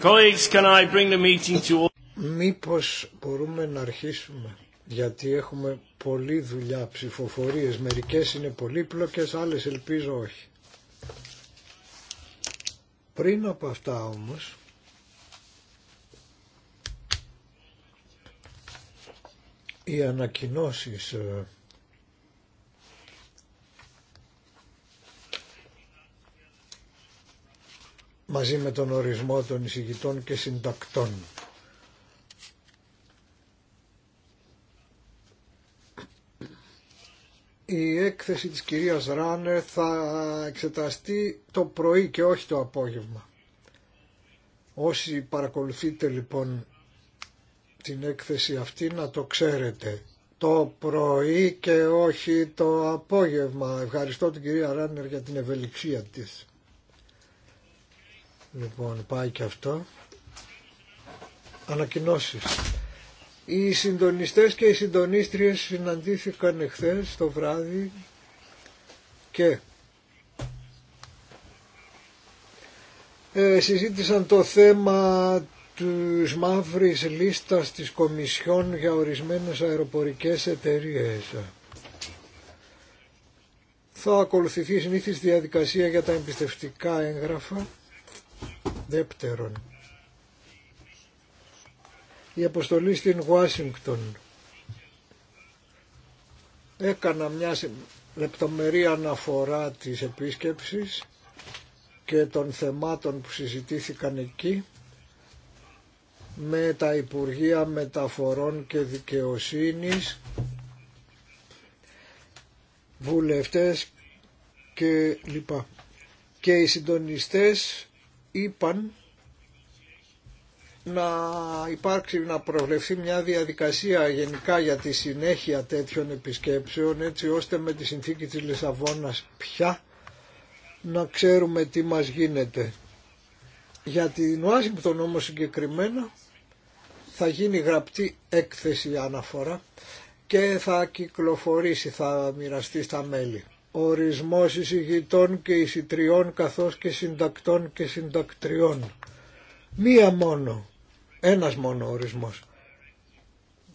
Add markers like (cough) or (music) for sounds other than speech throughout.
Colleagues, can I bring the meeting Μήπως μπορούμε να αρχίσουμε, γιατί έχουμε πολλή δουλειά ψηφοφορίες. Μερικές είναι πολύπλοκες, άλλες ελπίζω όχι. Πριν από αυτά όμως, οι ανακοινώσεις ε, μαζί με τον ορισμό των εισηγητών και συντακτών. Η έκθεση της κυρίας Ράνερ θα εξεταστεί το πρωί και όχι το απόγευμα. Όσοι παρακολουθείτε λοιπόν την έκθεση αυτή να το ξέρετε. Το πρωί και όχι το απόγευμα. Ευχαριστώ την κυρία Ράνερ για την ευελιξία της. Λοιπόν, πάει και αυτό. Ανακοινώσεις. Οι συντονιστές και οι συντονίστριες συναντήθηκαν εχθές το βράδυ και ε, συζήτησαν το θέμα της μαύρης λίστας της Κομισιόν για ορισμένες αεροπορικές εταιρείες. Θα ακολουθηθεί η διαδικασία για τα εμπιστευτικά έγγραφα Δεύτερον, η αποστολή στην Ουάσιγκτον έκανα μια λεπτομερή αναφορά της επίσκεψης και των θεμάτων που συζητήθηκαν εκεί με τα Υπουργεία Μεταφορών και Δικαιοσύνης, βουλευτές και λοιπά. Και οι συντονιστές είπαν να υπάρξει, να προβλεφθεί μια διαδικασία γενικά για τη συνέχεια τέτοιων επισκέψεων έτσι ώστε με τη συνθήκη της Λισαβόνας πια να ξέρουμε τι μας γίνεται. Για την Ουάσιγκτον όμως συγκεκριμένα θα γίνει γραπτή έκθεση αναφορά και θα κυκλοφορήσει, θα μοιραστεί στα μέλη ορισμός εισηγητών και εισιτριών καθώς και συντακτών και συντακτριών. Μία μόνο, ένας μόνο ορισμός.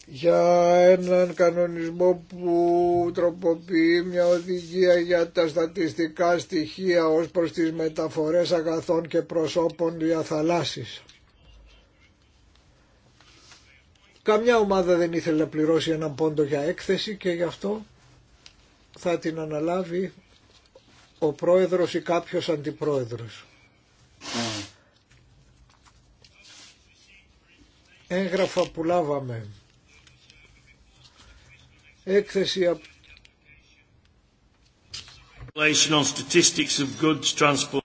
Για έναν κανονισμό που τροποποιεί μια οδηγία για τα στατιστικά στοιχεία ως προς τις μεταφορές αγαθών και προσώπων θαλάσσης. Καμιά ομάδα δεν ήθελε να πληρώσει έναν πόντο για έκθεση και γι' αυτό θα την αναλάβει ο πρόεδρος ή κάποιος αντιπρόεδρος. Έγγραφα που λάβαμε. Έκθεση από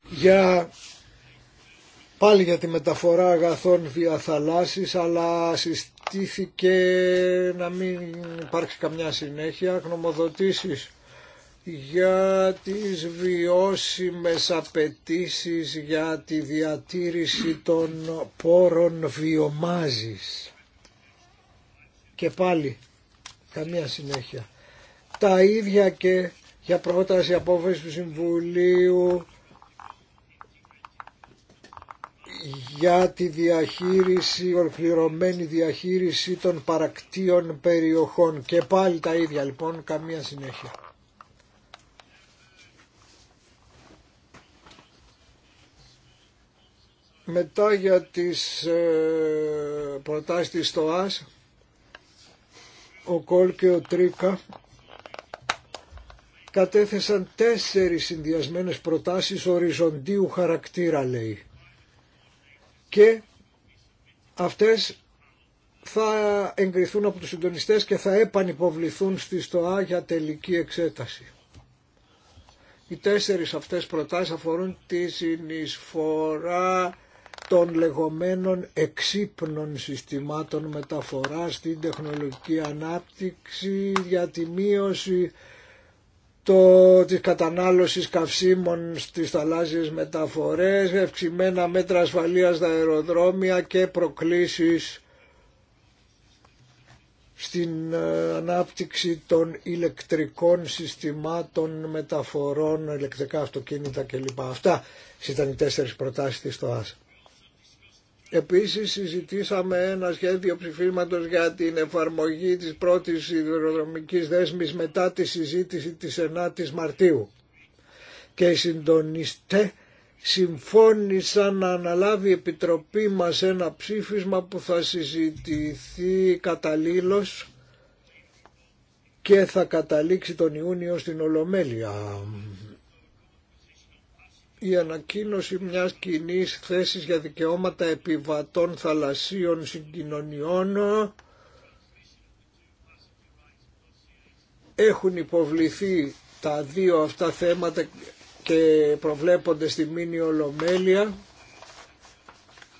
για πάλι για τη μεταφορά αγαθών δια θαλάσσης αλλά συστήθηκε να μην υπάρξει καμιά συνέχεια γνωμοδοτήσεις για τις βιώσιμες απαιτήσει για τη διατήρηση των πόρων βιομάζης. Και πάλι, καμία συνέχεια. Τα ίδια και για πρόταση απόφαση του Συμβουλίου για τη διαχείριση, ολοκληρωμένη διαχείριση των παρακτήων περιοχών. Και πάλι τα ίδια λοιπόν, καμία συνέχεια. Μετά για τις ε, προτάσεις της ΣΤΟΑΣ, ο Κόλ και ο Τρίκα κατέθεσαν τέσσερις συνδυασμένες προτάσεις οριζοντίου χαρακτήρα λέει και αυτές θα εγκριθούν από τους συντονιστές και θα επανυποβληθούν στη ΣΤΟΑ για τελική εξέταση. Οι τέσσερις αυτές προτάσεις αφορούν τη συνεισφορά των λεγόμενων εξύπνων συστημάτων μεταφοράς στην τεχνολογική ανάπτυξη για τη μείωση το, της κατανάλωσης καυσίμων στις θαλάσσιες μεταφορές, ευξημένα μέτρα ασφαλείας στα αεροδρόμια και προκλήσεις στην ε, ανάπτυξη των ηλεκτρικών συστημάτων μεταφορών, ηλεκτρικά αυτοκίνητα κλπ. Αυτά ήταν οι τέσσερις προτάσεις της Επίσης συζητήσαμε ένα σχέδιο ψηφίσματος για την εφαρμογή της πρώτης ιδεοδρομικής δέσμης μετά τη συζήτηση της 9ης Μαρτίου. Και οι συντονιστές συμφώνησαν να αναλάβει η Επιτροπή μας ένα ψήφισμα που θα συζητηθεί καταλήλως και θα καταλήξει τον Ιούνιο στην Ολομέλεια η ανακοίνωση μιας κοινή θέσης για δικαιώματα επιβατών θαλασσίων συγκοινωνιών έχουν υποβληθεί τα δύο αυτά θέματα και προβλέπονται στη μήνυ Ολομέλεια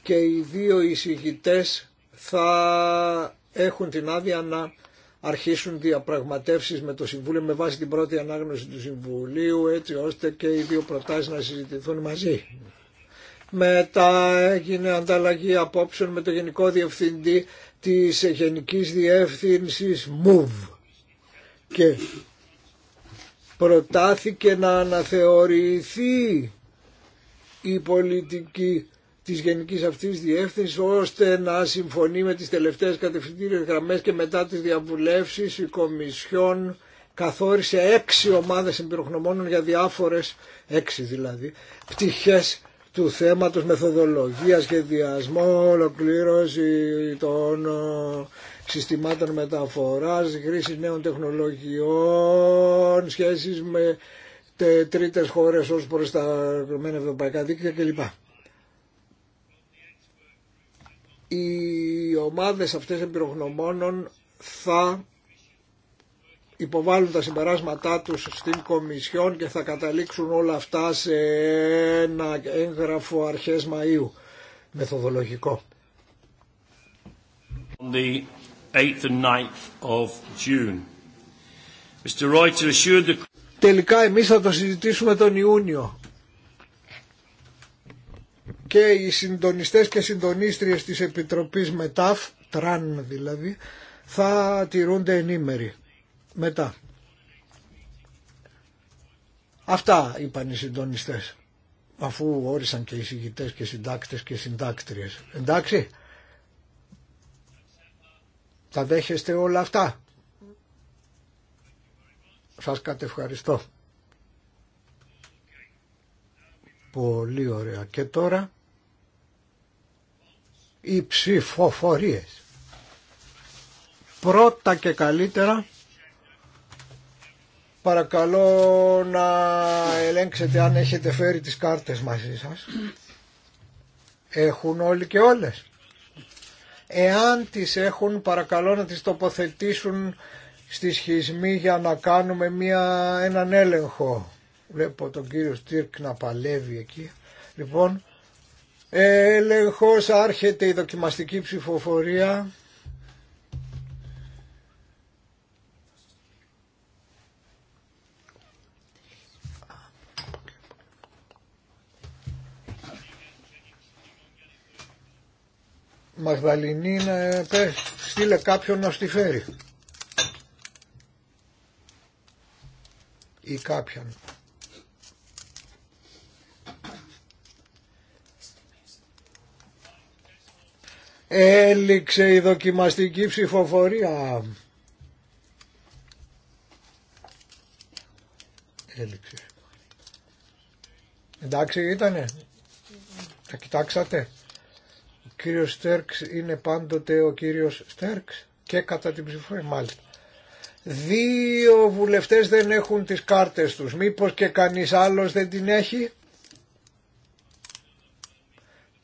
και οι δύο εισηγητές θα έχουν την άδεια να αρχίσουν διαπραγματεύσεις με το Συμβούλιο με βάση την πρώτη ανάγνωση του Συμβουλίου έτσι ώστε και οι δύο προτάσεις να συζητηθούν μαζί. Μετά έγινε ανταλλαγή απόψεων με το Γενικό Διευθυντή της Γενικής Διεύθυνσης MOVE και προτάθηκε να αναθεωρηθεί η πολιτική της Γενικής Αυτής Διεύθυνσης ώστε να συμφωνεί με τις τελευταίες κατευθυντήριες γραμμές και μετά τις διαβουλεύσεις η Κομισιόν καθόρισε έξι ομάδες εμπειρογνωμόνων για διάφορες, έξι δηλαδή, πτυχές του θέματος μεθοδολογία, σχεδιασμό, ολοκλήρωση των ε, συστημάτων μεταφοράς, χρήση νέων τεχνολογιών, σχέσεις με τρίτες χώρες ως προς τα ευρωπαϊκά δίκτυα κλπ. οι ομάδες αυτές εμπειρογνωμόνων θα υποβάλουν τα συμπεράσματά τους στην Κομισιόν και θα καταλήξουν όλα αυτά σε ένα έγγραφο αρχές Μαΐου μεθοδολογικό. 8 9 Τελικά εμείς θα το συζητήσουμε τον Ιούνιο και οι συντονιστές και συντονίστριες της Επιτροπής ΜΕΤΑΦ, τραν δηλαδή, θα τηρούνται ενήμεροι μετά. Αυτά είπαν οι συντονιστές, αφού όρισαν και οι συγητές και συντάκτες και συντάκτριες. Εντάξει, τα δέχεστε όλα αυτά. Σας κατευχαριστώ. Πολύ ωραία. Και τώρα οι ψηφοφορίες. Πρώτα και καλύτερα παρακαλώ να ελέγξετε αν έχετε φέρει τις κάρτες μαζί σας. Έχουν όλοι και όλες. Εάν τις έχουν παρακαλώ να τις τοποθετήσουν στη σχισμή για να κάνουμε μια, έναν έλεγχο. Βλέπω τον κύριο Στύρκ να παλεύει εκεί. Λοιπόν, Έλεγχος άρχεται η δοκιμαστική ψηφοφορία. Μαγδαληνή ε, στείλε κάποιον να στη φέρει. Ή κάποιον. Έληξε η δοκιμαστική ψηφοφορία. Έληξε. Εντάξει ήτανε. Τα κοιτάξατε. Ο κύριος Στέρξ είναι πάντοτε ο κύριος Στέρξ και κατά την ψηφοφορία μάλιστα. Δύο βουλευτές δεν έχουν τις κάρτες τους. Μήπως και κανείς άλλος δεν την έχει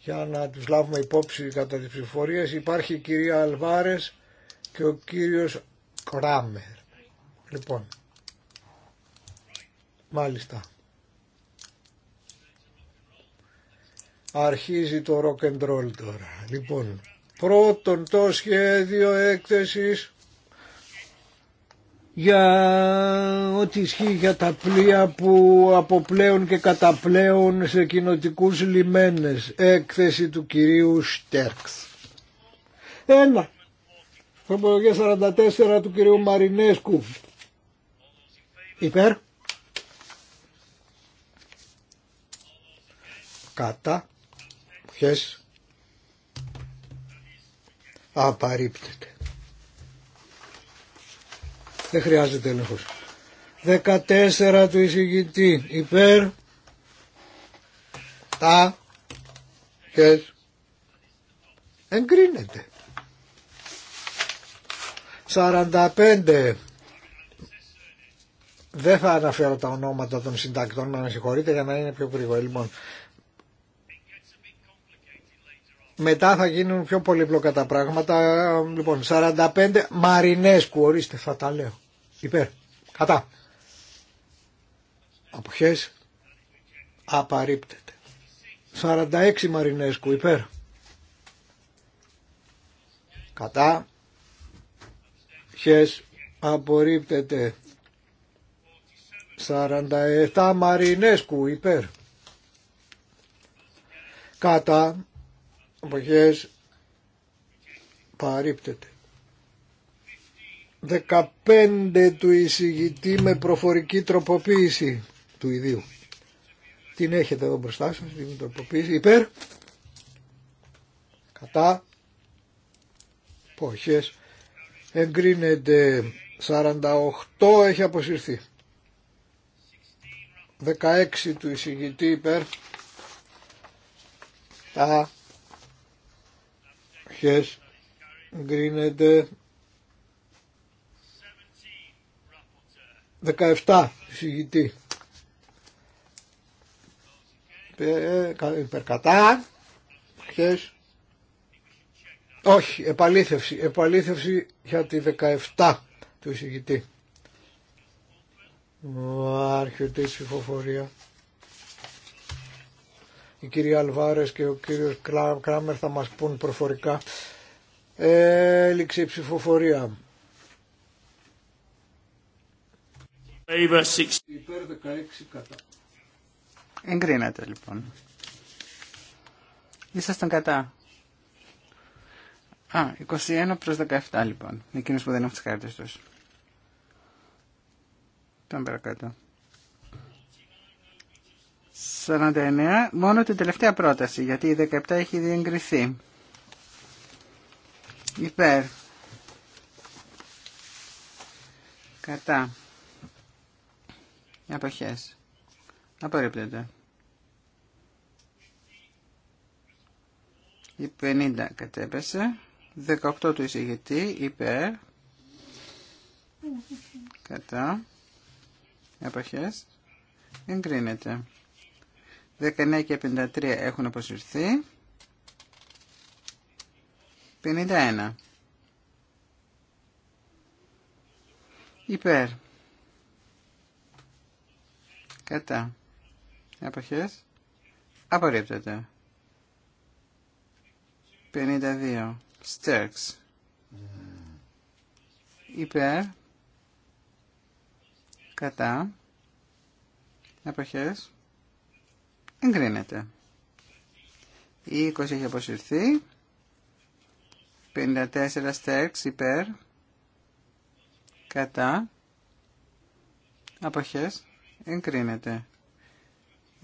για να τους λάβουμε υπόψη κατά τις ψηφορίες. Υπάρχει η κυρία Αλβάρες και ο κύριος Κράμερ. Λοιπόν, μάλιστα. Αρχίζει το rock τώρα. Λοιπόν, πρώτον το σχέδιο έκθεσης για ό,τι ισχύει για τα πλοία που αποπλέουν και καταπλέουν σε κοινοτικού λιμένες. Έκθεση του κυρίου Στέρξ. Ένα. Προπολογία 44 του κυρίου Μαρινέσκου. Υπέρ. Κατά. Ποιες. Απαρρίπτεται. Δεν χρειάζεται έλεγχος. 14 του εισηγητή υπέρ τα και εγκρίνεται. 45 δεν θα αναφέρω τα ονόματα των συντακτών, με συγχωρείτε για να είναι πιο γρήγορα. Λοιπόν, μετά θα γίνουν πιο πολύπλοκα τα πράγματα. Λοιπόν, 45 Μαρινέσκου, ορίστε θα τα λέω. Υπέρ. Κατά. Αποχές. Απαρρίπτεται. 46 Μαρινέσκου, υπέρ. Κατά. Χες. Απορρίπτεται. 47 Μαρινέσκου, υπέρ. Κατά εποχές παρύπτεται. 15 του εισηγητή με προφορική τροποποίηση του ιδίου. Την έχετε εδώ μπροστά σας, την τροποποίηση υπέρ, κατά, ποχές, εγκρίνεται 48, έχει αποσυρθεί. 16 του εισηγητή υπέρ, τα Ποιες γκρίνεται 17 εισηγητή. Ε, υπερκατά. Ποιες. Όχι, επαλήθευση. Επαλήθευση για τη 17 του εισηγητή. Άρχεται η ψηφοφορία η κυρία Αλβάρες και ο κύριος Κράμερ θα μας πούν προφορικά. Έληξε η ψηφοφορία. Υπέρ 16 κατά. Εγκρίνατε λοιπόν. Ήσασταν κατά. Α, 21 προς 17 λοιπόν. Εκείνος που δεν έχουν τις κάρτες τους. Τον παρακάτω. 49, μόνο την τελευταία πρόταση, γιατί η 17 έχει διεγκριθεί. Υπέρ. Κατά. Αποχές. Απορρίπτεται. Η 50 κατέπεσε. 18 του εισηγητή. Υπέρ. Κατά. Αποχές. Εγκρίνεται. 19 και 53 έχουν αποσυρθεί. 51. Υπέρ. Κατά. Αποχές. Απορρίπτεται. 52. Στέρξ. Υπέρ. Κατά. Αποχές. Εγκρίνεται. Η 20 έχει αποσυρθεί. 54 στέρξ υπέρ. Κατά. Αποχές. Εγκρίνεται.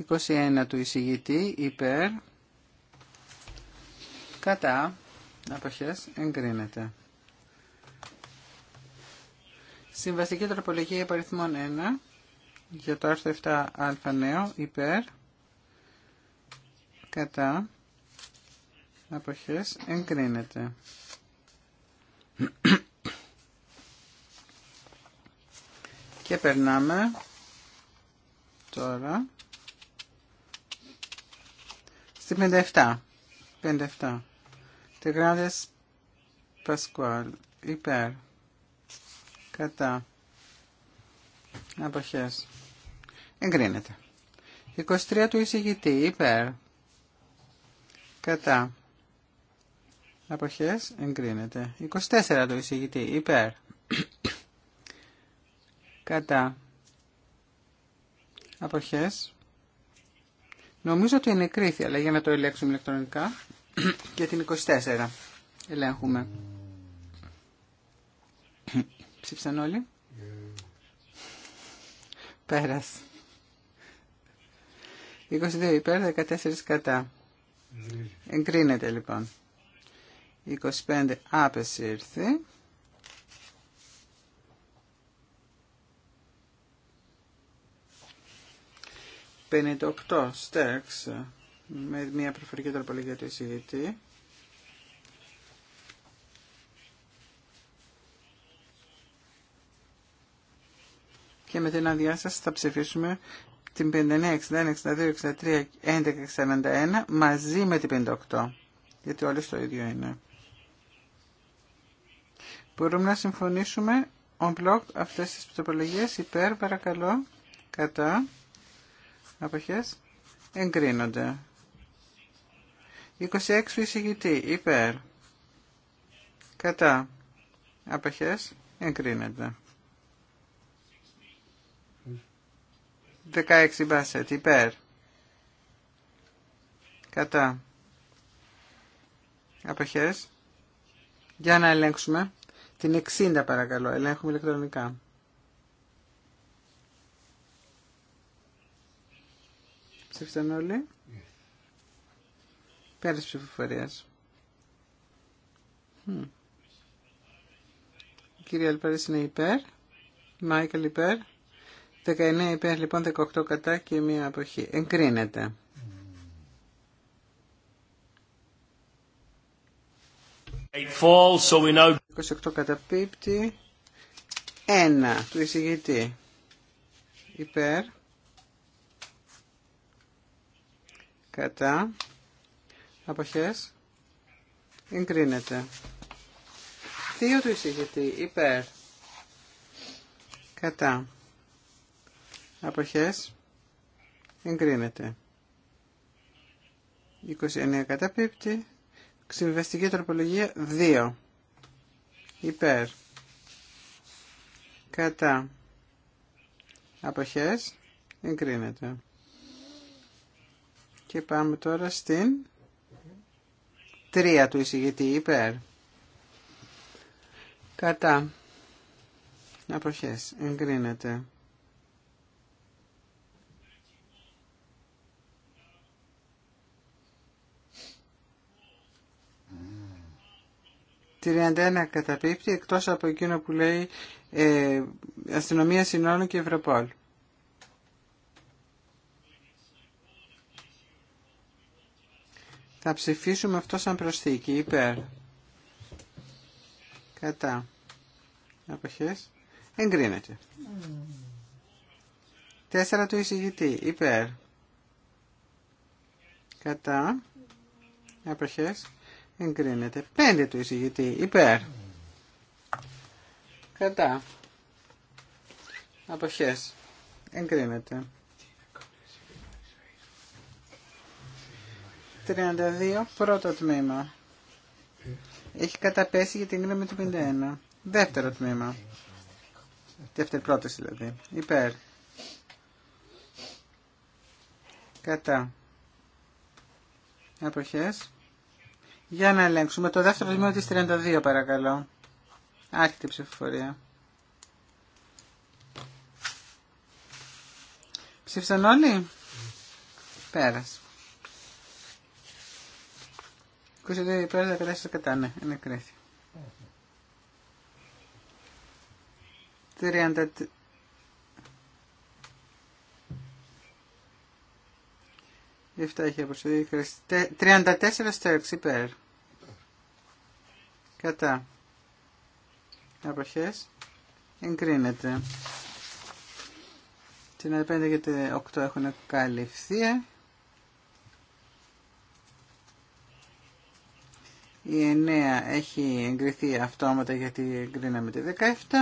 21 του εισηγητή υπέρ. Κατά. Αποχές. Εγκρίνεται. Συμβαστική τροπολογία υπαριθμών 1 για το άρθρο 7α νέο υπέρ κατά αποχές εγκρίνεται. Και περνάμε τώρα στη 57. 57. Τεγράδες Πασκουάλ. Υπέρ. Κατά. Αποχές. Εγκρίνεται. 23 του εισηγητή. Υπέρ κατά αποχές εγκρίνεται 24 το εισηγητή υπέρ κατά αποχές νομίζω ότι είναι κρίθη αλλά για να το ελέγξουμε ηλεκτρονικά και την 24 ελέγχουμε ψήψαν όλοι πέρας 22 υπέρ 14 κατά Εγκρίνεται λοιπόν. 25 Πενήντα 58 στέξ με μια προφορική τροπολογία του εισηγητή. Και με την αδειά σας θα ψηφίσουμε την 59, 61, 62, 63, 11, 61 μαζί με την 58. Γιατί όλες το ίδιο είναι. Μπορούμε να συμφωνήσουμε on block αυτές τις πιστοπολογίες υπέρ παρακαλώ κατά αποχές εγκρίνονται. 26 εισηγητή υπέρ κατά αποχές εγκρίνεται. 16 μπάσετ υπέρ κατά αποχές για να ελέγξουμε την 60 παρακαλώ ελέγχουμε ηλεκτρονικά ψήφισαν όλοι πέρα της ψηφοφορίας η κυρία Αλπέρης είναι υπέρ Μάικλ υπέρ 19 υπέρ λοιπόν 18 κατά και μία αποχή. Εγκρίνεται. Fall, so we know... 28 καταπίπτει. 1 του εισηγητή. Υπέρ. Κατά. Αποχές. Εγκρίνεται. 2 του εισηγητή. Υπέρ. Κατά αποχές εγκρίνεται. 29 πίπτη. συμβεστική τροπολογία 2. Υπέρ. Κατά. Αποχές. Εγκρίνεται. Και πάμε τώρα στην 3 του εισηγητή. Υπέρ. Κατά. Αποχές. Εγκρίνεται. 31 καταπίπτει εκτός από εκείνο που λέει ε, αστυνομία Συνόλου και Ευρωπόλ. Θα ψηφίσουμε αυτό σαν προσθήκη, υπέρ. Κατά. Αποχές. Εγκρίνεται. Τέσσερα του εισηγητή, υπέρ. Κατά. Αποχές εγκρίνεται. Πέντε του εισηγητή υπέρ. Κατά. Αποχές. Εγκρίνεται. 32 πρώτο τμήμα. Έχει καταπέσει για την με του 51. Δεύτερο τμήμα. Δεύτερη πρόταση δηλαδή. Υπέρ. Κατά. Αποχές. Για να ελέγξουμε το δεύτερο τμήμα της 32 παρακαλώ. Άρχεται η ψηφοφορία. Ψήφισαν όλοι. Πέρας. 22 υπέρ 14 κατά, ναι, είναι κρίθη. 7 έχει χρήση 34 στέρξ υπέρ. Κατά. Αποχές. Εγκρίνεται. Την 5 και 8 έχουν καλυφθεί. Η 9 έχει εγκριθεί αυτόματα γιατί εγκρίναμε τη 17.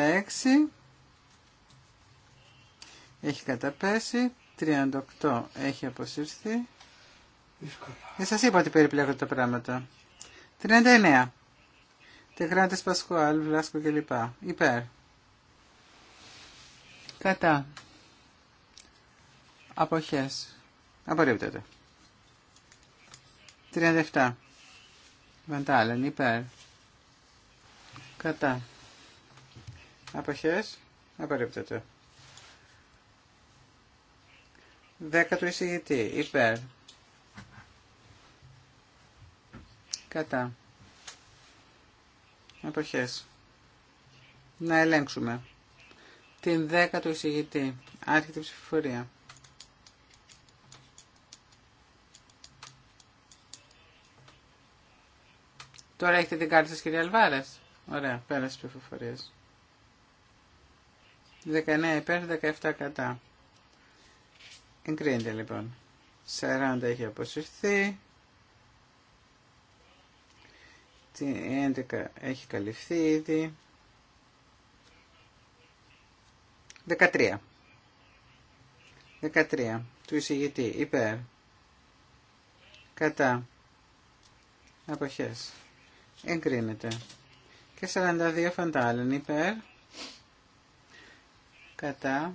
36. Έχει καταπέσει. 38 έχει αποσύρθει. Δεν σας είπα ότι περιπλέκονται τα πράγματα. 39. Τεγράτες Πασχουάλ, Βλάσκο κλπ. Υπέρ. Κατά. Αποχές. Απορρίπτεται. 37. Βαντάλεν, υπέρ. Κατά. Αποχές. Απορρίπτεται. 10 του εισηγητή. Υπέρ. Κατά. Εποχές. Να ελέγξουμε. Την 10 του εισηγητή. Άρχεται ψηφοφορία. Τώρα έχετε την κάρτα σας κυρία Αλβάρες; Ωραία, πέρασε ψηφοφορίες. 19 υπέρ, 17 κατά. Εγκρίνεται λοιπόν. 40 έχει αποσυρθεί. Την 11 έχει καλυφθεί ήδη. 13. 13. Του εισηγητή. Υπέρ. Κατά. Αποχές. Εγκρίνεται. Και 42 φαντάλλων. Υπέρ. Κατά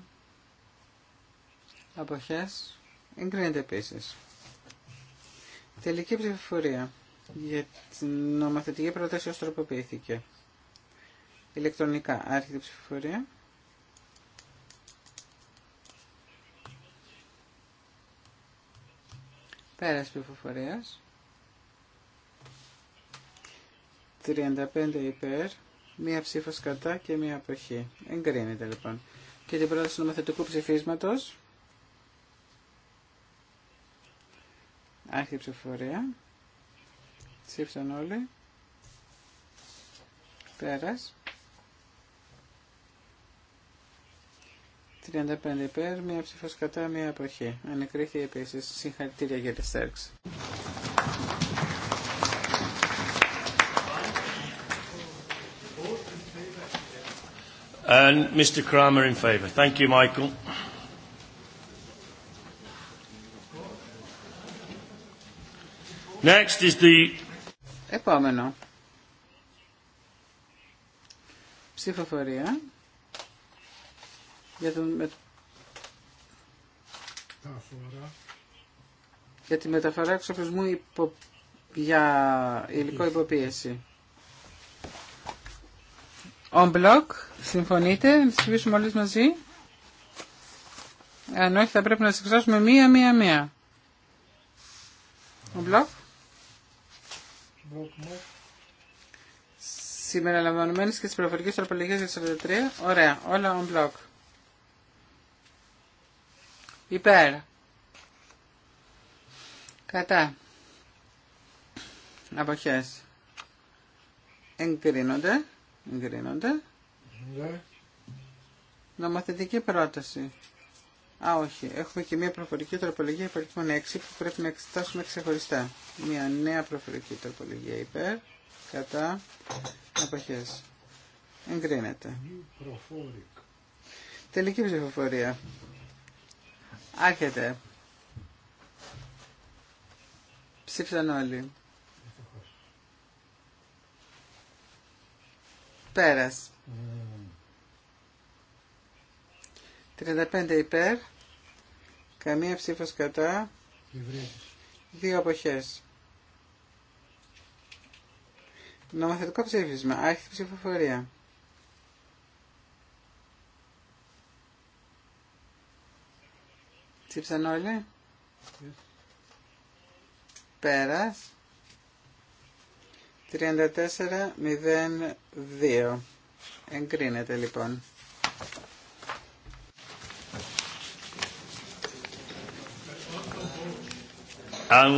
αποχές εγκρίνεται επίση. Τελική ψηφοφορία για την νομοθετική πρόταση ως τροποποιήθηκε. Ηλεκτρονικά άρχεται ψηφοφορία. Πέρας ψηφοφορίας. 35 υπέρ, μία ψήφος κατά και μία αποχή. Εγκρίνεται λοιπόν. Και την πρόταση νομοθετικού ψηφίσματος. Άρχιε ψηφοφορία. Ψήφισαν όλοι. Πέρας. 35 υπέρ, μία ψήφος κατά, μία αποχή. Ανεκρίθη επίσης. Συγχαρητήρια για τη στέρξη. And Mr. Kramer in favour. Thank you, Michael. Next Επόμενο. Ψηφοφορία. Για, τη μεταφορά εξοπλισμού υπο... για υλικό υποπίεση. On block, συμφωνείτε, να ψηφίσουμε όλες μαζί. Αν όχι θα πρέπει να τις μία-μία-μία. On Σήμερα Συμπεριλαμβανομένες και τις προφορικές τροπολογίες για 43. Ωραία. Όλα on block. Υπέρ. Κατά. Αποχές. Εγκρίνονται. Εγκρίνονται. Ναι. Νομοθετική πρόταση. Α, όχι. Έχουμε και μια προφορική τροπολογία υπαριθμών 6 που πρέπει να εξετάσουμε ξεχωριστά. Μια νέα προφορική τροπολογία υπέρ, κατά, απαχές Εγκρίνεται. Τελική ψηφοφορία. Άρχεται. Ψήφισαν όλοι. Πέρας. 35 mm. υπέρ, Καμία ψήφος κατά. Δύο αποχές. Νομοθετικό ψήφισμα. Άρχιτη ψηφοφορία. Ψήφισαν όλοι. Πέρας. 34-02. Εγκρίνεται λοιπόν. And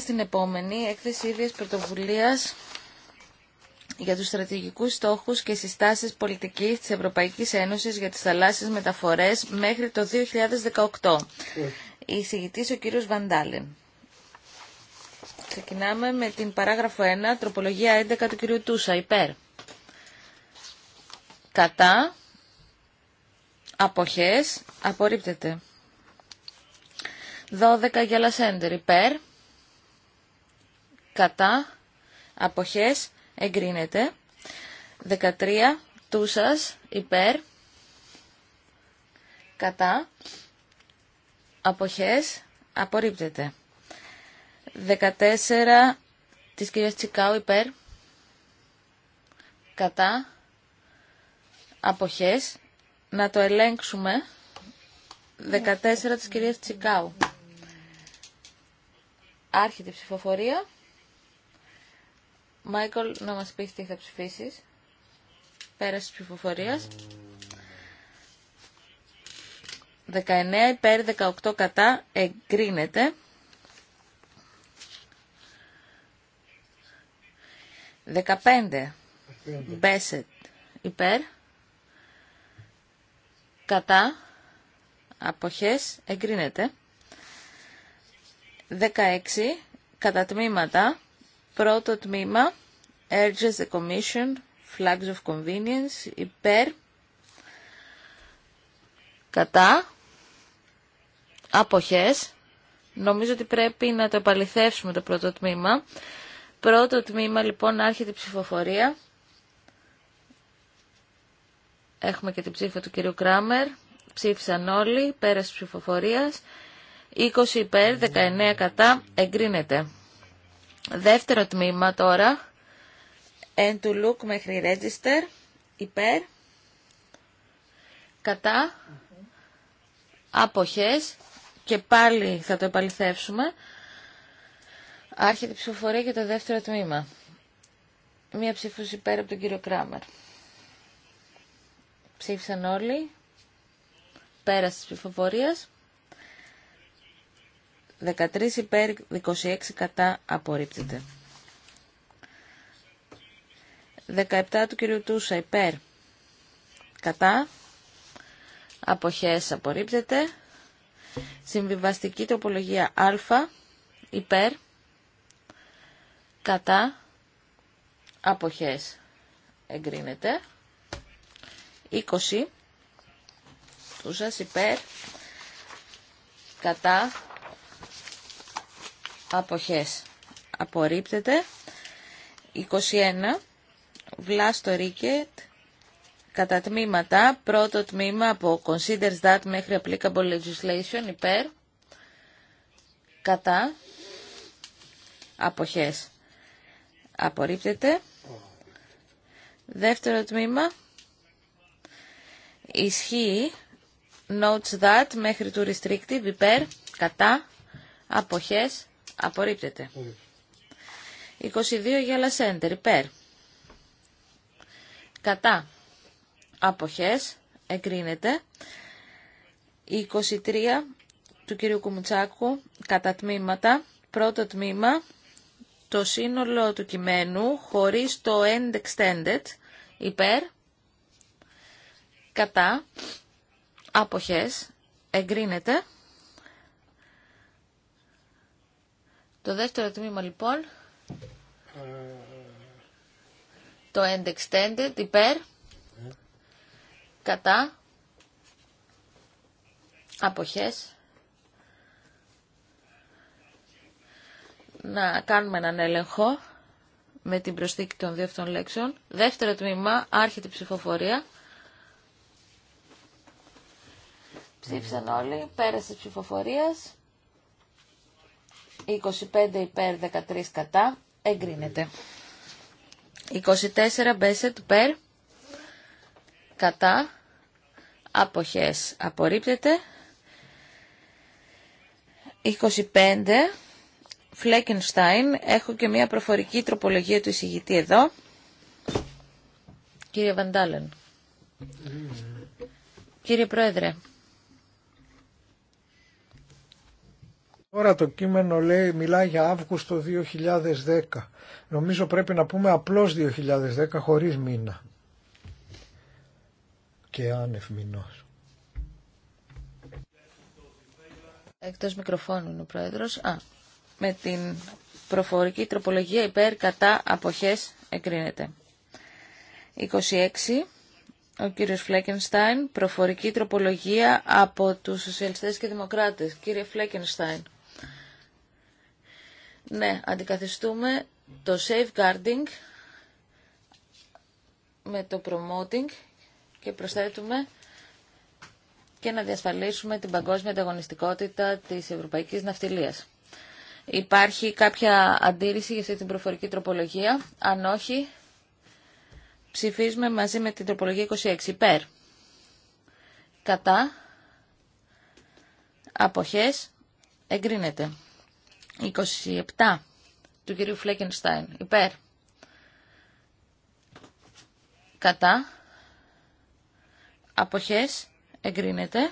στην επόμενη έκθεση ίδιας πρωτοβουλίας για τους στρατηγικούς στόχους και συστάσεις πολιτικής της Ευρωπαϊκής Ένωσης για τις θαλάσσιες μεταφορές μέχρι το 2018. Η εισηγητής ο κύριος Βαντάλεν. Ξεκινάμε με την παράγραφο 1, τροπολογία 11 του κυρίου Τούσα, υπέρ. Κατά, αποχές, απορρίπτεται. 12 για λασέντερ, υπέρ, κατά, αποχές, εγκρίνεται. 13 τούσας, υπέρ, κατά, αποχές, απορρίπτεται. 14 της κυρίας Τσικάου υπέρ, κατά, αποχές, να το ελέγξουμε. 14 της κυρίας Τσικάου. Άρχεται η ψηφοφορία. Μάικολ, να μας πεις τι θα ψηφίσεις. Πέραση της ψηφοφορίας. 19 υπέρ 18 κατά εγκρίνεται. 15 Μπέσετ υπέρ κατά, αποχές, εγκρίνεται. 16. Κατά τμήματα, πρώτο τμήμα, urges the commission, flags of convenience, υπέρ, κατά, αποχές. Νομίζω ότι πρέπει να το επαληθεύσουμε το πρώτο τμήμα. Πρώτο τμήμα λοιπόν άρχεται η ψηφοφορία. Έχουμε και την ψήφα του κυρίου Κράμερ. Ψήφισαν όλοι, πέρας ψηφοφορίας. 20 υπέρ, 19 κατά, εγκρίνεται. Δεύτερο τμήμα τώρα. End to look μέχρι register. Υπέρ. Κατά. Αποχές. Και πάλι θα το επαληθεύσουμε. Άρχεται η ψηφοφορία για το δεύτερο τμήμα. Μία ψήφος υπέρ από τον κύριο Κράμερ. Ψήφισαν όλοι. Πέρας στις ψηφοφορίες. 13 υπέρ, 26 κατά απορρίπτεται. 17 του κυρίου Τούσα υπέρ, κατά, αποχές απορρίπτεται. Συμβιβαστική τοπολογία α, υπέρ, κατά, αποχές εγκρίνεται. 20 του σας υπέρ κατά αποχές απορρίπτεται 21 Βλάστο Ρίκετ κατά τμήματα πρώτο τμήμα από Considers That μέχρι Applicable Legislation υπέρ κατά αποχές απορρίπτεται δεύτερο τμήμα Ισχύει notes that μέχρι του restrictive υπέρ, κατά, αποχές, απορρίπτεται. 22 για λασέντερ υπέρ, κατά, αποχές, εκρίνεται. 23 του κυρίου Κουμουτσάκου κατά τμήματα. Πρώτο τμήμα, το σύνολο του κειμένου χωρίς το end extended, υπέρ, κατά, άποχες, εγκρίνεται. Το δεύτερο τμήμα λοιπόν, το end extended, υπέρ, κατά, αποχές. Να κάνουμε έναν έλεγχο με την προσθήκη των δύο αυτών λέξεων. Δεύτερο τμήμα, άρχεται η ψηφοφορία. Ψήφισαν όλοι. Πέρασε τις ψηφοφορία. 25 υπέρ, 13 κατά. Εγκρίνεται. 24 μπέσετ υπέρ. Κατά. Αποχές. Απορρίπτεται. 25. Φλέκενστάιν. Έχω και μια προφορική τροπολογία του εισηγητή εδώ. Κύριε Βαντάλεν. Mm. Κύριε Πρόεδρε. Τώρα το κείμενο λέει, μιλάει για Αύγουστο 2010. Νομίζω πρέπει να πούμε απλώς 2010 χωρίς μήνα. Και άνευ μηνός. Εκτός μικροφώνου είναι ο Πρόεδρος. Α, με την προφορική τροπολογία υπέρ κατά αποχές εκρίνεται. 26. Ο κύριος Φλέκενστάιν, προφορική τροπολογία από τους Σοσιαλιστές και Δημοκράτες. Κύριε Φλέκενστάιν. Ναι, αντικαθιστούμε το safeguarding με το promoting και προσθέτουμε και να διασφαλίσουμε την παγκόσμια ανταγωνιστικότητα της ευρωπαϊκής ναυτιλίας. Υπάρχει κάποια αντίρρηση για αυτή την προφορική τροπολογία. Αν όχι, ψηφίζουμε μαζί με την τροπολογία 26 υπέρ. Κατά. Αποχές. Εγκρίνεται. 27 του κυρίου Φλέκενστάιν. Υπέρ. Κατά. Αποχές. Εγκρίνεται.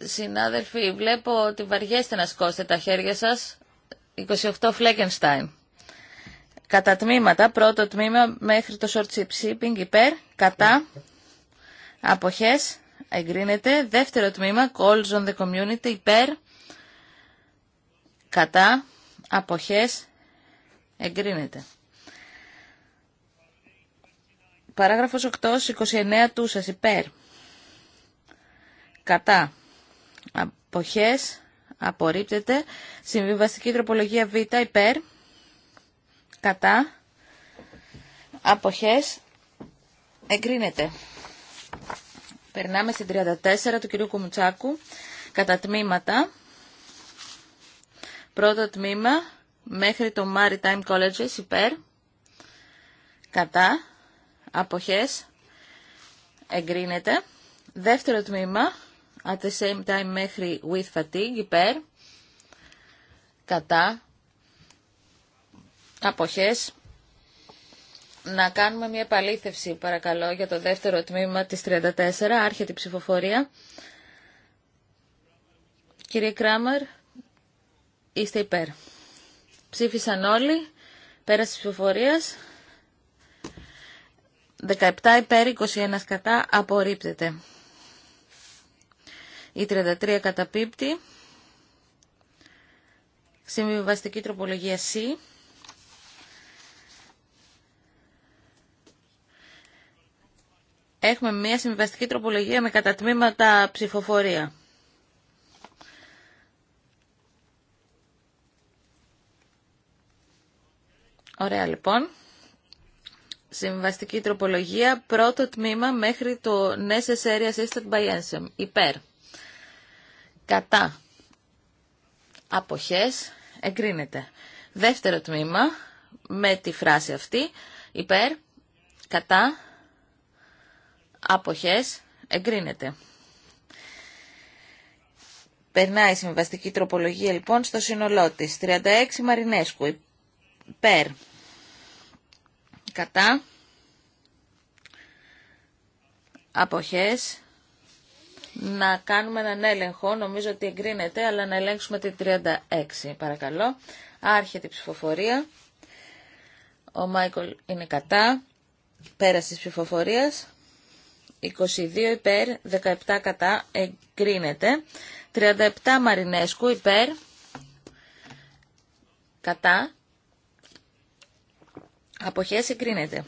Συνάδελφοι, βλέπω ότι βαριέστε να σκώσετε τα χέρια σας. 28 Φλέκενστάιν. Κατά τμήματα, πρώτο τμήμα μέχρι το short shipping υπέρ, κατά, αποχές, εγκρίνεται. Δεύτερο τμήμα, calls on the community υπέρ, κατά, αποχές, εγκρίνεται. Παράγραφος 8, 29 του σας υπέρ. Κατά. Αποχές. Απορρίπτεται. Συμβιβαστική τροπολογία Β υπέρ. Κατά. Αποχές. Εγκρίνεται. Περνάμε στην 34 του κυρίου Κουμουτσάκου. Κατά τμήματα. Πρώτο τμήμα μέχρι το Maritime Colleges υπέρ, κατά, αποχές, εγκρίνεται. Δεύτερο τμήμα, at the same time μέχρι with fatigue, υπέρ, κατά, αποχές. Να κάνουμε μια επαλήθευση παρακαλώ για το δεύτερο τμήμα της 34, άρχεται η ψηφοφορία. Κύριε Κράμερ, είστε υπέρ. Ψήφισαν όλοι, πέρασε της ψηφοφορίας. 17 υπέρ, 21 κατά, απορρίπτεται. Η 33 καταπίπτει. Συμβιβαστική τροπολογία C. Έχουμε μια συμβιβαστική τροπολογία με κατατμήματα ψηφοφορία. Ωραία λοιπόν. Συμβαστική τροπολογία, πρώτο τμήμα μέχρι το Necessary Assisted by Ensem. Υπέρ. Κατά. Αποχές. Εγκρίνεται. Δεύτερο τμήμα, με τη φράση αυτή. Υπέρ. Κατά. Αποχές. Εγκρίνεται. Περνάει η συμβαστική τροπολογία λοιπόν στο σύνολό τη. 36 Μαρινέσκου. Περ. Κατά. Αποχές. Να κάνουμε έναν έλεγχο. Νομίζω ότι εγκρίνεται, αλλά να ελέγξουμε τη 36. Παρακαλώ. Άρχεται η ψηφοφορία. Ο Μάικολ είναι κατά. Πέραση της ψηφοφορίας. 22 υπέρ, 17 κατά, εγκρίνεται. 37 Μαρινέσκου υπέρ, κατά, Αποχές συγκρίνεται.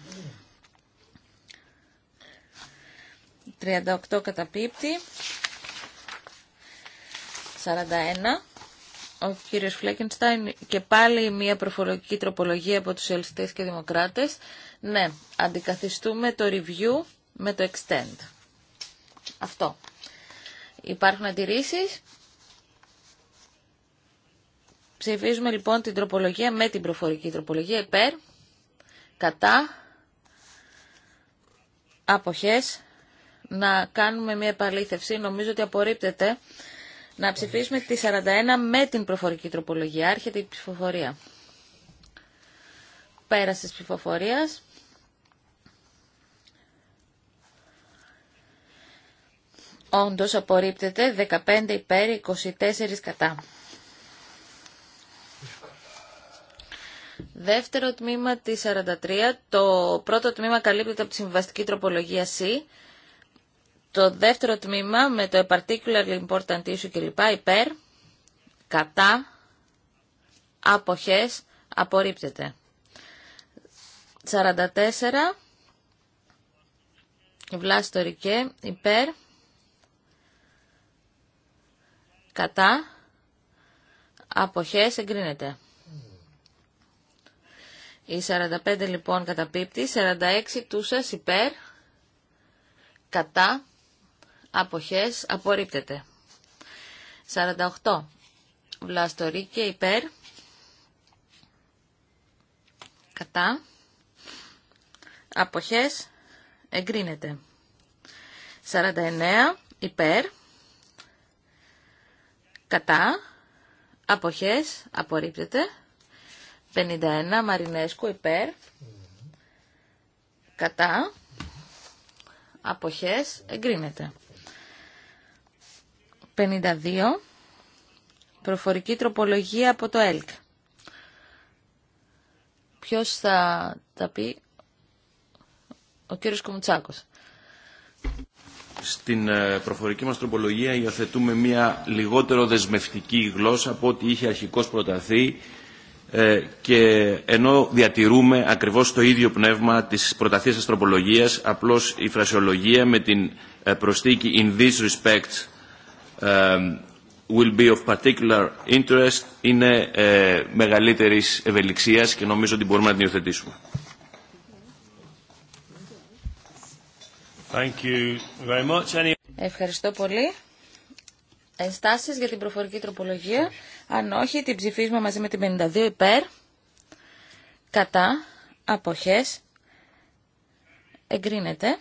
38 καταπίπτει. 41. Ο κύριος Φλέκενστάιν και πάλι μια προφορική τροπολογία από τους ελστές και δημοκράτες. Ναι, αντικαθιστούμε το review με το extend. Αυτό. Υπάρχουν αντιρρήσεις. Ψηφίζουμε λοιπόν την τροπολογία με την προφορική τροπολογία υπέρ, κατά αποχές να κάνουμε μια επαλήθευση. Νομίζω ότι απορρίπτεται να ψηφίσουμε τη 41 με την προφορική τροπολογία. Άρχεται η ψηφοφορία. Πέραση της ψηφοφορίας. Όντως απορρίπτεται 15 υπέρ 24 κατά. Δεύτερο τμήμα τη 43. Το πρώτο τμήμα καλύπτεται από τη συμβαστική τροπολογία C. Το δεύτερο τμήμα με το particularly important issue κλπ. υπέρ, κατά, αποχές, απορρίπτεται. 44. Βλάστορικέ, υπέρ, κατά, αποχές, εγκρίνεται. Η 45 λοιπόν καταπίπτει, 46 σας υπέρ, κατά, αποχές, απορρίπτεται. 48 και υπέρ, κατά, αποχές, εγκρίνεται. 49 υπέρ, κατά, αποχές, απορρίπτεται. 51 Μαρινέσκου υπέρ. Κατά. Αποχές εγκρίνεται. 52. Προφορική τροπολογία από το ΕΛΚ. Ποιος θα τα πει. Ο κύριος Κομουτσάκος. Στην ε, προφορική μας τροπολογία υιοθετούμε μια λιγότερο δεσμευτική γλώσσα από ό,τι είχε αρχικώς προταθεί ε, και ενώ διατηρούμε ακριβώς το ίδιο πνεύμα της προταθής αστροπολογίας απλώς η φρασιολογία με την ε, προσθήκη «in this respect ε, will be of particular interest» είναι μεγαλύτερης ευελιξίας και νομίζω ότι μπορούμε να την υιοθετήσουμε. Thank you very much. Ευχαριστώ πολύ ενστάσεις για την προφορική τροπολογία. Αν όχι, την ψηφίζουμε μαζί με την 52 υπέρ. Κατά. Αποχές. Εγκρίνεται.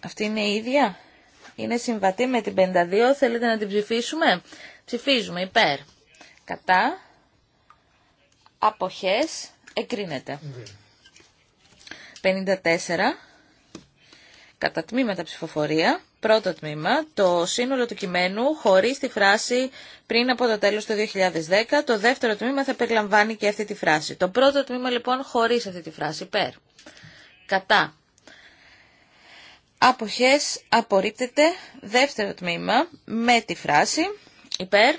Αυτή είναι η ίδια. Είναι συμβατή με την 52. Θέλετε να την ψηφίσουμε. Ψηφίζουμε υπέρ. Κατά. Αποχές. Εγκρίνεται. 54 Κατά τμήματα ψηφοφορία, πρώτο τμήμα, το σύνολο του κειμένου χωρί τη φράση πριν από το τέλος του 2010, το δεύτερο τμήμα θα περιλαμβάνει και αυτή τη φράση. Το πρώτο τμήμα λοιπόν χωρί αυτή τη φράση, υπέρ. Κατά. Αποχέ απορρίπτεται, δεύτερο τμήμα, με τη φράση, υπέρ.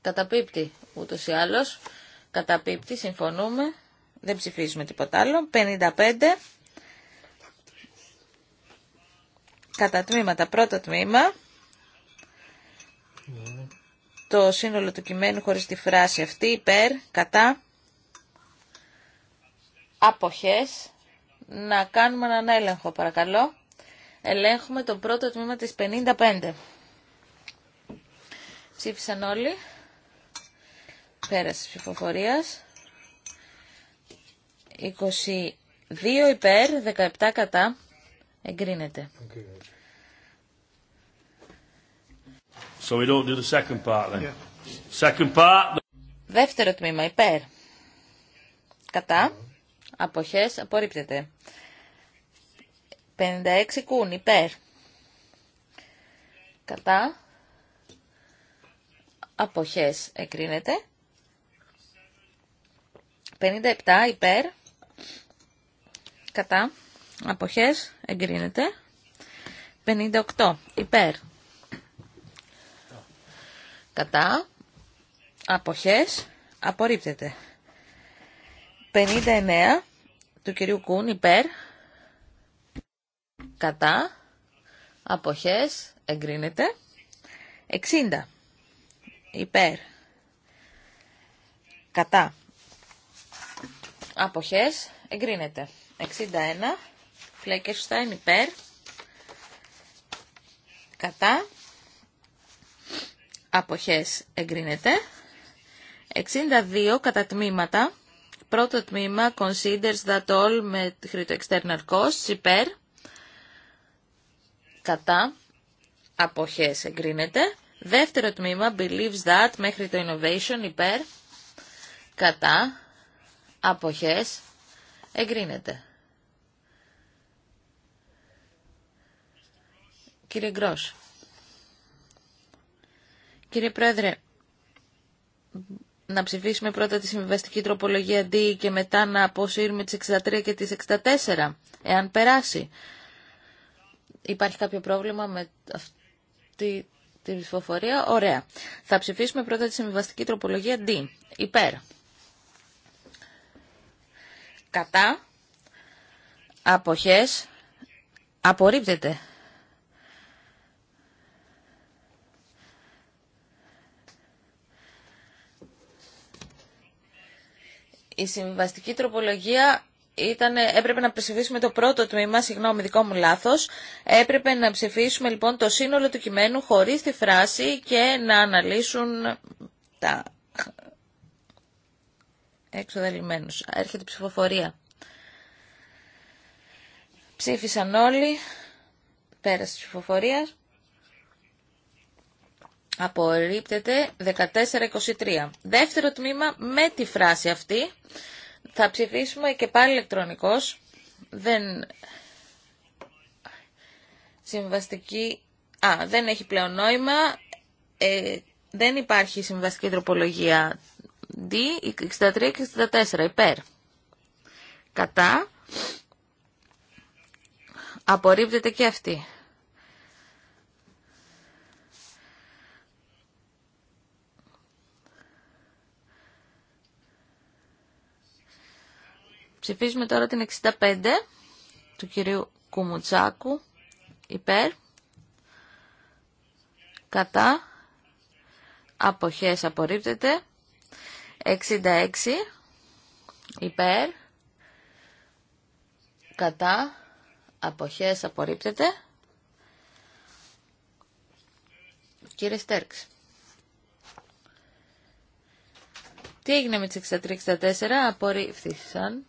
Καταπίπτει ούτως ή άλλως. Καταπίπτει, συμφωνούμε. Δεν ψηφίζουμε τίποτα άλλο. 55. Κατά τμήματα. Πρώτο τμήμα. Το σύνολο του κειμένου χωρίς τη φράση αυτή. Υπέρ. Κατά. Αποχές. Να κάνουμε έναν έλεγχο παρακαλώ. Ελέγχουμε το πρώτο τμήμα της 55. Ψήφισαν όλοι. Πέραση ψηφοφορίας. 22 υπέρ, 17 κατά. Εγκρίνεται. So we don't do the second part then. Second part. Δεύτερο τμήμα υπέρ. Κατά. Αποχές απορρίπτεται. 56 κούν υπέρ. Κατά. Αποχές εκρίνεται. 57 υπέρ κατά, αποχές, εγκρίνεται. 58 υπέρ, κατά, αποχές, απορρίπτεται. 59 του κυρίου Κούν υπέρ, κατά, αποχές, εγκρίνεται. 60 υπέρ, κατά, αποχές, εγκρίνεται. 61. είναι υπέρ. Κατά. Αποχές εγκρίνεται. 62 κατά τμήματα. Πρώτο τμήμα considers that all με external costs υπέρ. Κατά. Αποχές εγκρίνεται. Δεύτερο τμήμα believes that μέχρι το innovation υπέρ. Κατά. Αποχές εγκρίνεται. Κύριε Γκρός. Κύριε Πρόεδρε, να ψηφίσουμε πρώτα τη συμβιβαστική τροπολογία D και μετά να αποσύρουμε τις 63 και τις 64, εάν περάσει. Υπάρχει κάποιο πρόβλημα με αυτή τη ψηφοφορία. Ωραία. Θα ψηφίσουμε πρώτα τη συμβιβαστική τροπολογία D. Υπέρ. Κατά. Αποχές. Απορρίπτεται. η συμβαστική τροπολογία ήταν, έπρεπε να ψηφίσουμε το πρώτο τμήμα, συγγνώμη δικό μου λάθος, έπρεπε να ψηφίσουμε λοιπόν το σύνολο του κειμένου χωρίς τη φράση και να αναλύσουν τα έξοδα λιμένους. Έρχεται η ψηφοφορία. Ψήφισαν όλοι, πέρασε τη ψηφοφορία. Απορρίπτεται 1423. Δεύτερο τμήμα με τη φράση αυτή. Θα ψηφίσουμε και πάλι ηλεκτρονικός. Δεν... Συμβαστική... Α, δεν έχει πλέον νόημα. Ε, δεν υπάρχει συμβαστική τροπολογία D, 63 και 64, υπέρ. Κατά. Απορρίπτεται και αυτή. Ψηφίζουμε τώρα την 65 του κυρίου Κουμουτσάκου. Υπέρ. Κατά. Αποχές απορρίπτεται. 66. Υπέρ. Κατά. Αποχές απορρίπτεται. Κύριε Στέρξ. Τι έγινε με τις 63-64, απορρίφθησαν.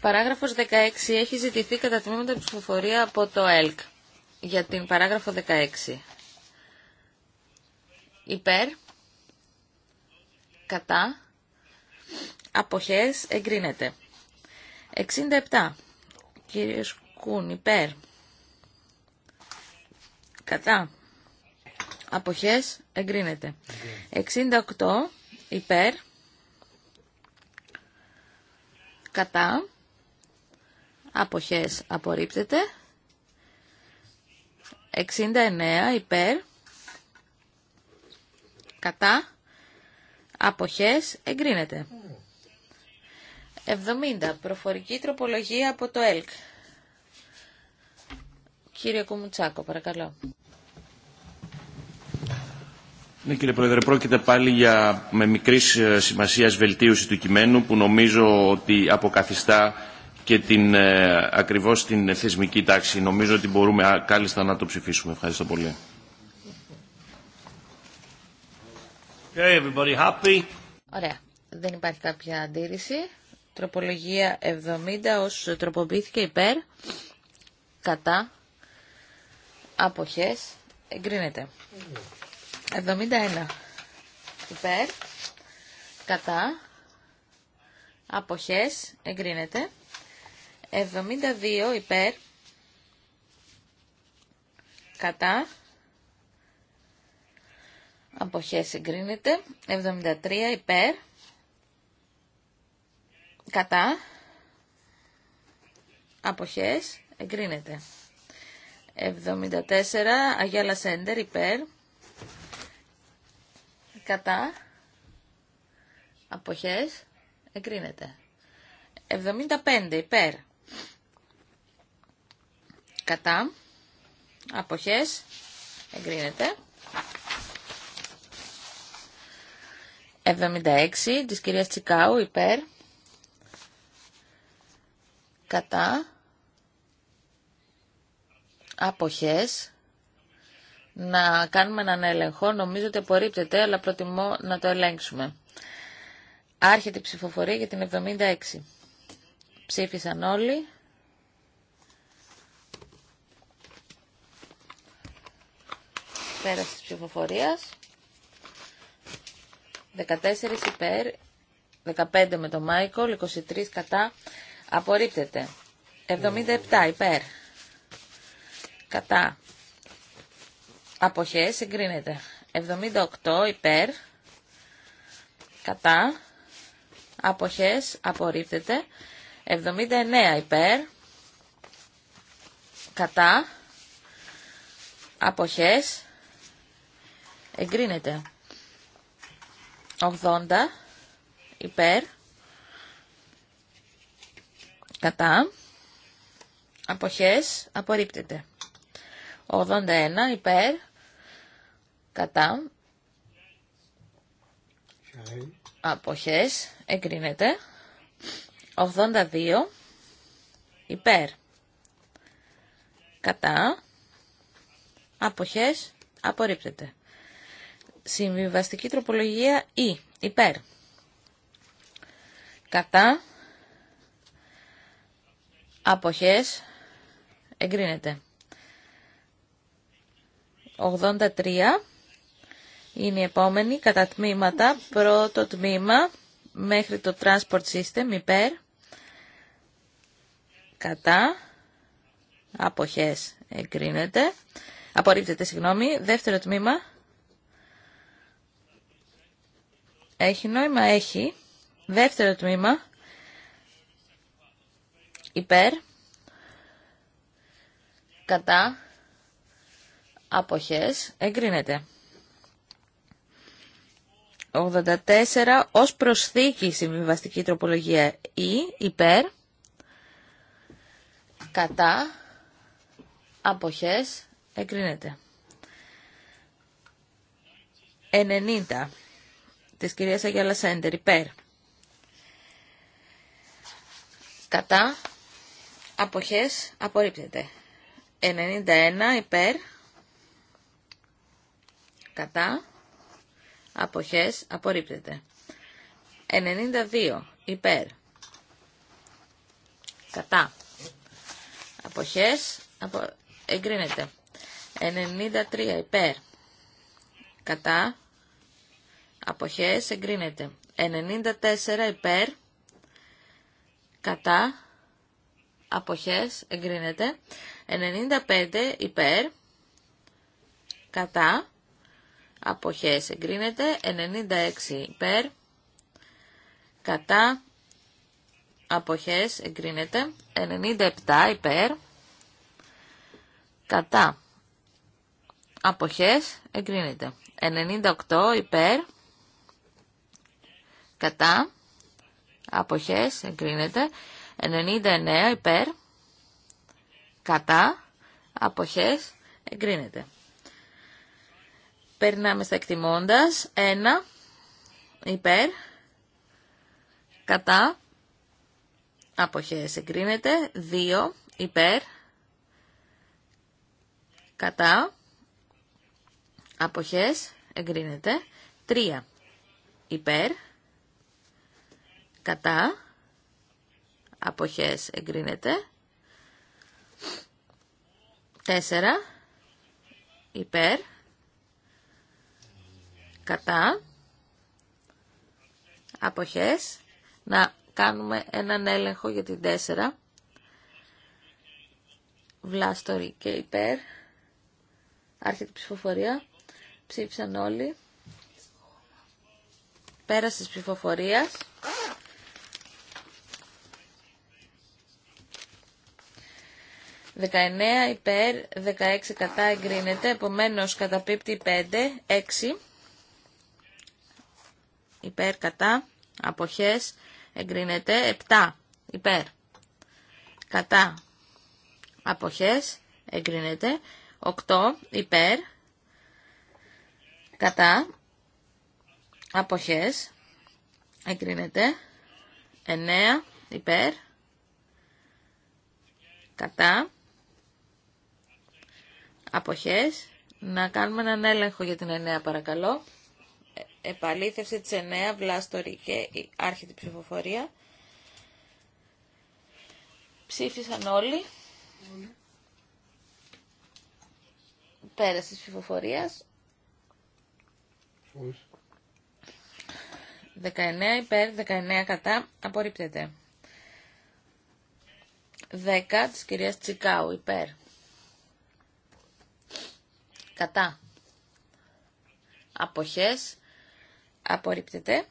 Παράγραφος 16 έχει ζητηθεί κατά τμήματα ψηφοφορία από το ΕΛΚ για την παράγραφο 16. Υπέρ, κατά, αποχές, εγκρίνεται. 67. Κύριος Σκούν. υπέρ, κατά, αποχές, εγκρίνεται. 68. Υπέρ, κατά, αποχές απορρίπτεται, 69 υπέρ, κατά, αποχές εγκρίνεται. 70. Προφορική τροπολογία από το ΕΛΚ. Κύριε Κουμουτσάκο, παρακαλώ. Ναι, κύριε Πρόεδρε, πρόκειται πάλι για με μικρή ε, σημασία βελτίωση του κειμένου που νομίζω ότι αποκαθιστά και την, ε, ακριβώς την ε, θεσμική τάξη. Νομίζω ότι μπορούμε κάλλιστα να το ψηφίσουμε. Ευχαριστώ πολύ. Okay, everybody happy. Ωραία. Δεν υπάρχει κάποια αντίρρηση. Τροπολογία 70 ως τροποποιήθηκε υπέρ, κατά, αποχές, εγκρίνεται. 71 υπέρ, κατά, αποχές, εγκρίνεται. 72 υπέρ, κατά, αποχές, εγκρίνεται. 73 υπέρ, κατά, αποχές, εγκρίνεται. 74 Αγιάλα Σέντερ υπέρ, κατά αποχές εγκρίνεται. 75 υπέρ κατά αποχές εγκρίνεται. 76 της κυρίας Τσικάου υπέρ κατά αποχές να κάνουμε έναν έλεγχο. Νομίζω ότι απορρίπτεται, αλλά προτιμώ να το ελέγξουμε. Άρχεται η ψηφοφορία για την 76. Ψήφισαν όλοι. Πέραση της ψηφοφορίας. 14 υπέρ, 15 με τον Μάικολ, 23 κατά. Απορρίπτεται. 77 υπέρ. Κατά αποχές εγκρίνεται. 78 υπέρ, κατά, αποχές απορρίπτεται. 79 υπέρ, κατά, αποχές εγκρίνεται. 80 υπέρ, κατά, αποχές απορρίπτεται. 81 υπέρ, Κατά. Αποχές. Εγκρίνεται. 82. Υπέρ. Κατά. Αποχές. Απορρίπτεται. Συμβιβαστική τροπολογία Ή. υπέρ. Κατά. Αποχές. Εγκρίνεται. 83 είναι η επόμενη, κατά τμήματα, πρώτο τμήμα μέχρι το Transport System, υπέρ, κατά, αποχές εγκρίνεται, απορρίπτεται, συγγνώμη, δεύτερο τμήμα, έχει νόημα, έχει, δεύτερο τμήμα, υπέρ, κατά, αποχές εγκρίνεται. 84 ως προσθήκη συμβιβαστική τροπολογία ή υπέρ κατά αποχές εγκρίνεται. 90 της κυρίας Αγιάλα Σέντερ υπέρ κατά αποχές απορρίπτεται. 91 υπέρ κατά αποχές απορρίπτεται. 92 υπέρ κατά αποχές απο... εγκρίνεται. 93 υπέρ κατά αποχές εγκρίνεται. 94 υπέρ κατά αποχές εγκρίνεται. 95 υπέρ κατά αποχές εγκρίνεται, 96 υπέρ, κατά, αποχές εγκρίνεται, 97 υπέρ, κατά, αποχές εγκρίνεται, 98 υπέρ, κατά, αποχές εγκρίνεται, 99 υπέρ, κατά, αποχές εγκρίνεται. Περνάμε στα εκτιμώντα 1 υπέρ, κατά, αποχές εγκρίνεται. 2 υπέρ, κατά, αποχές εγκρίνεται. 3 υπέρ, κατά, αποχές εγκρίνεται. 4 υπέρ, κατά, αποχές, να κάνουμε έναν έλεγχο για την 4, βλάστορη και υπέρ, άρχεται ψηφοφορία, ψήφισαν όλοι, πέρας τη ψηφοφορία. 19 υπέρ, 16 κατά εγκρίνεται, επομένως καταπίπτει 5, 6 υπέρ κατά αποχές εγκρίνεται 7 υπέρ κατά αποχές εγκρίνεται 8 υπέρ κατά αποχές εγκρίνεται 9 υπέρ κατά αποχές να κάνουμε έναν έλεγχο για την 9 παρακαλώ επαλήθευση της 9 βλάστορη και άρχιτη ψηφοφορία. Ψήφισαν όλοι. Mm. Πέρασε της ψηφοφορίας. Mm. 19 υπέρ, 19 κατά, απορρίπτεται. 10 της κυρίας Τσικάου, υπέρ. Κατά. Αποχές Απορρίπτεται.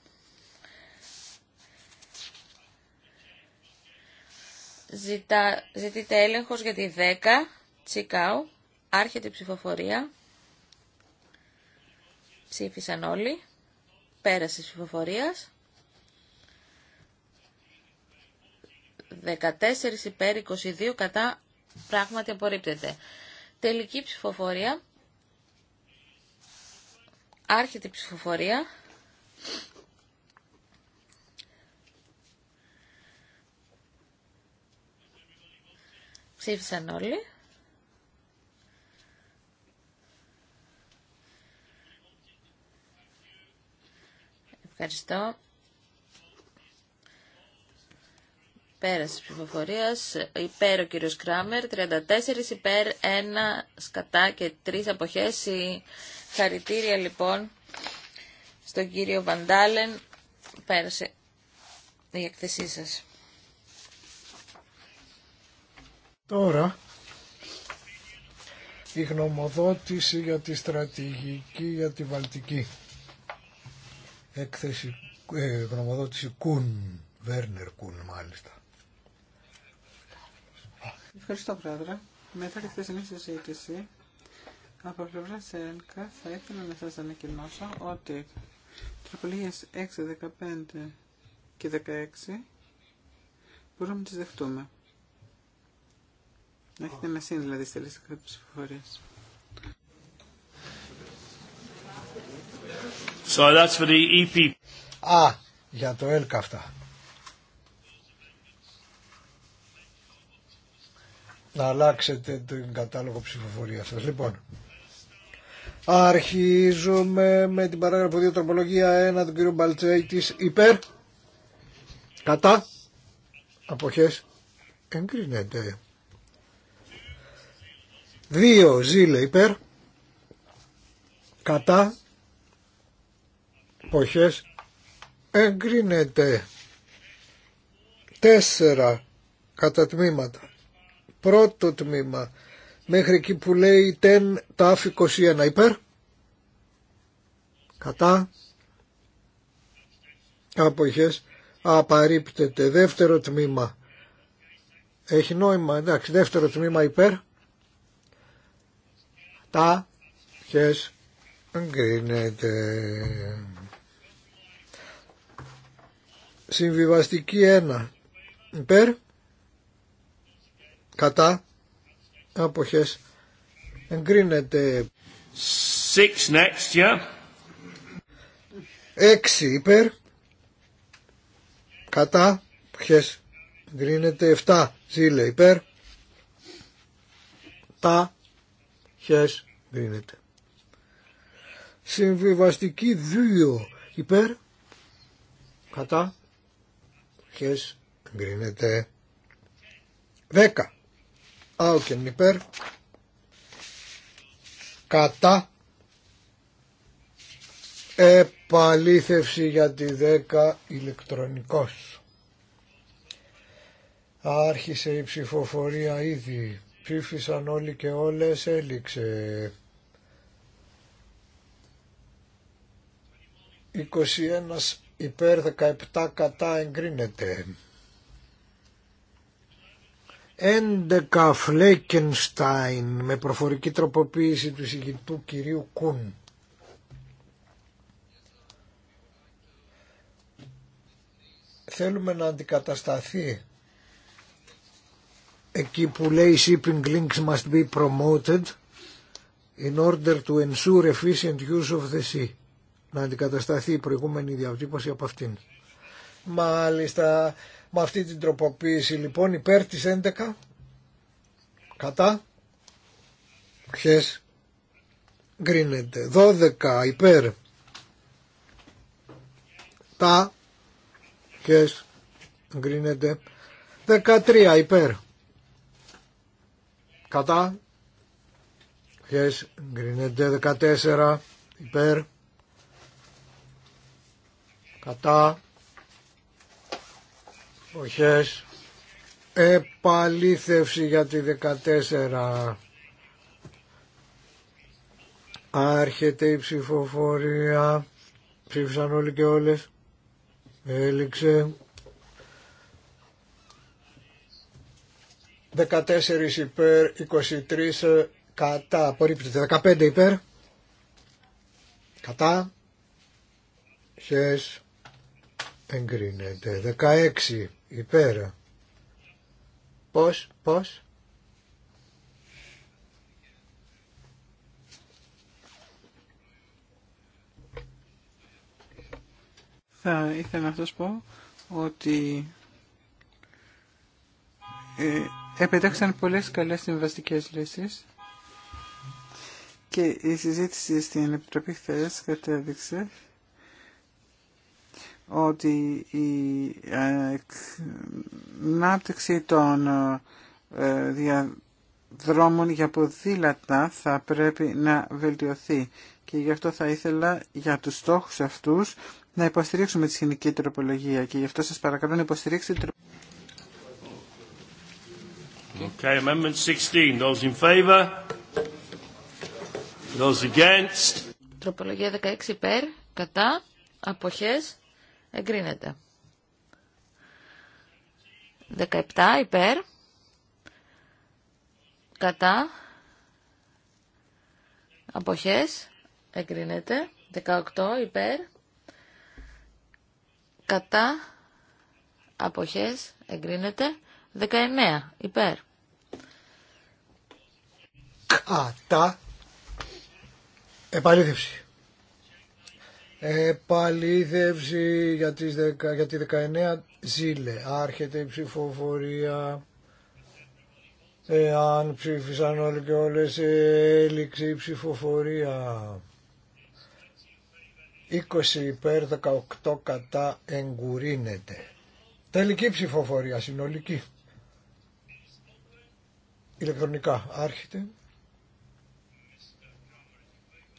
Ζητά, ζητείτε έλεγχος για τη 10, Τσικάου, άρχεται η ψηφοφορία. Ψήφισαν όλοι. Πέρασε η ψηφοφορία. 14 υπέρ 22 κατά πράγματι απορρίπτεται. Τελική ψηφοφορία. Άρχεται η ψηφοφορία. Ψήφισαν όλοι. Ευχαριστώ. Πέρασε τη ψηφοφορία. Υπέρ ο κύριο Κράμερ. 34 υπέρ, 1 σκατά και 3 αποχέ. Χαρητήρια λοιπόν στον κύριο Βαντάλεν. Πέρασε η εκθεσή σας. Τώρα, η γνωμοδότηση για τη στρατηγική για τη Βαλτική. Έκθεση, ε, γνωμοδότηση Κουν, Βέρνερ Κουν μάλιστα. Ευχαριστώ πρόεδρε. Μετά τη χθεσινή συζήτηση, από πλευρά ΣΕΝΚΑ θα ήθελα να σας ανακοινώσω ότι Τροπολογίες 6, 15 και 16 μπορούμε να τις δεχτούμε. Να έχετε μαζί δηλαδή στη λίστα κάτι ψηφοφορίας. So that's for the EP. Α, για το ΕΛΚ αυτά. Να αλλάξετε τον κατάλογο ψηφοφορίας σας. Λοιπόν, Αρχίζουμε με την παράγραφο 2 τροπολογία 1 του κ. Μπαλτσέιτης υπέρ. Κατά. Αποχές. Εγκρίνεται. 2 ζήλε υπέρ. Κατά. Αποχές. Εγκρίνεται. 4 κατά τμήματα. Πρώτο τμήμα μέχρι εκεί που λέει τέν τάφ 21 υπέρ κατά αποχές απαρρίπτεται δεύτερο τμήμα έχει νόημα εντάξει δεύτερο τμήμα υπέρ τα χες εγκρίνεται συμβιβαστική 1 υπέρ κατά αποχές εγκρίνεται 6 next yeah 6 υπέρ κατά αποχές εγκρίνεται 7 ζήλε υπέρ τα χες εγκρίνεται συμβιβαστική 2 υπέρ κατά χες εγκρίνεται 10 Άουκεν υπέρ. Κατά. Επαλήθευση για τη 10 ηλεκτρονικός. Άρχισε η ψηφοφορία ήδη. Ψήφισαν όλοι και όλες. Έληξε. 21 υπέρ 17 κατά εγκρίνεται. 11 Φλέκενστάιν με προφορική τροποποίηση του συγκριτού κυρίου Κούν. Θέλουμε να αντικατασταθεί εκεί που λέει shipping links must be promoted in order to ensure efficient use of the sea. Να αντικατασταθεί η προηγούμενη διαβτύπωση από αυτήν. Μάλιστα, με αυτή την τροποποίηση λοιπόν υπέρ της 11 κατά ποιες γκρίνεται 12 υπέρ τα ποιες γκρίνεται 13 υπέρ κατά ποιες γκρίνεται 14 υπέρ κατά εποχές επαλήθευση για τη 14 άρχεται η ψηφοφορία ψήφισαν όλοι και όλες έληξε 14 υπέρ 23 ε, κατά απορρίπτεται 15 υπέρ κατά χες εγκρίνεται 16 υπέρα. Πώς, πώς. Θα ήθελα να σας πω ότι ε, επετάξαν πολλές καλές συμβαστικές λύσεις και η συζήτηση στην Επιτροπή χθες κατέδειξε ότι η ε, ανάπτυξη των ε, ε, διαδρόμων για ποδήλατα θα πρέπει να βελτιωθεί και γι' αυτό θα ήθελα για τους στόχους αυτούς να υποστηρίξουμε τη σχηνική τροπολογία και γι' αυτό σας παρακαλώ να υποστηρίξετε Okay, Amendment 16. Those in favor. Those against. Τροπολογία 16 υπέρ, κατά, αποχές, Εγκρίνεται. 17 υπέρ. Κατά. Αποχές. Εγκρίνεται. 18 υπέρ. Κατά. Αποχές. Εγκρίνεται. 19 υπέρ. Κατά. Επαλήθευση. Επαλήθευση για, τις δεκα, για τη 19 ζήλε. Άρχεται η ψηφοφορία. Εάν ψήφισαν όλοι και όλες έληξε η ψηφοφορία. 20 υπέρ 18 κατά εγκουρίνεται. Τελική ψηφοφορία, συνολική. Ηλεκτρονικά, άρχεται.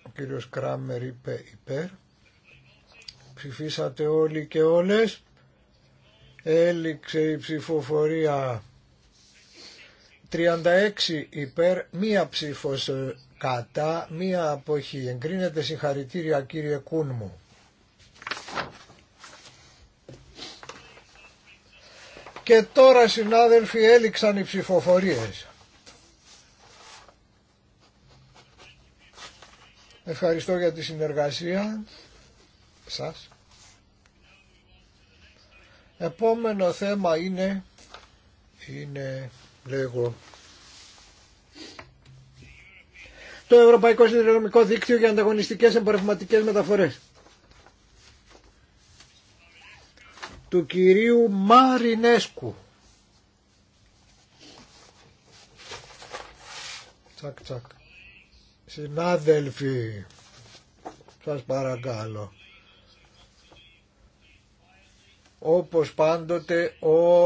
Ο κύριος Κράμερ είπε υπέρ. Ψηφίσατε όλοι και όλες. Έληξε η ψηφοφορία 36 υπέρ, μία ψήφος ε, κατά, μία αποχή. Εγκρίνεται συγχαρητήρια κύριε Κούν μου. Και τώρα συνάδελφοι έληξαν οι ψηφοφορίες. Ευχαριστώ για τη συνεργασία σας. Επόμενο θέμα είναι, είναι λέγω, το Ευρωπαϊκό Συνδρομικό Δίκτυο για Ανταγωνιστικές Εμπορευματικές Μεταφορές. του κυρίου Μαρινέσκου. Τσακ τσακ. Συνάδελφοι, σας παρακαλώ. Όπως πάντοτε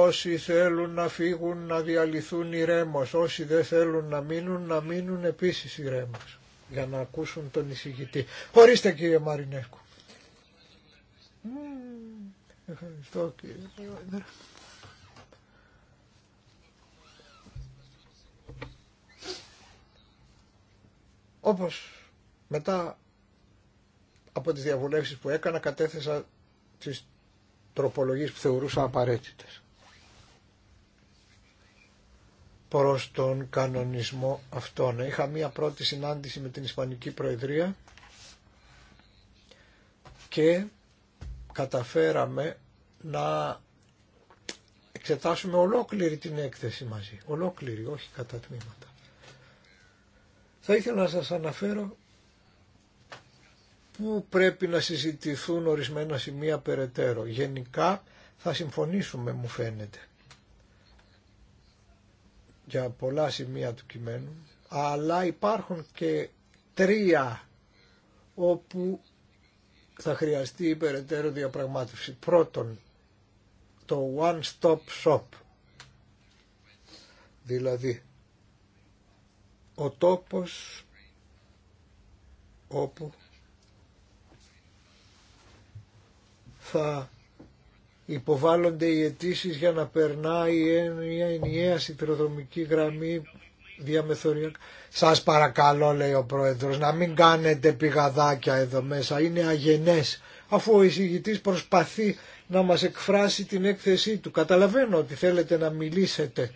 όσοι θέλουν να φύγουν να διαλυθούν ηρέμως. όσοι δεν θέλουν να μείνουν να μείνουν επίσης ηρέμως. για να ακούσουν τον εισηγητή. Χωρίστε κύριε Μαρινέκου. Ευχαριστώ κύριε Όπως μετά από τις διαβουλεύσεις που έκανα κατέθεσα τις τροπολογίες που θεωρούσα απαραίτητες προς τον κανονισμό αυτόν. Είχα μία πρώτη συνάντηση με την Ισπανική Προεδρία και καταφέραμε να εξετάσουμε ολόκληρη την έκθεση μαζί. Ολόκληρη, όχι κατά τμήματα. Θα ήθελα να σας αναφέρω που πρέπει να συζητηθούν ορισμένα σημεία περαιτέρω. Γενικά θα συμφωνήσουμε μου φαίνεται για πολλά σημεία του κειμένου, αλλά υπάρχουν και τρία όπου θα χρειαστεί περαιτέρω διαπραγμάτευση. Πρώτον, το One Stop Shop, δηλαδή ο τόπος όπου θα υποβάλλονται οι αιτήσει για να περνάει η ενιαία σιδηροδρομική γραμμή διαμεθοριακά. Σας παρακαλώ λέει ο Πρόεδρος να μην κάνετε πηγαδάκια εδώ μέσα, είναι αγενές αφού ο εισηγητής προσπαθεί να μας εκφράσει την έκθεσή του. Καταλαβαίνω ότι θέλετε να μιλήσετε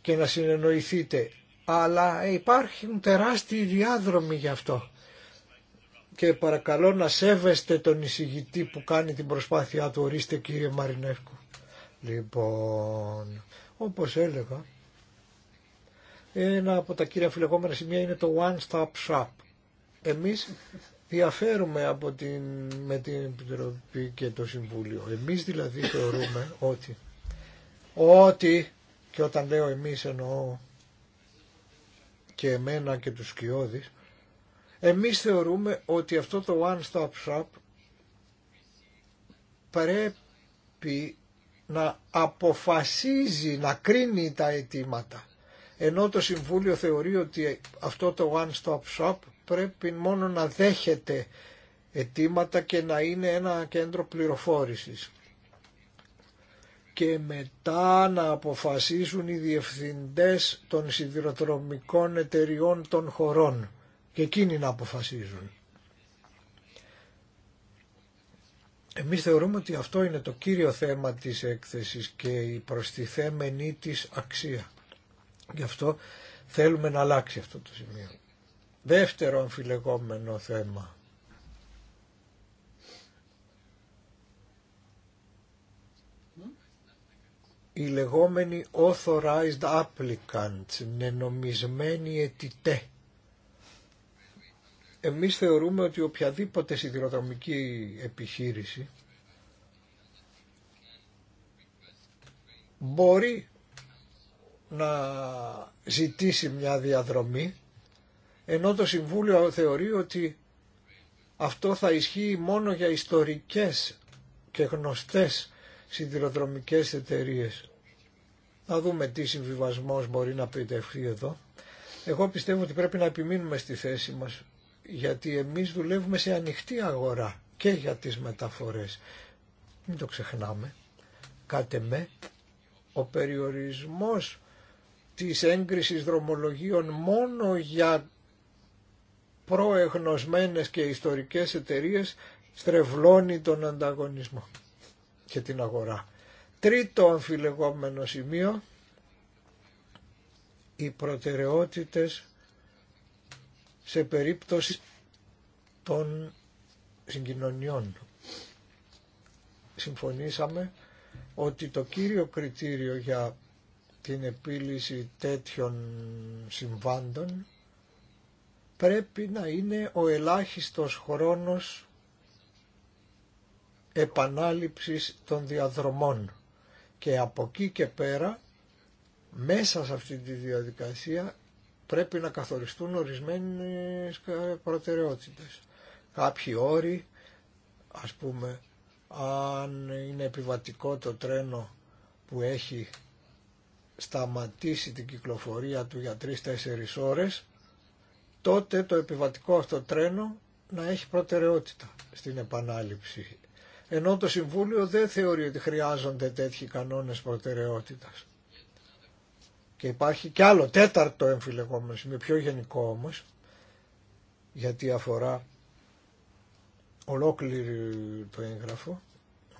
και να συνεννοηθείτε, αλλά υπάρχουν τεράστιοι διάδρομοι γι' αυτό και παρακαλώ να σέβεστε τον εισηγητή που κάνει την προσπάθειά του. Ορίστε κύριε Μαρινεύκο. Λοιπόν, όπως έλεγα, ένα από τα κύρια φιλεγόμενα σημεία είναι το One Stop Shop. Εμείς διαφέρουμε από την, με την Επιτροπή και το Συμβούλιο. Εμείς δηλαδή θεωρούμε ότι, ότι και όταν λέω εμείς εννοώ και εμένα και τους σκιώδεις, εμείς θεωρούμε ότι αυτό το One Stop Shop πρέπει να αποφασίζει, να κρίνει τα αιτήματα. Ενώ το Συμβούλιο θεωρεί ότι αυτό το One Stop Shop πρέπει μόνο να δέχεται αιτήματα και να είναι ένα κέντρο πληροφόρησης. Και μετά να αποφασίζουν οι διευθυντές των σιδηροδρομικών εταιριών των χωρών και εκείνοι να αποφασίζουν. Εμείς θεωρούμε ότι αυτό είναι το κύριο θέμα της έκθεσης και η προστιθέμενή της αξία. Γι' αυτό θέλουμε να αλλάξει αυτό το σημείο. Δεύτερο αμφιλεγόμενο θέμα. Οι λεγόμενοι authorized applicants, νενομισμένοι αιτητές. Εμείς θεωρούμε ότι οποιαδήποτε σιδηροδρομική επιχείρηση μπορεί να ζητήσει μια διαδρομή ενώ το Συμβούλιο θεωρεί ότι αυτό θα ισχύει μόνο για ιστορικές και γνωστές σιδηροδρομικές εταιρείες. Να δούμε τι συμβιβασμός μπορεί να πετευχθεί εδώ. Εγώ πιστεύω ότι πρέπει να επιμείνουμε στη θέση μας γιατί εμείς δουλεύουμε σε ανοιχτή αγορά και για τις μεταφορές. Μην το ξεχνάμε. Κάτε με, ο περιορισμός της έγκρισης δρομολογίων μόνο για προεγνωσμένες και ιστορικές εταιρείες στρεβλώνει τον ανταγωνισμό και την αγορά. Τρίτο αμφιλεγόμενο σημείο, οι προτεραιότητες σε περίπτωση των συγκοινωνιών. Συμφωνήσαμε ότι το κύριο κριτήριο για την επίλυση τέτοιων συμβάντων πρέπει να είναι ο ελάχιστος χρόνος επανάληψης των διαδρομών και από εκεί και πέρα μέσα σε αυτή τη διαδικασία πρέπει να καθοριστούν ορισμένες προτεραιότητες. Κάποιοι όροι, ας πούμε, αν είναι επιβατικό το τρένο που έχει σταματήσει την κυκλοφορία του για 3-4 ώρες, τότε το επιβατικό αυτό τρένο να έχει προτεραιότητα στην επανάληψη. Ενώ το Συμβούλιο δεν θεωρεί ότι χρειάζονται τέτοιοι κανόνες προτεραιότητας. Και υπάρχει και άλλο τέταρτο εμφυλεγόμενο σημείο, πιο γενικό όμως, γιατί αφορά ολόκληρο το έγγραφο,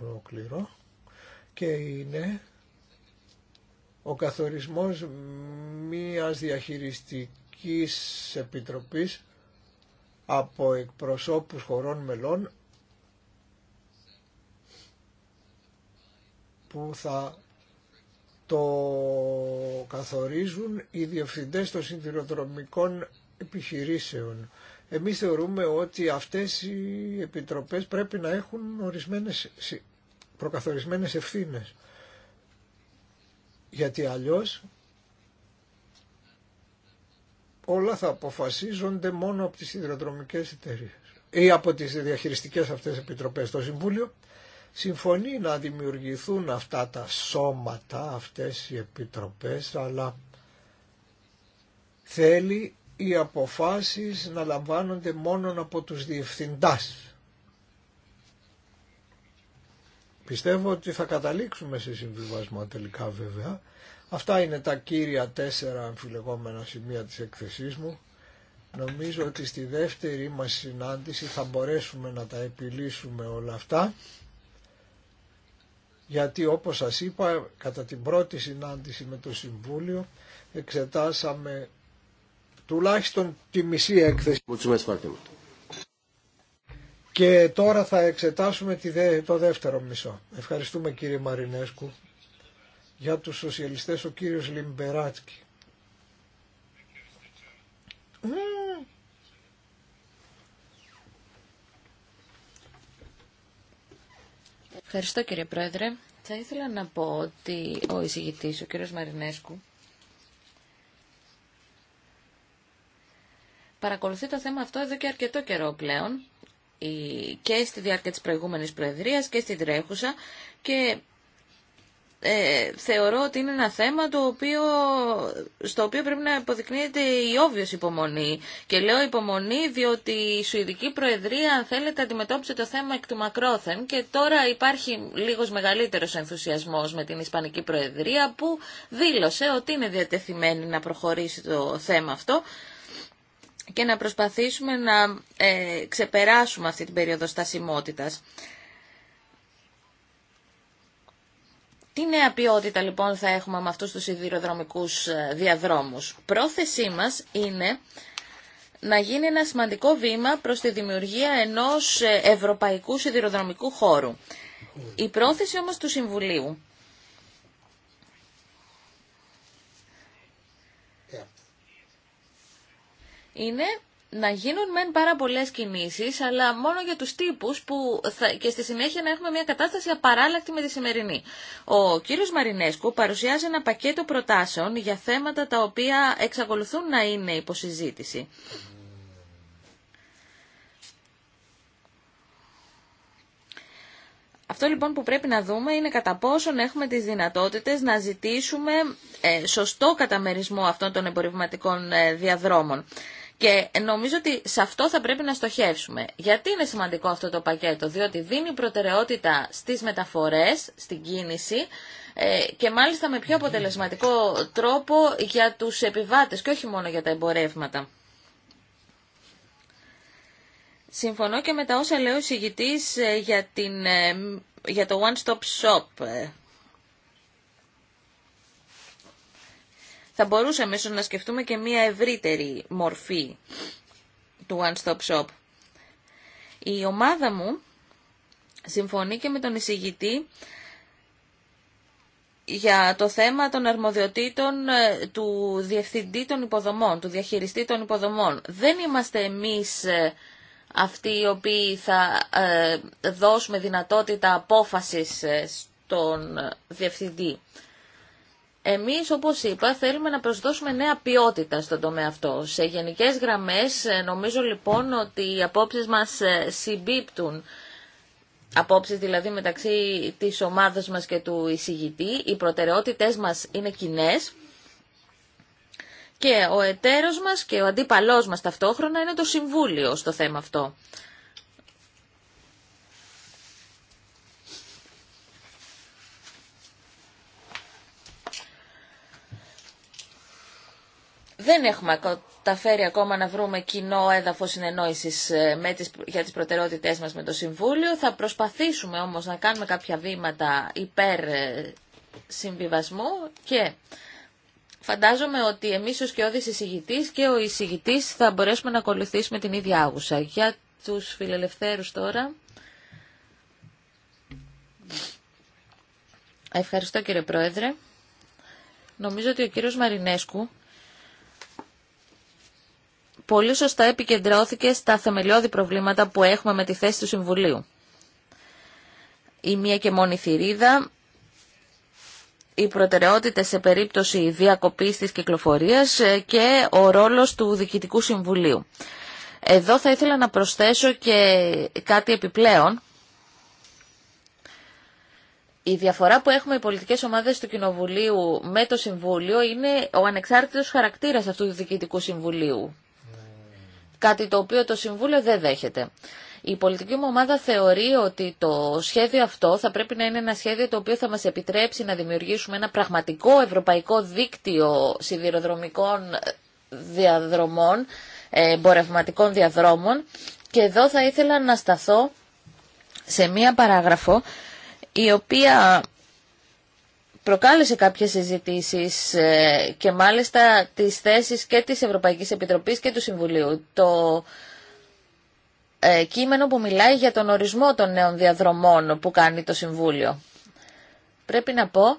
ολόκληρο, και είναι ο καθορισμός μίας διαχειριστικής επιτροπής από εκπροσώπους χωρών μελών που θα το καθορίζουν οι διευθυντές των συντηροδρομικών επιχειρήσεων. Εμείς θεωρούμε ότι αυτές οι επιτροπές πρέπει να έχουν ορισμένες προκαθορισμένες ευθύνες. Γιατί αλλιώς όλα θα αποφασίζονται μόνο από τις σιδηροδρομικές εταιρείες ή από τις διαχειριστικές αυτές επιτροπές. στο Συμβούλιο συμφωνεί να δημιουργηθούν αυτά τα σώματα, αυτές οι επιτροπές, αλλά θέλει οι αποφάσεις να λαμβάνονται μόνο από τους διευθυντάς. Πιστεύω ότι θα καταλήξουμε σε συμβιβασμό τελικά βέβαια. Αυτά είναι τα κύρια τέσσερα αμφιλεγόμενα σημεία της εκθεσής μου. Νομίζω ότι στη δεύτερη μας συνάντηση θα μπορέσουμε να τα επιλύσουμε όλα αυτά γιατί όπως σας είπα κατά την πρώτη συνάντηση με το Συμβούλιο εξετάσαμε τουλάχιστον τη μισή έκθεση και τώρα θα εξετάσουμε το δεύτερο μισό. Ευχαριστούμε κύριε Μαρινέσκου για τους σοσιαλιστές ο κύριος Λιμπεράτσκι. Ευχαριστώ κύριε Πρόεδρε. Θα ήθελα να πω ότι ο εισηγητής, ο κύριος Μαρινέσκου, παρακολουθεί το θέμα αυτό εδώ και αρκετό καιρό πλέον και στη διάρκεια της προηγούμενης Προεδρίας και στην τρέχουσα και ε, θεωρώ ότι είναι ένα θέμα το οποίο, στο οποίο πρέπει να αποδεικνύεται η όβιος υπομονή. Και λέω υπομονή διότι η Σουηδική Προεδρία, αν θέλετε, αντιμετώπισε το θέμα εκ του μακρόθεν και τώρα υπάρχει λίγος μεγαλύτερος ενθουσιασμός με την Ισπανική Προεδρία που δήλωσε ότι είναι διατεθειμένη να προχωρήσει το θέμα αυτό και να προσπαθήσουμε να ε, ξεπεράσουμε αυτή την περίοδο στασιμότητας. Τι νέα ποιότητα λοιπόν θα έχουμε με αυτούς τους σιδηροδρομικούς ε, διαδρόμους. Πρόθεσή μας είναι να γίνει ένα σημαντικό βήμα προς τη δημιουργία ενός ε, ευρωπαϊκού σιδηροδρομικού χώρου. Η πρόθεση όμως του Συμβουλίου είναι να γίνουν μεν πάρα πολλέ κινήσεις, αλλά μόνο για τους τύπους που και στη συνέχεια να έχουμε μια κατάσταση απαράλλακτη με τη σημερινή. Ο κύριος Μαρινέσκου παρουσιάζει ένα πακέτο προτάσεων για θέματα τα οποία εξακολουθούν να είναι υποσυζήτηση. Αυτό λοιπόν που πρέπει να δούμε είναι κατά πόσον έχουμε τις δυνατότητες να ζητήσουμε ε, σωστό καταμερισμό αυτών των εμπορευματικών ε, διαδρόμων. Και νομίζω ότι σε αυτό θα πρέπει να στοχεύσουμε. Γιατί είναι σημαντικό αυτό το πακέτο, διότι δίνει προτεραιότητα στις μεταφορές, στην κίνηση ε, και μάλιστα με πιο αποτελεσματικό τρόπο για τους επιβάτες και όχι μόνο για τα εμπορεύματα. Συμφωνώ και με τα όσα λέει ο ε, για, την, ε, για το One Stop Shop θα μπορούσαμε ίσως να σκεφτούμε και μια ευρύτερη μορφή του One Stop Shop. Η ομάδα μου συμφωνεί και με τον εισηγητή για το θέμα των αρμοδιοτήτων ε, του διευθυντή των υποδομών, του διαχειριστή των υποδομών. Δεν είμαστε εμείς ε, αυτοί οι οποίοι θα ε, δώσουμε δυνατότητα απόφασης στον διευθυντή. Εμείς, όπως είπα, θέλουμε να προσδώσουμε νέα ποιότητα στον τομέα αυτό. Σε γενικές γραμμές, ε, νομίζω λοιπόν ότι οι απόψεις μας ε, συμπίπτουν απόψεις δηλαδή μεταξύ της ομάδας μας και του εισηγητή. Οι προτεραιότητες μας είναι κοινέ. Και ο εταίρος μας και ο αντίπαλός μας ταυτόχρονα είναι το Συμβούλιο στο θέμα αυτό. δεν έχουμε καταφέρει ακόμα να βρούμε κοινό έδαφο συνεννόησης ε, τις, για τις προτεραιότητέ μας με το Συμβούλιο. Θα προσπαθήσουμε όμως να κάνουμε κάποια βήματα υπέρ ε, συμβιβασμού και φαντάζομαι ότι εμείς ως κοιόδης εισηγητή και ο εισηγητή θα μπορέσουμε να ακολουθήσουμε την ίδια άγουσα. Για τους φιλελευθέρου τώρα... Ευχαριστώ κύριε Πρόεδρε. Νομίζω ότι ο κύριος Μαρινέσκου πολύ σωστά επικεντρώθηκε στα θεμελιώδη προβλήματα που έχουμε με τη θέση του Συμβουλίου. Η μία και μόνη θηρίδα, οι προτεραιότητε σε περίπτωση διακοπής της κυκλοφορίας ε, και ο ρόλος του Διοικητικού Συμβουλίου. Εδώ θα ήθελα να προσθέσω και κάτι επιπλέον. Η διαφορά που έχουμε οι πολιτικές ομάδες του Κοινοβουλίου με το Συμβούλιο είναι ο ανεξάρτητος χαρακτήρας αυτού του Διοικητικού Συμβουλίου κάτι το οποίο το Συμβούλιο δεν δέχεται. Η πολιτική μου ομάδα θεωρεί ότι το σχέδιο αυτό θα πρέπει να είναι ένα σχέδιο το οποίο θα μας επιτρέψει να δημιουργήσουμε ένα πραγματικό ευρωπαϊκό δίκτυο σιδηροδρομικών διαδρομών, ε, εμπορευματικών διαδρόμων και εδώ θα ήθελα να σταθώ σε μία παράγραφο η οποία προκάλεσε κάποιες συζητήσεις ε, και μάλιστα τις θέσεις και της Ευρωπαϊκής Επιτροπής και του Συμβουλίου. Το ε, κείμενο που μιλάει για τον ορισμό των νέων διαδρομών που κάνει το Συμβούλιο. Πρέπει να πω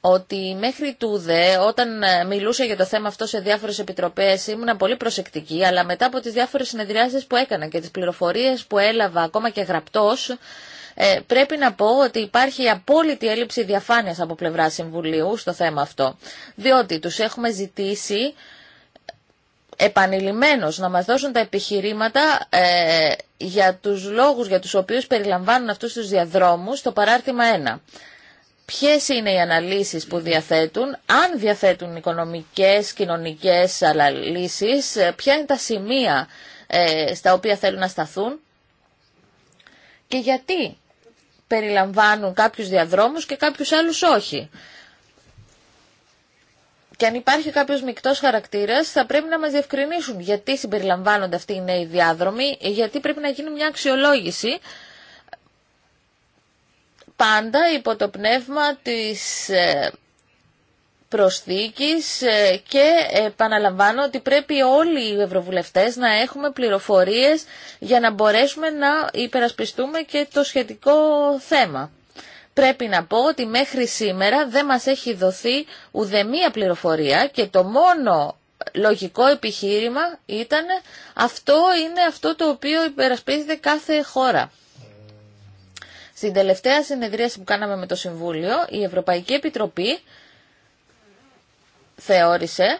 ότι μέχρι τούδε όταν ε, μιλούσα για το θέμα αυτό σε διάφορες επιτροπές ήμουνα πολύ προσεκτική αλλά μετά από τις διάφορες συνεδριάσεις που έκανα και τις πληροφορίες που έλαβα ακόμα και γραπτός ε, πρέπει να πω ότι υπάρχει απόλυτη έλλειψη διαφάνειας από πλευρά Συμβουλίου στο θέμα αυτό, διότι τους έχουμε ζητήσει επανειλημμένως να μας δώσουν τα επιχειρήματα ε, για τους λόγους για τους οποίους περιλαμβάνουν αυτούς τους διαδρόμους στο παράρτημα 1 ποιες είναι οι αναλύσεις που διαθέτουν, αν διαθέτουν οικονομικές, κοινωνικές αναλύσεις, ε, ποια είναι τα σημεία στα οποία θέλουν να σταθούν και γιατί περιλαμβάνουν κάποιους διαδρόμους και κάποιους άλλους όχι. Και αν υπάρχει κάποιος μεικτός χαρακτήρας θα πρέπει να μας διευκρινίσουν γιατί συμπεριλαμβάνονται αυτοί οι νέοι διάδρομοι, γιατί πρέπει να γίνει μια αξιολόγηση πάντα υπό το πνεύμα της ε, προσθήκης ε, και επαναλαμβάνω ότι πρέπει όλοι οι ευρωβουλευτές να έχουμε πληροφορίες για να μπορέσουμε να υπερασπιστούμε και το σχετικό θέμα. Πρέπει να πω ότι μέχρι σήμερα δεν μας έχει δοθεί ουδέμια πληροφορία και το μόνο λογικό επιχείρημα ήταν αυτό είναι αυτό το οποίο υπερασπίζεται κάθε χώρα. Στην τελευταία συνεδρίαση που κάναμε με το Συμβούλιο, η Ευρωπαϊκή Επιτροπή θεώρησε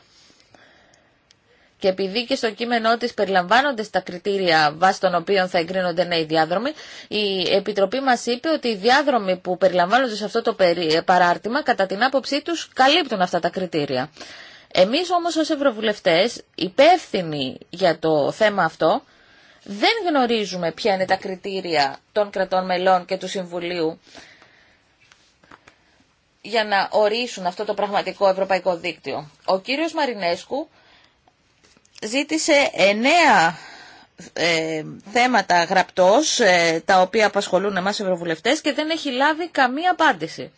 και επειδή και στο κείμενό της περιλαμβάνονται στα κριτήρια βάσει των οποίων θα εγκρίνονται νέοι διάδρομοι, η Επιτροπή μας είπε ότι οι διάδρομοι που περιλαμβάνονται σε αυτό το παράρτημα, κατά την άποψή τους, καλύπτουν αυτά τα κριτήρια. Εμείς όμως ως Ευρωβουλευτές, υπεύθυνοι για το θέμα αυτό, δεν γνωρίζουμε ποια είναι τα κριτήρια των κρατών μελών και του Συμβουλίου για να ορίσουν αυτό το πραγματικό ευρωπαϊκό δίκτυο. Ο κύριος Μαρινέσκου ζήτησε εννέα ε, θέματα γραπτός ε, τα οποία απασχολούν εμάς ευρωβουλευτές και δεν έχει λάβει καμία απάντηση.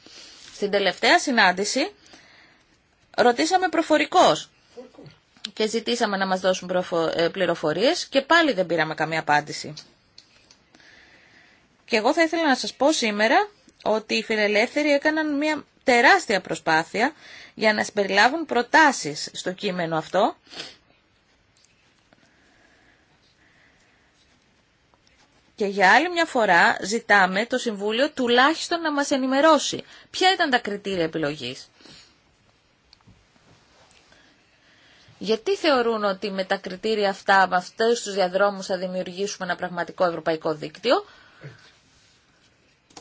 Στην τελευταία συνάντηση ρωτήσαμε προφορικός και ζητήσαμε να μας δώσουν ε, πληροφορίες και πάλι δεν πήραμε καμία απάντηση. Και εγώ θα ήθελα να σας πω σήμερα ότι οι φιλελεύθεροι έκαναν μια τεράστια προσπάθεια για να συμπεριλάβουν προτάσεις στο κείμενο αυτό. Και για άλλη μια φορά ζητάμε το Συμβούλιο τουλάχιστον να μας ενημερώσει. Ποια ήταν τα κριτήρια επιλογής. Γιατί θεωρούν ότι με τα κριτήρια αυτά, με αυτούς τους διαδρόμους θα δημιουργήσουμε ένα πραγματικό ευρωπαϊκό δίκτυο.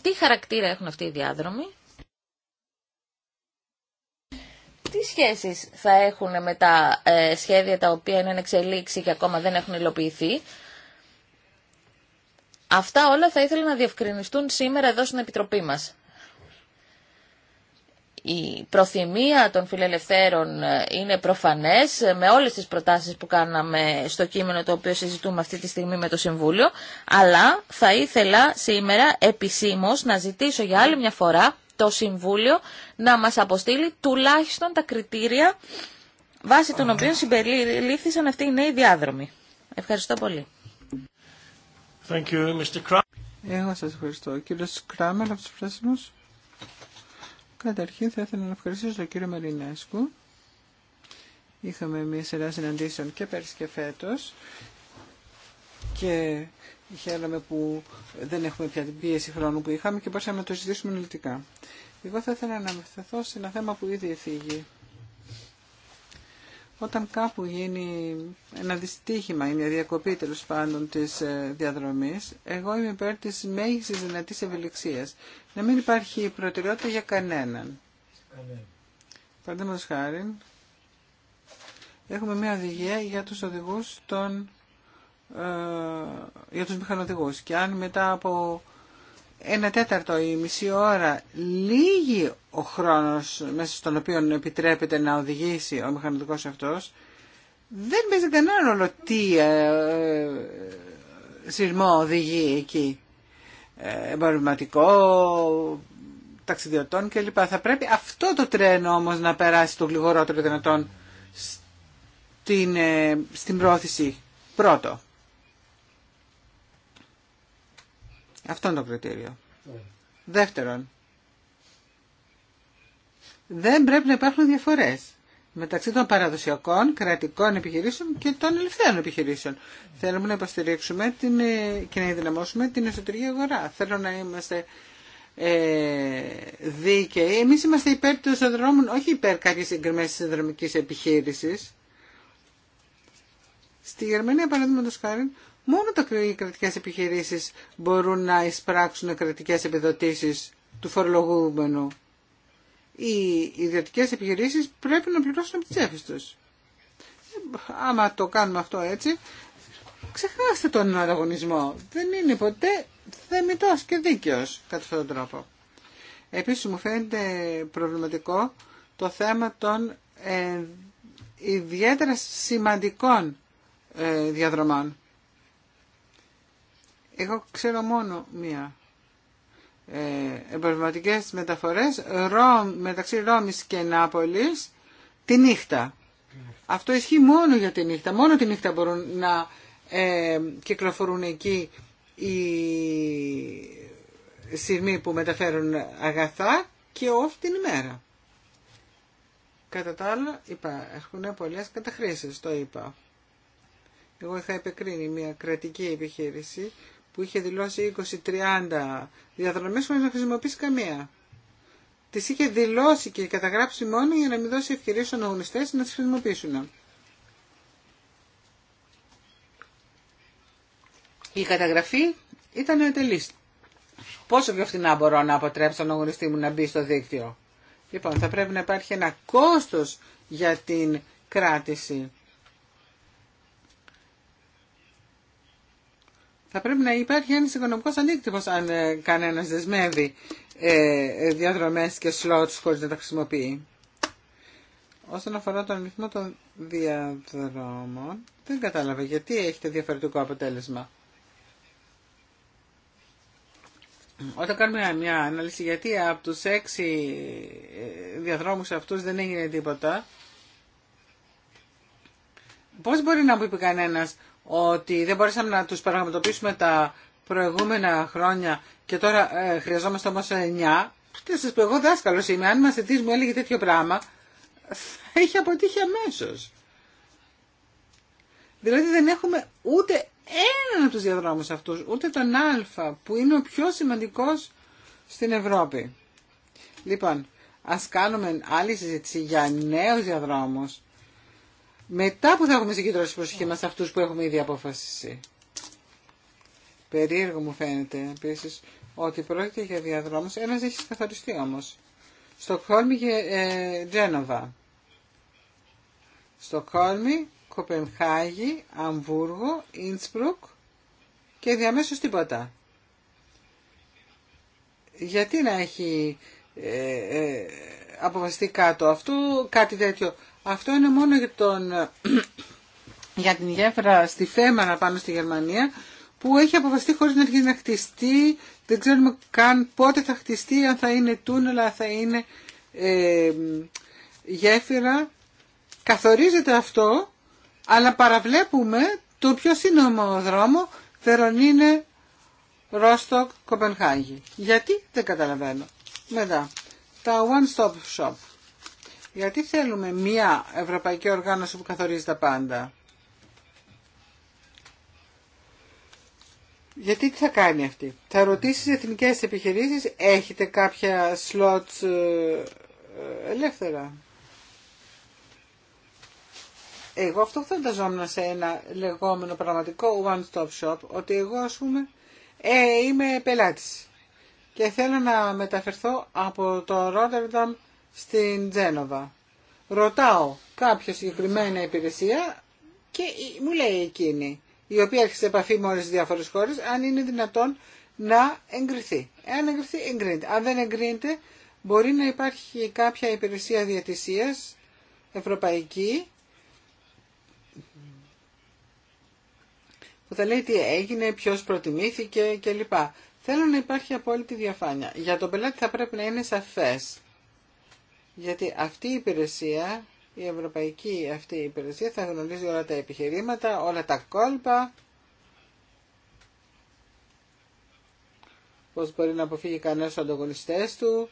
Τι χαρακτήρα έχουν αυτοί οι διάδρομοι τι σχέσεις θα έχουν με τα ε, σχέδια τα οποία είναι εξελίξη και ακόμα δεν έχουν υλοποιηθεί. Αυτά όλα θα ήθελα να διευκρινιστούν σήμερα εδώ στην Επιτροπή μας. Η προθυμία των φιλελευθέρων ε, είναι προφανές ε, με όλες τις προτάσεις που κάναμε στο κείμενο το οποίο συζητούμε αυτή τη στιγμή με το Συμβούλιο, αλλά θα ήθελα σήμερα επισήμως να ζητήσω για άλλη μια φορά το Συμβούλιο να μας αποστείλει τουλάχιστον τα κριτήρια βάσει των οποίων συμπεριλήφθησαν αυτοί οι νέοι διάδρομοι. Ευχαριστώ πολύ. Thank you, Mr. Εγώ σας ευχαριστώ. Κύριος Κράμερ από τους πράσινους. Καταρχήν θα ήθελα να ευχαριστήσω τον κύριο Μαρινέσκου. Είχαμε μια σειρά συναντήσεων και πέρσι και φέτος και Χαίρομαι που δεν έχουμε πια την πίεση χρόνου που είχαμε και μπορούσαμε να το συζητήσουμε αναλυτικά. Εγώ θα ήθελα να μεθεθώ σε ένα θέμα που ήδη εφήγει. Όταν κάπου γίνει ένα δυστύχημα ή μια διακοπή τέλο πάντων τη ε, διαδρομή, εγώ είμαι υπέρ τη μέγιστη δυνατή ευελιξία. Να μην υπάρχει προτεραιότητα για κανέναν. Παραδείγματο χάρη, έχουμε μια οδηγία για του οδηγού των ε, για τους μηχανοδηγούς. Και αν μετά από ένα τέταρτο ή μισή ώρα λίγη ο χρόνος μέσα στον οποίο επιτρέπεται να οδηγήσει ο μηχανοδηγός αυτός, δεν παίζει κανένα ρόλο τι ε, ε, σειρμό οδηγεί εκεί. Ε, εμπορευματικό, ταξιδιωτών κλπ. Θα πρέπει αυτό το τρένο όμως να περάσει το γλυγορότερο δυνατόν στην, ε, στην πρόθεση πρώτο. Αυτό είναι το κριτήριο. Ναι. Δεύτερον, δεν πρέπει να υπάρχουν διαφορές μεταξύ των παραδοσιακών κρατικών επιχειρήσεων και των ελευθέρων επιχειρήσεων. Θέλουμε να υποστηρίξουμε την, ε, και να ενδυναμώσουμε την εσωτερική αγορά. Θέλω να είμαστε ε, δίκαιοι. Εμείς είμαστε υπέρ των συνδρομών, όχι υπέρ κάποιες συγκεκριμένες συνδρομικής επιχείρησης. Στη Γερμανία, παραδείγματο χάρη, Μόνο τα κρατικές επιχειρήσεις μπορούν να εισπράξουν κρατικές επιδοτήσεις του φορολογούμενου. Οι ιδιωτικές επιχειρήσεις πρέπει να πληρώσουν από τις τους. Άμα το κάνουμε αυτό έτσι, ξεχάστε τον ανταγωνισμό. Δεν είναι ποτέ θεμητός και δίκαιος κατά αυτόν τον τρόπο. Επίσης μου φαίνεται προβληματικό το θέμα των ε, ιδιαίτερα σημαντικών ε, διαδρομών. Εγώ ξέρω μόνο μία. Ε, μεταφορές μεταξύ Ρώμης και Νάπολης τη νύχτα. Αυτό ισχύει μόνο για τη νύχτα. Μόνο τη νύχτα μπορούν να ε, κυκλοφορούν εκεί οι σειρμοί που μεταφέρουν αγαθά και όχι την ημέρα. Κατά τα άλλα υπάρχουν πολλές καταχρήσεις, το είπα. Εγώ είχα επεκρίνει μια κρατική επιχείρηση που είχε δηλώσει 20-30 διαδρομές χωρίς να χρησιμοποιήσει καμία. Τις είχε δηλώσει και καταγράψει μόνο για να μην δώσει ευκαιρία στους αγωνιστές να τις χρησιμοποιήσουν. Η καταγραφή ήταν ατελής. Πόσο πιο φθηνά μπορώ να αποτρέψω τον αγωνιστή μου να μπει στο δίκτυο. Λοιπόν, θα πρέπει να υπάρχει ένα κόστος για την κράτηση. Θα πρέπει να υπάρχει ένα οικονομικό αντίκτυπος αν ε, κανένας δεσμεύει ε, ε, διαδρομές και σλότ. χωρί να τα χρησιμοποιεί. Όσον αφορά τον ρυθμό των διαδρόμων, δεν κατάλαβα γιατί έχετε διαφορετικό αποτέλεσμα. Όταν κάνουμε μια ανάλυση γιατί από τους έξι διαδρόμους αυτούς δεν έγινε τίποτα, πώς μπορεί να μου είπε κανένας ότι δεν μπορέσαμε να τους πραγματοποιήσουμε τα προηγούμενα χρόνια και τώρα ε, χρειαζόμαστε όμως ε, εννιά. τι σας πω, εγώ δάσκαλος είμαι, αν μας μου έλεγε τέτοιο πράγμα, θα είχε αποτύχει αμέσω. Δηλαδή δεν έχουμε ούτε έναν από τους διαδρόμους αυτούς, ούτε τον Α που είναι ο πιο σημαντικός στην Ευρώπη. Λοιπόν, ας κάνουμε άλλη συζήτηση για νέους διαδρόμους μετά που θα έχουμε συγκεντρώσει προσοχή μας αυτού που έχουμε ήδη αποφασίσει. Περίεργο μου φαίνεται επίση ότι πρόκειται για διαδρόμου. Ένα έχει καθαριστεί όμω. Στοκχόλμη και ε, Τζένοβα. Στοκχόλμη, Κοπενχάγη, Αμβούργο, Ίντσπρουκ και διαμέσω τίποτα. Γιατί να έχει ε, ε, αποφασιστεί κάτω αυτού κάτι τέτοιο αυτό είναι μόνο για, τον, (clears throat) για την γέφυρα στη Φέμανα πάνω στη Γερμανία που έχει αποφαστεί χωρίς να αρχίσει να χτιστεί. Δεν ξέρουμε καν πότε θα χτιστεί, αν θα είναι τούνελα, αν θα είναι ε, γέφυρα. Καθορίζεται αυτό, αλλά παραβλέπουμε το πιο σύνομο δρόμο θεωρών Ρόστοκ, Κοπενχάγη. Γιατί δεν καταλαβαίνω. Μετά, τα one-stop shop. Γιατί θέλουμε μία ευρωπαϊκή οργάνωση που καθορίζει τα πάντα. Γιατί τι θα κάνει αυτή. Θα ρωτήσει εθνικές επιχειρήσεις, έχετε κάποια σλότ ε, ε, ελεύθερα. Εγώ αυτό φανταζόμουν σε ένα λεγόμενο πραγματικό one-stop shop, ότι εγώ ας πούμε ε, είμαι πελάτης και θέλω να μεταφερθώ από το Rotterdam στην Τζένοβα. Ρωτάω κάποια συγκεκριμένα υπηρεσία και μου λέει εκείνη, η οποία έχει σε επαφή με όλε τι διάφορε χώρε. αν είναι δυνατόν να εγκριθεί. Εάν εγκριθεί, εγκρίνεται. Αν δεν εγκρίνεται, μπορεί να υπάρχει κάποια υπηρεσία διατησίας ευρωπαϊκή που θα λέει τι έγινε, ποιος προτιμήθηκε κλπ. Θέλω να υπάρχει απόλυτη διαφάνεια. Για τον πελάτη θα πρέπει να είναι σαφές γιατί αυτή η υπηρεσία, η ευρωπαϊκή αυτή η υπηρεσία θα γνωρίζει όλα τα επιχειρήματα, όλα τα κόλπα, πώς μπορεί να αποφύγει κανένας τους ανταγωνιστές του.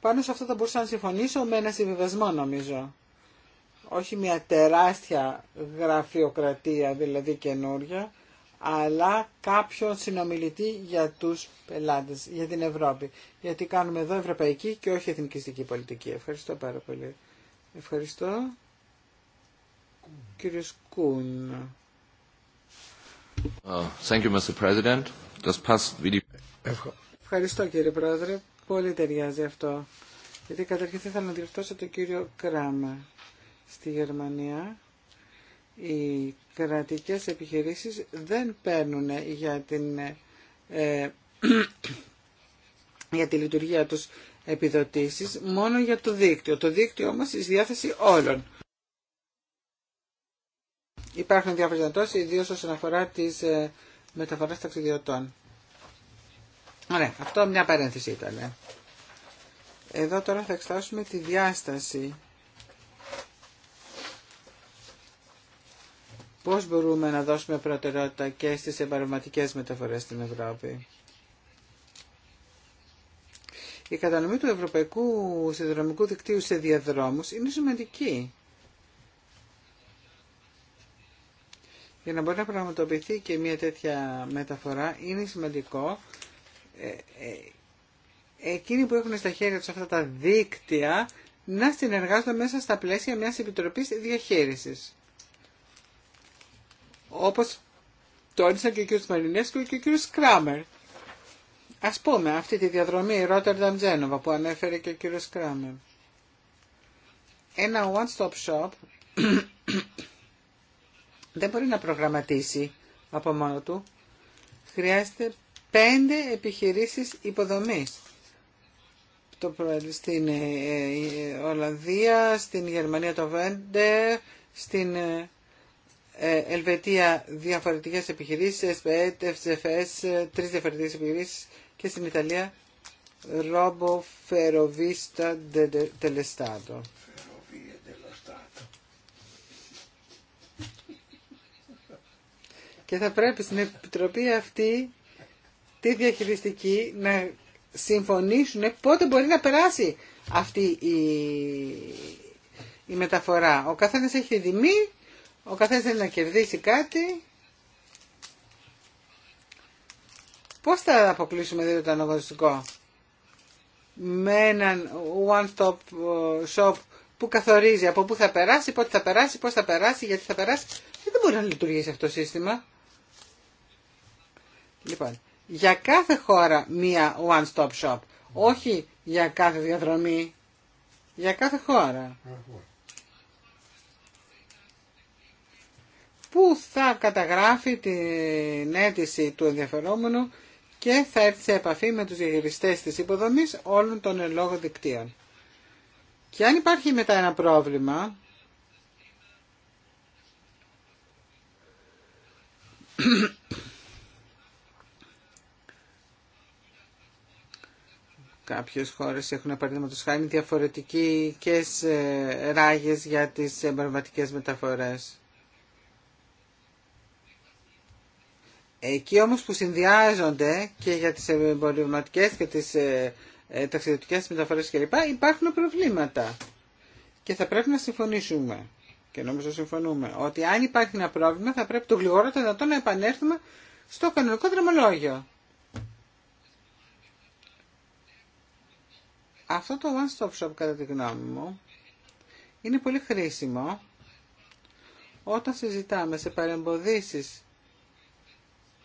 Πάνω σε αυτό θα μπορούσα να συμφωνήσω με ένα συμβιβασμό νομίζω. Όχι μια τεράστια γραφειοκρατία, δηλαδή καινούρια, αλλά κάποιον συνομιλητή για τους πελάτες, για την Ευρώπη. Γιατί κάνουμε εδώ ευρωπαϊκή και όχι εθνικιστική πολιτική. Ευχαριστώ πάρα πολύ. Ευχαριστώ. Κύριος Κούν. Oh, thank you, Mr. President. Ευχαριστώ κύριε Πρόεδρε. Πολύ ταιριάζει αυτό. Γιατί καταρχήν θα ήθελα να διορθώσω τον κύριο Κράμα στη Γερμανία οι κρατικές επιχειρήσεις δεν παίρνουν για, την, ε, (clears throat) τη λειτουργία τους επιδοτήσεις, μόνο για το δίκτυο. Το δίκτυο όμως εις διάθεση όλων. Υπάρχουν διάφορες δυνατώσεις, ιδίως όσον αφορά τις ε, μεταφορές ταξιδιωτών. Ωραία, αυτό μια παρένθεση ήταν. Εδώ τώρα θα εξετάσουμε τη διάσταση πώς μπορούμε να δώσουμε προτεραιότητα και στις εμπαρευματικές μεταφορές στην Ευρώπη. Η κατανομή του ευρωπαϊκού συνδρομικού δικτύου σε διαδρόμους είναι σημαντική. Για να μπορεί να πραγματοποιηθεί και μια τέτοια μεταφορά είναι σημαντικό ε, ε, εκείνοι που έχουν στα χέρια τους αυτά τα δίκτυα να συνεργάζονται μέσα στα πλαίσια μιας επιτροπής διαχείρισης όπως τόνισαν και ο κ. Μαρινέσκου και ο κ. Κράμερ. Ας πούμε αυτή τη διαδρομή Ρότερνταμ Τζένοβα που ανέφερε και ο κ. Κράμερ. Ένα one-stop shop (clears throat) δεν μπορεί να προγραμματίσει από μόνο του. Χρειάζεται πέντε επιχειρήσεις υποδομής. Το στην ε, ε, Ολλανδία, στην Γερμανία το Βέντε, στην ε, Ελβετία διαφορετικές επιχειρήσεις, ΕΣΠΕΤ, ΕΦΣΕΦΕΣ, τρεις διαφορετικές επιχειρήσεις και στην Ιταλία Ρόμπο Φεροβίστα Τελεστάτο. Και θα πρέπει στην Επιτροπή αυτή τη διαχειριστική να συμφωνήσουν πότε μπορεί να περάσει αυτή η, μεταφορά. Ο καθένας έχει τη ο καθένας θέλει να κερδίσει κάτι. Πώς θα αποκλείσουμε δηλαδή το αναγνωριστικό με έναν one-stop ε, shop που καθορίζει από πού θα περάσει, πότε θα περάσει, πώς θα περάσει, γιατί θα περάσει. Ε, δεν μπορεί να λειτουργήσει αυτό το σύστημα. Λοιπόν, για κάθε χώρα μία one-stop shop, όχι για κάθε διαδρομή, για κάθε χώρα. που θα καταγράφει την αίτηση του ενδιαφερόμενου και θα έρθει σε επαφή με τους διαχειριστές της υποδομής όλων των λόγων δικτύων. Και αν υπάρχει μετά ένα πρόβλημα, Κάποιες χώρες έχουν παραδείγματος χάρη διαφορετικές ε, ράγες για τις εμπορευματικές μεταφορές. Εκεί όμως που συνδυάζονται και για τις εμπορευματικέ και τις ε, ε, ταξιδιωτικές μεταφορές κλπ. υπάρχουν προβλήματα. Και θα πρέπει να συμφωνήσουμε. Και νομίζω συμφωνούμε ότι αν υπάρχει ένα πρόβλημα θα πρέπει το το δυνατό να επανέλθουμε στο κανονικό δρομολόγιο. Αυτό το one stop shop κατά τη γνώμη μου είναι πολύ χρήσιμο όταν συζητάμε σε παρεμποδίσεις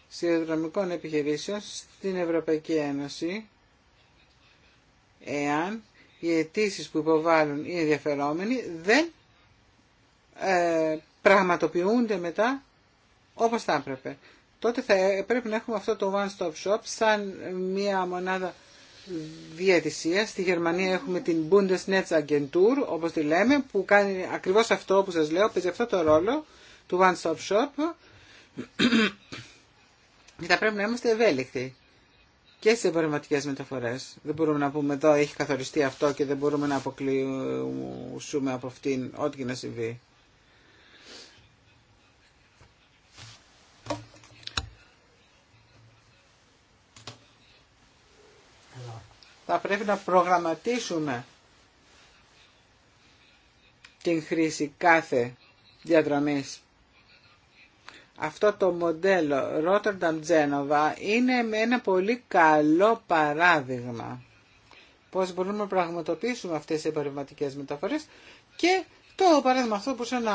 σιδηροδρομικών επιχειρήσεων στην Ευρωπαϊκή Ένωση εάν οι αιτήσει που υποβάλλουν οι ενδιαφερόμενοι δεν ε, πραγματοποιούνται μετά όπως θα έπρεπε. Τότε θα ε, πρέπει να έχουμε αυτό το one-stop shop σαν μια μονάδα διαιτησία. Στη Γερμανία έχουμε την Bundesnetzagentur, όπως τη λέμε, που κάνει ακριβώς αυτό που σας λέω, παίζει αυτό το ρόλο του one-stop shop θα πρέπει να είμαστε ευέλικτοι και σε εμπορευματικέ μεταφορές. Δεν μπορούμε να πούμε εδώ έχει καθοριστεί αυτό και δεν μπορούμε να αποκλείσουμε από αυτήν ό,τι και να συμβεί. θα πρέπει να προγραμματίσουμε την χρήση κάθε διαδρομής αυτό το μοντέλο Rotterdam Rotterdam-Genova είναι με ένα πολύ καλό παράδειγμα πώς μπορούμε να πραγματοποιήσουμε αυτές τις εμπορευματικές μεταφορές και το παράδειγμα αυτό μπορούσε να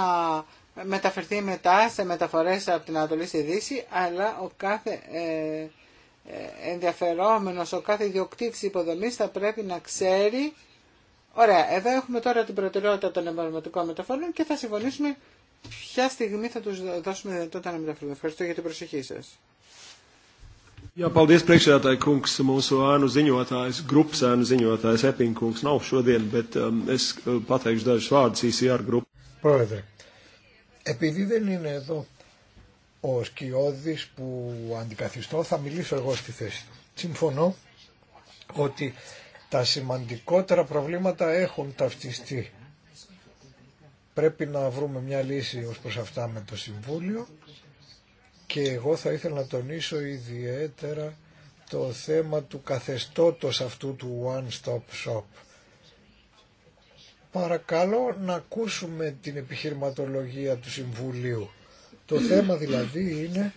μεταφερθεί μετά σε μεταφορές από την Ανατολή στη Δύση αλλά ο κάθε ε, ε ενδιαφερόμενος, ο κάθε ιδιοκτήτης υποδομής θα πρέπει να ξέρει Ωραία, εδώ έχουμε τώρα την προτεραιότητα των εμπορευματικών μεταφορών και θα συμφωνήσουμε ποια στιγμή θα τους δώσουμε δυνατότητα να μεταφερθούν. Ευχαριστώ για την προσοχή σας. Jā, um, uh, επειδή δεν είναι εδώ ο Σκιώδης που αντικαθιστώ, θα μιλήσω εγώ στη θέση του. Συμφωνώ ότι τα σημαντικότερα προβλήματα έχουν ταυτιστεί Πρέπει να βρούμε μια λύση ως προς αυτά με το Συμβούλιο και εγώ θα ήθελα να τονίσω ιδιαίτερα το θέμα του καθεστώτος αυτού του one-stop shop. Παρακαλώ να ακούσουμε την επιχειρηματολογία του Συμβουλίου. Το θέμα δηλαδή είναι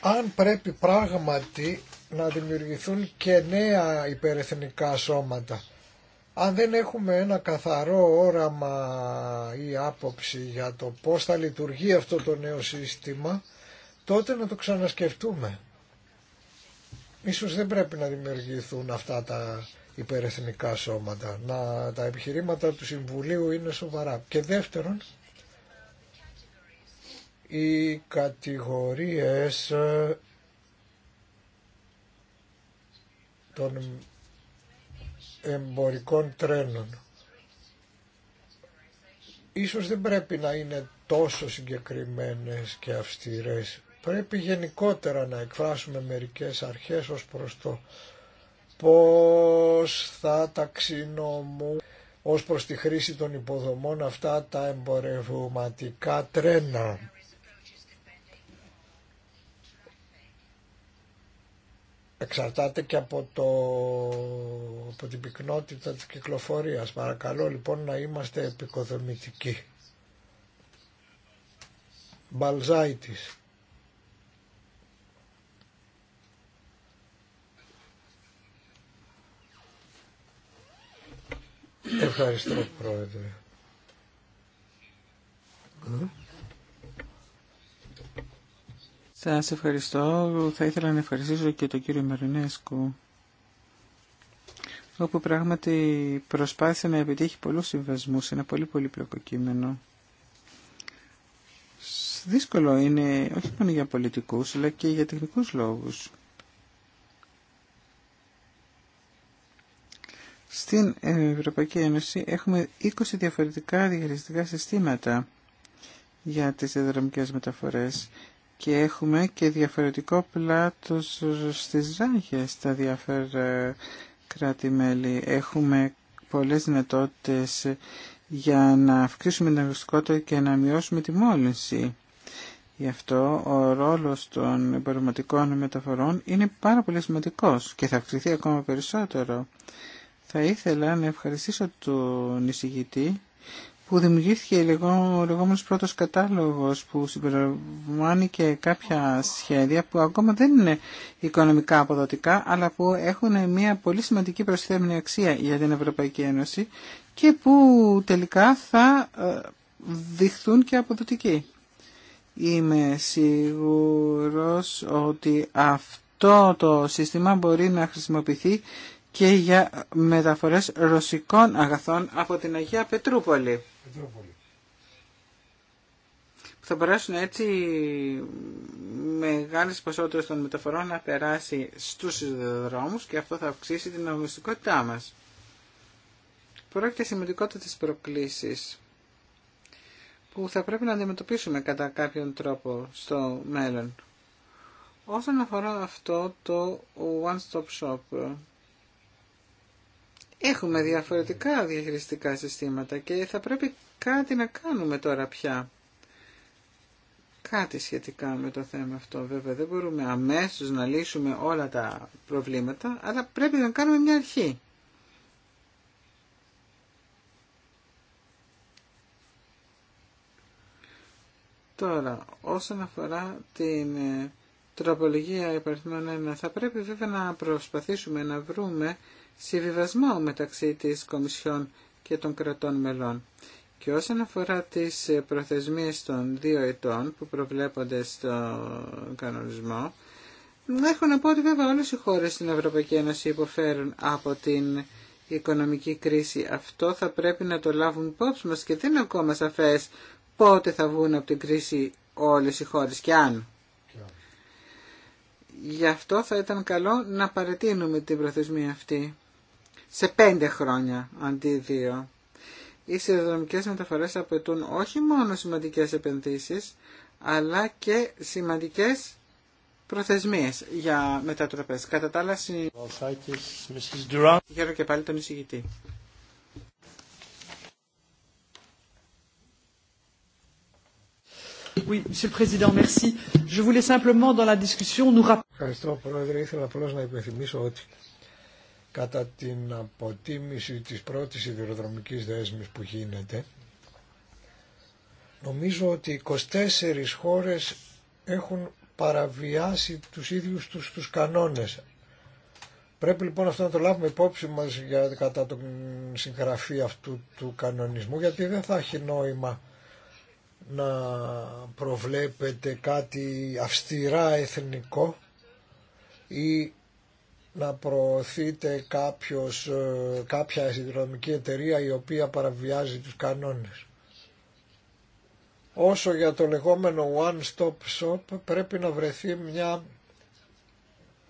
αν πρέπει πράγματι να δημιουργηθούν και νέα υπερεθνικά σώματα αν δεν έχουμε ένα καθαρό όραμα ή άποψη για το πώς θα λειτουργεί αυτό το νέο σύστημα, τότε να το ξανασκεφτούμε. Ίσως δεν πρέπει να δημιουργηθούν αυτά τα υπερεθνικά σώματα. Να, τα επιχειρήματα του Συμβουλίου είναι σοβαρά. Και δεύτερον, οι κατηγορίες των εμπορικών τρένων. Ίσως δεν πρέπει να είναι τόσο συγκεκριμένες και αυστηρές. Πρέπει γενικότερα να εκφράσουμε μερικές αρχές ως προς το πώς θα ταξινομούν ως προς τη χρήση των υποδομών αυτά τα εμπορευματικά τρένα. εξαρτάται και από, το, από την πυκνότητα της κυκλοφορίας. Παρακαλώ λοιπόν να είμαστε επικοδομητικοί. Μπαλζάιτης. Ευχαριστώ πρόεδρε. Σας ευχαριστώ. Θα ήθελα να ευχαριστήσω και τον κύριο Μαρινέσκου όπου πράγματι προσπάθησε να επιτύχει πολλούς συμβασμούς, ένα πολύ πολύ κείμενο. Δύσκολο είναι όχι μόνο για πολιτικούς, αλλά και για τεχνικούς λόγους. Στην Ευρωπαϊκή Ένωση έχουμε 20 διαφορετικά διαχειριστικά συστήματα για τις διαδρομικές μεταφορές και έχουμε και διαφορετικό πλάτος στις ράγες στα διάφορα κράτη-μέλη. Έχουμε πολλές δυνατότητε για να αυξήσουμε την το και να μειώσουμε τη μόλυνση. Γι' αυτό ο ρόλος των εμπορευματικών μεταφορών είναι πάρα πολύ σημαντικός και θα αυξηθεί ακόμα περισσότερο. Θα ήθελα να ευχαριστήσω τον εισηγητή που δημιουργήθηκε ο λεγόμενος πρώτος κατάλογος που συμπεριλαμβάνει και κάποια σχέδια που ακόμα δεν είναι οικονομικά αποδοτικά αλλά που έχουν μια πολύ σημαντική προσθέμενη αξία για την Ευρωπαϊκή Ένωση και που τελικά θα ε, δειχθούν και αποδοτικοί. Είμαι σίγουρος ότι αυτό το σύστημα μπορεί να χρησιμοποιηθεί και για μεταφορές ρωσικών αγαθών από την Αγία Πετρούπολη. Πετρούπολη. Θα μπορέσουν έτσι μεγάλες ποσότητες των μεταφορών να περάσει στους δρόμους και αυτό θα αυξήσει την αγωνιστικότητά μας. Πρόκειται σημαντικότητα της προκλήσεις που θα πρέπει να αντιμετωπίσουμε κατά κάποιον τρόπο στο μέλλον. Όσον αφορά αυτό το one-stop shop, Έχουμε διαφορετικά διαχειριστικά συστήματα και θα πρέπει κάτι να κάνουμε τώρα πια. Κάτι σχετικά με το θέμα αυτό βέβαια. Δεν μπορούμε αμέσως να λύσουμε όλα τα προβλήματα, αλλά πρέπει να κάνουμε μια αρχή. Τώρα, όσον αφορά την ε, τροπολογία υπαριθμών 1, θα πρέπει βέβαια να προσπαθήσουμε να βρούμε συμβιβασμό μεταξύ της Κομισιόν και των κρατών μελών. Και όσον αφορά τις προθεσμίες των δύο ετών που προβλέπονται στο κανονισμό, έχω να πω ότι βέβαια όλες οι χώρες στην Ευρωπαϊκή Ένωση υποφέρουν από την οικονομική κρίση. Αυτό θα πρέπει να το λάβουν υπόψη μας και δεν είναι ακόμα σαφές πότε θα βγουν από την κρίση όλες οι χώρες και αν. Γι' αυτό θα ήταν καλό να παρετείνουμε την προθεσμία αυτή σε πέντε χρόνια αντί δύο. Οι σιδηροδρομικές μεταφορές απαιτούν όχι μόνο σημαντικές επενδύσεις, αλλά και σημαντικές προθεσμίες για μετατροπές. Κατά τα άλλα, συγχαίρω και πάλι τον εισηγητή. Oui, Monsieur le Président, merci. Je voulais simplement dans la discussion nous rappeler. Ευχαριστώ, Πρόεδρε. Ήθελα απλώ να υπενθυμίσω ότι κατά την αποτίμηση της πρώτης ιδεροδρομικής δέσμης που γίνεται, νομίζω ότι 24 χώρες έχουν παραβιάσει τους ίδιους τους, τους κανόνες. Πρέπει λοιπόν αυτό να το λάβουμε υπόψη μας για, κατά τον συγγραφή αυτού του κανονισμού, γιατί δεν θα έχει νόημα να προβλέπετε κάτι αυστηρά εθνικό ή να προωθείται κάποιος, ε, κάποια συνδρομική εταιρεία η οποία παραβιάζει τους κανόνες. Όσο για το λεγόμενο one stop shop πρέπει να βρεθεί μια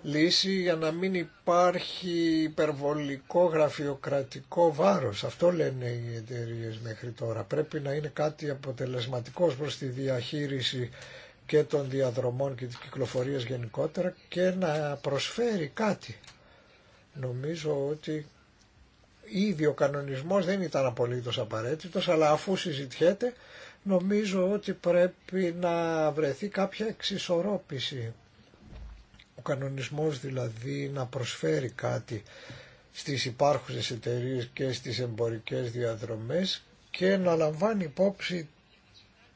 λύση για να μην υπάρχει υπερβολικό γραφειοκρατικό βάρος. Αυτό λένε οι εταιρείε μέχρι τώρα. Πρέπει να είναι κάτι αποτελεσματικός προς τη διαχείριση και των διαδρομών και της κυκλοφορίας γενικότερα και να προσφέρει κάτι. Νομίζω ότι ήδη ο κανονισμός δεν ήταν απολύτως απαραίτητος, αλλά αφού συζητιέται νομίζω ότι πρέπει να βρεθεί κάποια εξισορρόπηση. Ο κανονισμός δηλαδή να προσφέρει κάτι στις υπάρχουσες εταιρείες και στις εμπορικές διαδρομές και να λαμβάνει υπόψη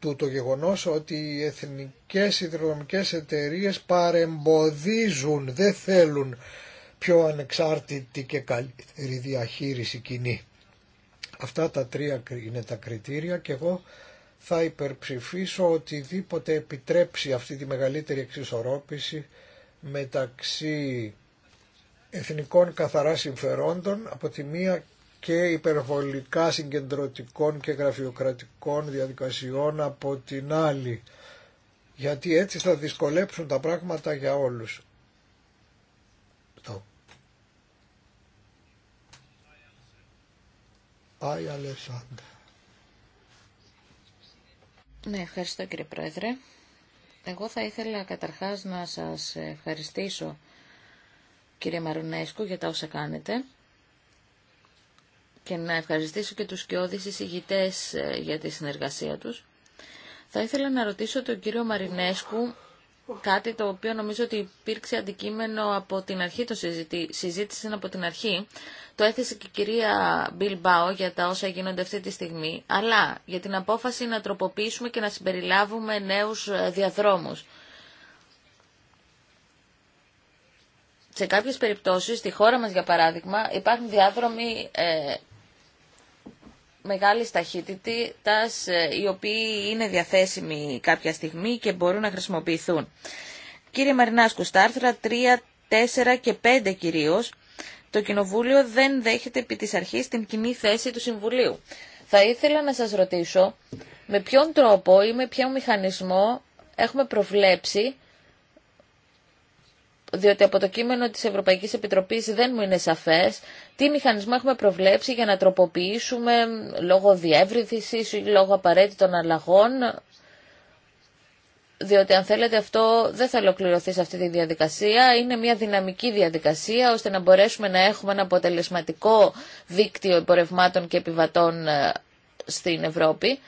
του το γεγονός ότι οι εθνικές υδροδρομικές εταιρείες παρεμποδίζουν, δεν θέλουν πιο ανεξάρτητη και καλύτερη διαχείριση κοινή. Αυτά τα τρία είναι τα κριτήρια και εγώ θα υπερψηφίσω οτιδήποτε επιτρέψει αυτή τη μεγαλύτερη εξισορρόπηση μεταξύ εθνικών καθαρά συμφερόντων από τη μία και υπερβολικά συγκεντρωτικών και γραφειοκρατικών διαδικασιών από την άλλη. Γιατί έτσι θα δυσκολέψουν τα πράγματα για όλους. Άι Ναι, ευχαριστώ κύριε Πρόεδρε. Εγώ θα ήθελα καταρχάς να σας ευχαριστήσω κύριε Μαρουνέσκου για τα όσα κάνετε και να ευχαριστήσω και τους κοιόδης εισηγητές ε, για τη συνεργασία τους. Θα ήθελα να ρωτήσω τον κύριο Μαρινέσκου κάτι το οποίο νομίζω ότι υπήρξε αντικείμενο από την αρχή το συζητή, από την αρχή. Το έθεσε και η κυρία Μπιλ για τα όσα γίνονται αυτή τη στιγμή, αλλά για την απόφαση να τροποποιήσουμε και να συμπεριλάβουμε νέους ε, διαδρόμους. σε κάποιες περιπτώσεις, στη χώρα μας για παράδειγμα, υπάρχουν διάδρομοι ε, μεγάλης ταχύτητας ε, οι οποίοι είναι διαθέσιμοι κάποια στιγμή και μπορούν να χρησιμοποιηθούν. Κύριε Μαρινάσκου, στα άρθρα 3, 4 και 5 κυρίως, το Κοινοβούλιο δεν δέχεται επί της αρχής την κοινή θέση του Συμβουλίου. Θα ήθελα να σας ρωτήσω με ποιον τρόπο ή με ποιον μηχανισμό έχουμε προβλέψει διότι από το κείμενο της Ευρωπαϊκής Επιτροπής δεν μου είναι σαφές τι μηχανισμό έχουμε προβλέψει για να τροποποιήσουμε λόγω διεύρυνθησης ή λόγω απαραίτητων αλλαγών διότι αν θέλετε αυτό δεν θα ολοκληρωθεί σε αυτή τη διαδικασία. Είναι μια δυναμική διαδικασία ώστε να μπορέσουμε να έχουμε ένα αποτελεσματικό δίκτυο εμπορευμάτων και επιβατών ε, στην Ευρώπη.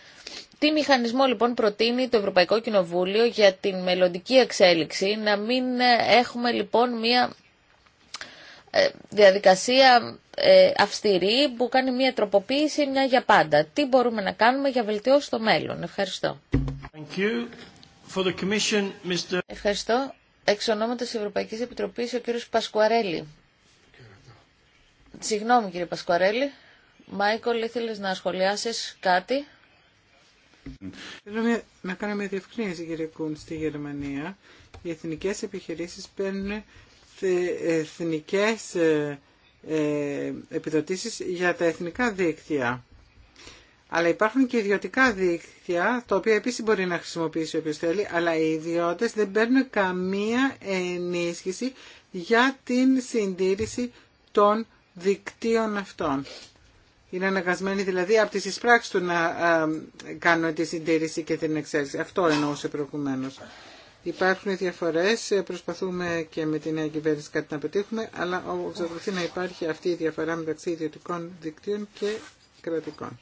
Τι μηχανισμό λοιπόν προτείνει το Ευρωπαϊκό Κοινοβούλιο για την μελλοντική εξέλιξη, να μην ε, έχουμε λοιπόν μια ε, διαδικασία ε, αυστηρή που κάνει μια τροποποίηση μια για πάντα. Τι μπορούμε να κάνουμε για βελτιώσει στο μέλλον. Ευχαριστώ. Ευχαριστώ. Εξ ονόματος της Ευρωπαϊκής Επιτροπής ο κύριος Πασκουαρέλη. Συγγνώμη κύριε Πασκουαρέλη. Μάικολ, ήθελες να σχολιάσεις κάτι. Θέλω να κάνω μια διευκρίνηση, κύριε Κούν, στη Γερμανία. Οι εθνικέ επιχειρήσεις παίρνουν εθνικές ε, ε, επιδοτήσει για τα εθνικά δίκτυα. Αλλά υπάρχουν και ιδιωτικά δίκτυα, τα οποία επίσης μπορεί να χρησιμοποιήσει όποιο θέλει, αλλά οι ιδιώτες δεν παίρνουν καμία ενίσχυση για την συντήρηση των δικτύων αυτών. Είναι αναγκασμένοι δηλαδή από τις εισπράξεις του να κάνουν τη συντήρηση και την εξέλιξη. Αυτό εννοούσε προηγουμένω. Υπάρχουν διαφορές, προσπαθούμε και με τη νέα κυβέρνηση κάτι να πετύχουμε, αλλά εξακολουθεί να υπάρχει αυτή η διαφορά μεταξύ ιδιωτικών δικτύων και κρατικών.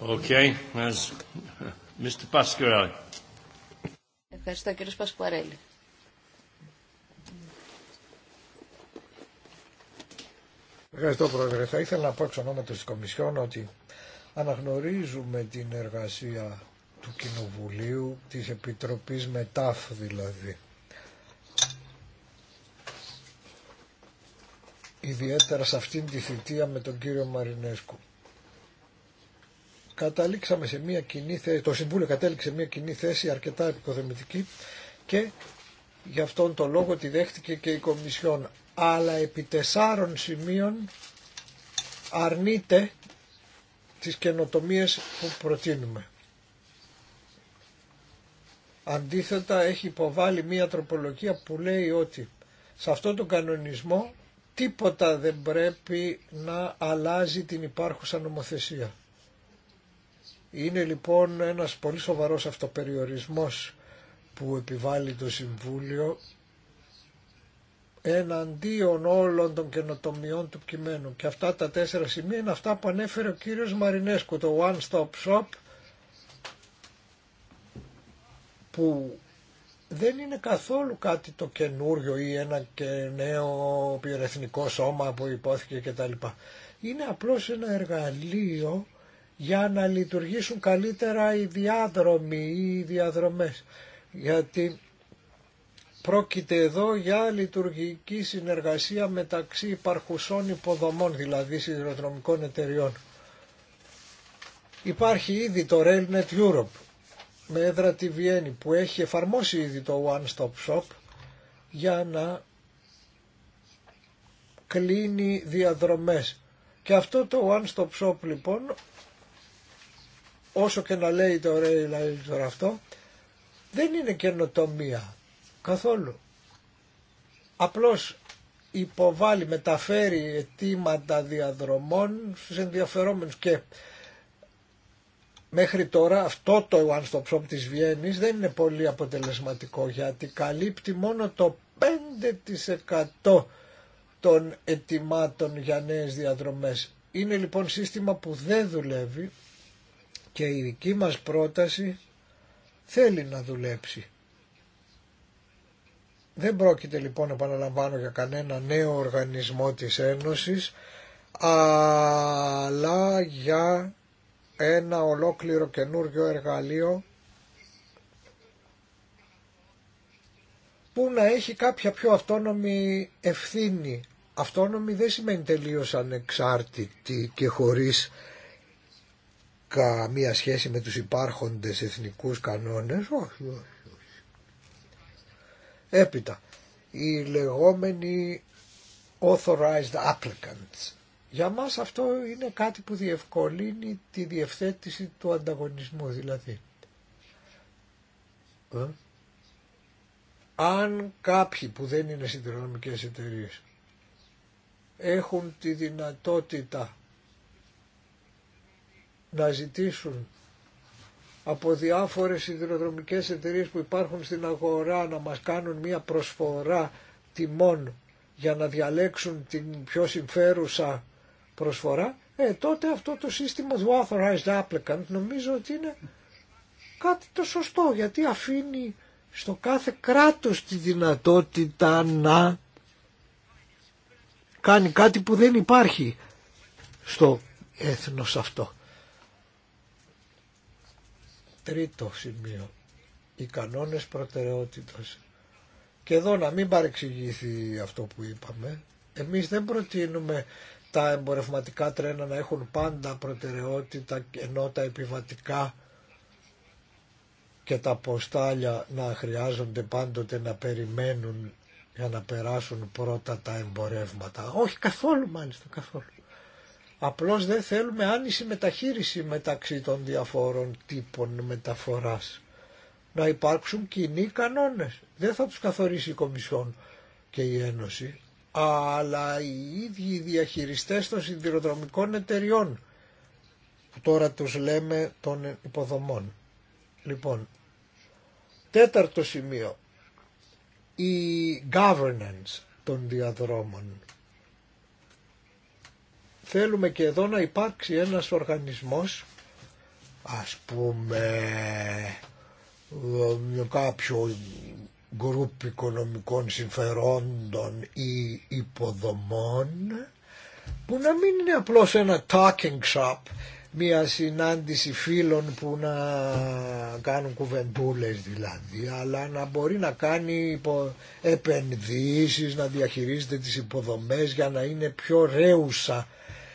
Okay, Mr. Ευχαριστώ κύριε Πασκουαρέλη. Ευχαριστώ Πρόεδρε. Θα ήθελα να πω εξ ονόματος της Κομισιόν ότι αναγνωρίζουμε την εργασία του Κοινοβουλίου, της Επιτροπής ΜΕΤΑΦ δηλαδή. Ιδιαίτερα σε αυτήν τη θητεία με τον κύριο Μαρινέσκου. Καταλήξαμε σε μια κοινή θέση, το Συμβούλιο κατέληξε μια κοινή θέση αρκετά επικοδομητική και Γι' αυτόν τον λόγο τη δέχτηκε και η Κομισιόν. Αλλά επί τεσσάρων σημείων αρνείται τις καινοτομίες που προτείνουμε. Αντίθετα έχει υποβάλει μία τροπολογία που λέει ότι σε αυτόν τον κανονισμό τίποτα δεν πρέπει να αλλάζει την υπάρχουσα νομοθεσία. Είναι λοιπόν ένας πολύ σοβαρός αυτοπεριορισμός που επιβάλλει το Συμβούλιο εναντίον όλων των καινοτομιών του κειμένου. Και αυτά τα τέσσερα σημεία είναι αυτά που ανέφερε ο κύριος Μαρινέσκο, το One Stop Shop, που δεν είναι καθόλου κάτι το καινούριο ή ένα και νέο πυρεθνικό σώμα που υπόθηκε κτλ. Είναι απλώς ένα εργαλείο για να λειτουργήσουν καλύτερα οι διάδρομοι ή οι διαδρομές γιατί πρόκειται εδώ για λειτουργική συνεργασία μεταξύ υπαρχουσών υποδομών, δηλαδή σιδηροδρομικών εταιριών. Υπάρχει ήδη το RailNet Europe με έδρα τη Βιέννη που έχει εφαρμόσει ήδη το One Stop Shop για να κλείνει διαδρομές. Και αυτό το One Stop Shop λοιπόν, όσο και να λέει το RailNet αυτό, δεν είναι καινοτομία καθόλου. Απλώς υποβάλλει, μεταφέρει αιτήματα διαδρομών στους ενδιαφερόμενους και μέχρι τώρα αυτό το One Stop Shop της Βιέννης δεν είναι πολύ αποτελεσματικό γιατί καλύπτει μόνο το 5% των αιτημάτων για νέες διαδρομές. Είναι λοιπόν σύστημα που δεν δουλεύει και η δική μας πρόταση θέλει να δουλέψει. Δεν πρόκειται λοιπόν επαναλαμβάνω για κανένα νέο οργανισμό της Ένωσης αλλά για ένα ολόκληρο καινούργιο εργαλείο που να έχει κάποια πιο αυτόνομη ευθύνη. Αυτόνομη δεν σημαίνει τελείως ανεξάρτητη και χωρίς καμία σχέση με τους υπάρχοντες εθνικούς κανόνες, όχι, Έπειτα, οι λεγόμενοι authorized applicants. Για μας αυτό είναι κάτι που διευκολύνει τη διευθέτηση του ανταγωνισμού, δηλαδή. Ε? Αν κάποιοι που δεν είναι συνδρομικές εταιρείε έχουν τη δυνατότητα να ζητήσουν από διάφορες σιδηροδρομικές εταιρείες που υπάρχουν στην αγορά να μας κάνουν μια προσφορά τιμών για να διαλέξουν την πιο συμφέρουσα προσφορά, ε, τότε αυτό το σύστημα του authorized applicant νομίζω ότι είναι κάτι το σωστό γιατί αφήνει στο κάθε κράτος τη δυνατότητα να κάνει κάτι που δεν υπάρχει στο έθνος αυτό. Τρίτο σημείο. Οι κανόνες προτεραιότητας. Και εδώ να μην παρεξηγηθεί αυτό που είπαμε. Εμείς δεν προτείνουμε τα εμπορευματικά τρένα να έχουν πάντα προτεραιότητα ενώ τα επιβατικά και τα ποστάλια να χρειάζονται πάντοτε να περιμένουν για να περάσουν πρώτα τα εμπορεύματα. Όχι καθόλου μάλιστα, καθόλου. Απλώς δεν θέλουμε άνηση μεταχείριση μεταξύ των διαφόρων τύπων μεταφοράς. Να υπάρξουν κοινοί κανόνες. Δεν θα τους καθορίσει η Κομισιόν και η Ένωση, αλλά οι ίδιοι διαχειριστές των σιδηροδρομικών εταιριών, που τώρα τους λέμε των υποδομών. Λοιπόν, τέταρτο σημείο, η governance των διαδρόμων θέλουμε και εδώ να υπάρξει ένας οργανισμός ας πούμε κάποιο γκρουπ οικονομικών συμφερόντων ή υποδομών που να μην είναι απλώς ένα talking shop μια συνάντηση φίλων που να κάνουν κουβεντούλες δηλαδή αλλά να μπορεί να κάνει επενδύσεις να διαχειρίζεται τις υποδομές για να είναι πιο ρέουσα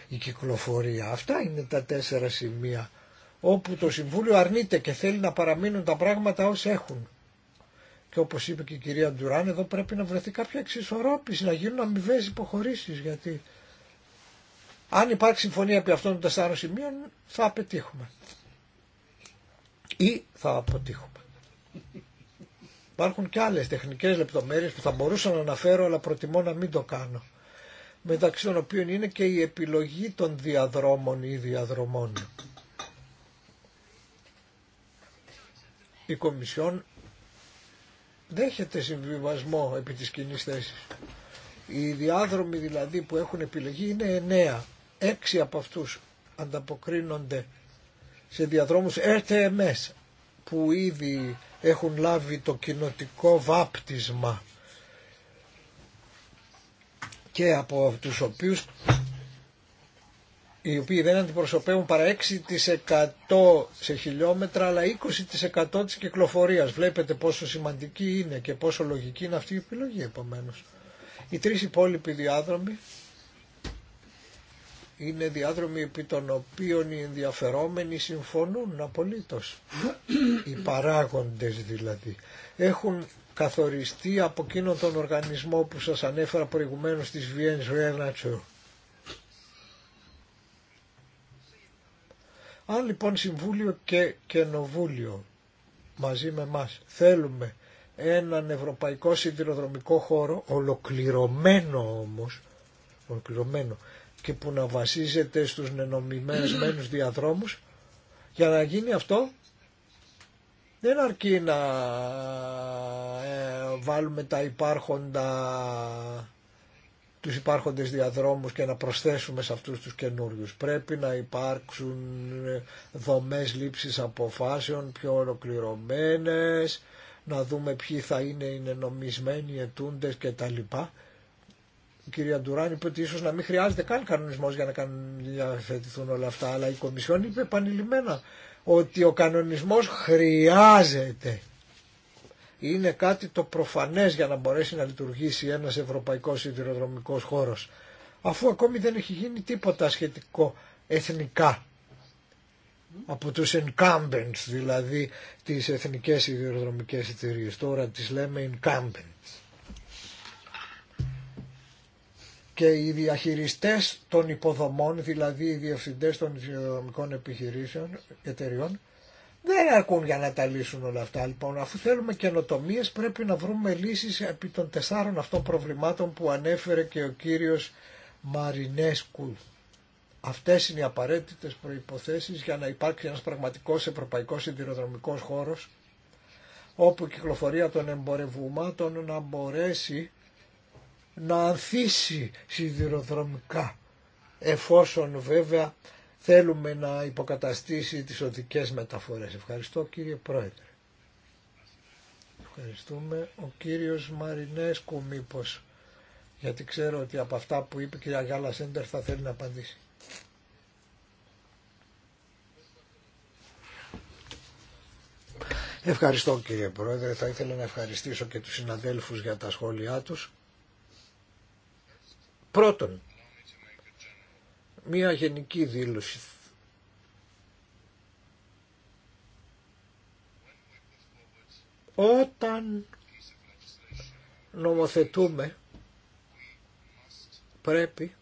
η κυκλοφορία. Αυτά είναι τα τέσσερα σημεία όπου το Συμβούλιο αρνείται και θέλει να παραμείνουν τα πράγματα όσοι έχουν. Και όπως είπε και η κυρία Ντουράν, εδώ πρέπει να βρεθεί κάποια εξισορρόπηση, να γίνουν αμοιβέ υποχωρήσει. γιατί αν υπάρχει συμφωνία επί αυτών των τεσσάρων σημείων θα πετύχουμε. Ή θα αποτύχουμε. Υπάρχουν και άλλες τεχνικές λεπτομέρειες που θα μπορούσα να αναφέρω αλλά προτιμώ να μην το κάνω μεταξύ των οποίων είναι και η επιλογή των διαδρόμων ή διαδρομών. Η Κομισιόν δέχεται συμβιβασμό επί της κοινή θέσης. Οι διάδρομοι δηλαδή που έχουν επιλογή είναι εννέα. Έξι από αυτούς ανταποκρίνονται σε διαδρόμους RTMS που ήδη έχουν λάβει το κοινοτικό βάπτισμα και από τους οποίους οι οποίοι δεν αντιπροσωπεύουν παρά 6% σε χιλιόμετρα αλλά 20% της κυκλοφορίας. Βλέπετε πόσο σημαντική είναι και πόσο λογική είναι αυτή η επιλογή επομένως. Οι τρεις υπόλοιποι διάδρομοι είναι διάδρομοι επί των οποίων οι ενδιαφερόμενοι συμφωνούν απολύτως. Οι παράγοντες δηλαδή. Έχουν καθοριστεί από εκείνον τον οργανισμό που σας ανέφερα προηγουμένως της Βιέννης Real Αν λοιπόν Συμβούλιο και Κενοβούλιο μαζί με μας θέλουμε έναν ευρωπαϊκό συντηροδρομικό χώρο, ολοκληρωμένο όμως, ολοκληρωμένο, και που να βασίζεται στους νενομημένους (clears throat) διαδρόμους, για να γίνει αυτό δεν αρκεί να ε, βάλουμε τα υπάρχοντα, τους υπάρχοντες διαδρόμους και να προσθέσουμε σε αυτούς τους καινούριους. Πρέπει να υπάρξουν δομές λήψης αποφάσεων πιο ολοκληρωμένες, να δούμε ποιοι θα είναι οι νομισμένοι ετούντες κτλ. Η κυρία Ντουράν είπε ότι ίσως να μην χρειάζεται καν κανονισμός για να διαθετηθούν όλα αυτά, αλλά η Κομισιόν είπε επανειλημμένα ότι ο κανονισμός χρειάζεται. Είναι κάτι το προφανές για να μπορέσει να λειτουργήσει ένας ευρωπαϊκός σιδηροδρομικός χώρος. Αφού ακόμη δεν έχει γίνει τίποτα σχετικό εθνικά από τους incumbents, δηλαδή τις εθνικές σιδηροδρομικές εταιρείες. Τώρα τις λέμε incumbents. και οι διαχειριστές των υποδομών, δηλαδή οι διευθυντές των υποδομικών επιχειρήσεων, εταιριών, δεν αρκούν για να τα λύσουν όλα αυτά. Λοιπόν, αφού θέλουμε καινοτομίε, πρέπει να βρούμε λύσει επί των τεσσάρων αυτών προβλημάτων που ανέφερε και ο κύριο Μαρινέσκου. Αυτέ είναι οι απαραίτητε προποθέσει για να υπάρξει ένα πραγματικό ευρωπαϊκό σιδηροδρομικό χώρο όπου η κυκλοφορία των εμπορευμάτων να μπορέσει να ανθίσει σιδηροδρομικά εφόσον βέβαια θέλουμε να υποκαταστήσει τις οδικές μεταφορές. Ευχαριστώ κύριε Πρόεδρε. Ευχαριστούμε. Ο κύριος Μαρινέσκου μήπως, γιατί ξέρω ότι από αυτά που είπε η κυρία Γιάλα Σέντερ θα θέλει να απαντήσει. Ευχαριστώ κύριε Πρόεδρε. Θα ήθελα να ευχαριστήσω και τους συναδέλφους για τα σχόλιά τους. Πρώτον, μία γενική δήλωση. Όταν νομοθετούμε πρέπει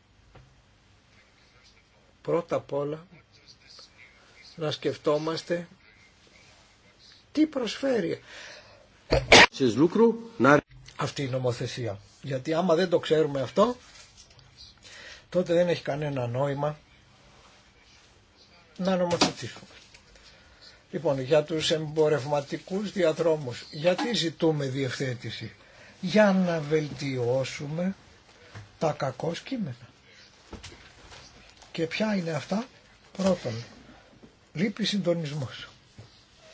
πρώτα απ' όλα να σκεφτόμαστε τι προσφέρει αυτή η νομοθεσία. Γιατί άμα δεν το ξέρουμε αυτό τότε δεν έχει κανένα νόημα να νομοθετήσουμε. Λοιπόν, για τους εμπορευματικούς διαδρόμους, γιατί ζητούμε διευθέτηση. Για να βελτιώσουμε τα κακό κείμενα. Και ποια είναι αυτά. Πρώτον, λείπει συντονισμός.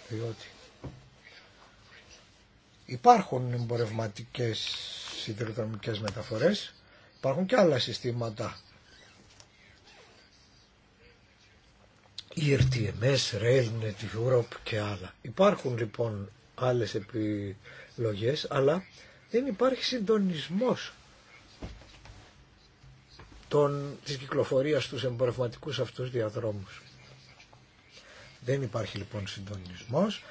Διότι υπάρχουν εμπορευματικές σιδηροδρομικές μεταφορές, υπάρχουν και άλλα συστήματα η RTMS, RailNet Europe και άλλα. Υπάρχουν λοιπόν άλλες επιλογές, αλλά δεν υπάρχει συντονισμός των, της κυκλοφορίας στους εμπορευματικούς αυτούς διαδρόμους. Δεν υπάρχει λοιπόν συντονισμός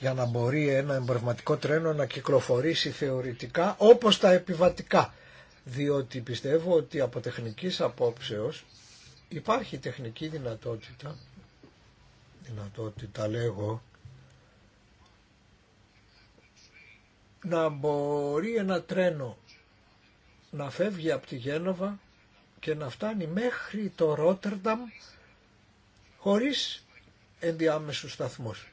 για να μπορεί ένα εμπορευματικό τρένο να κυκλοφορήσει θεωρητικά όπως τα επιβατικά. Διότι πιστεύω ότι από τεχνικής απόψεως υπάρχει τεχνική δυνατότητα δυνατότητα λέγω να μπορεί ένα τρένο να φεύγει από τη Γένοβα και να φτάνει μέχρι το Ρότερνταμ χωρίς ενδιάμεσους σταθμούς.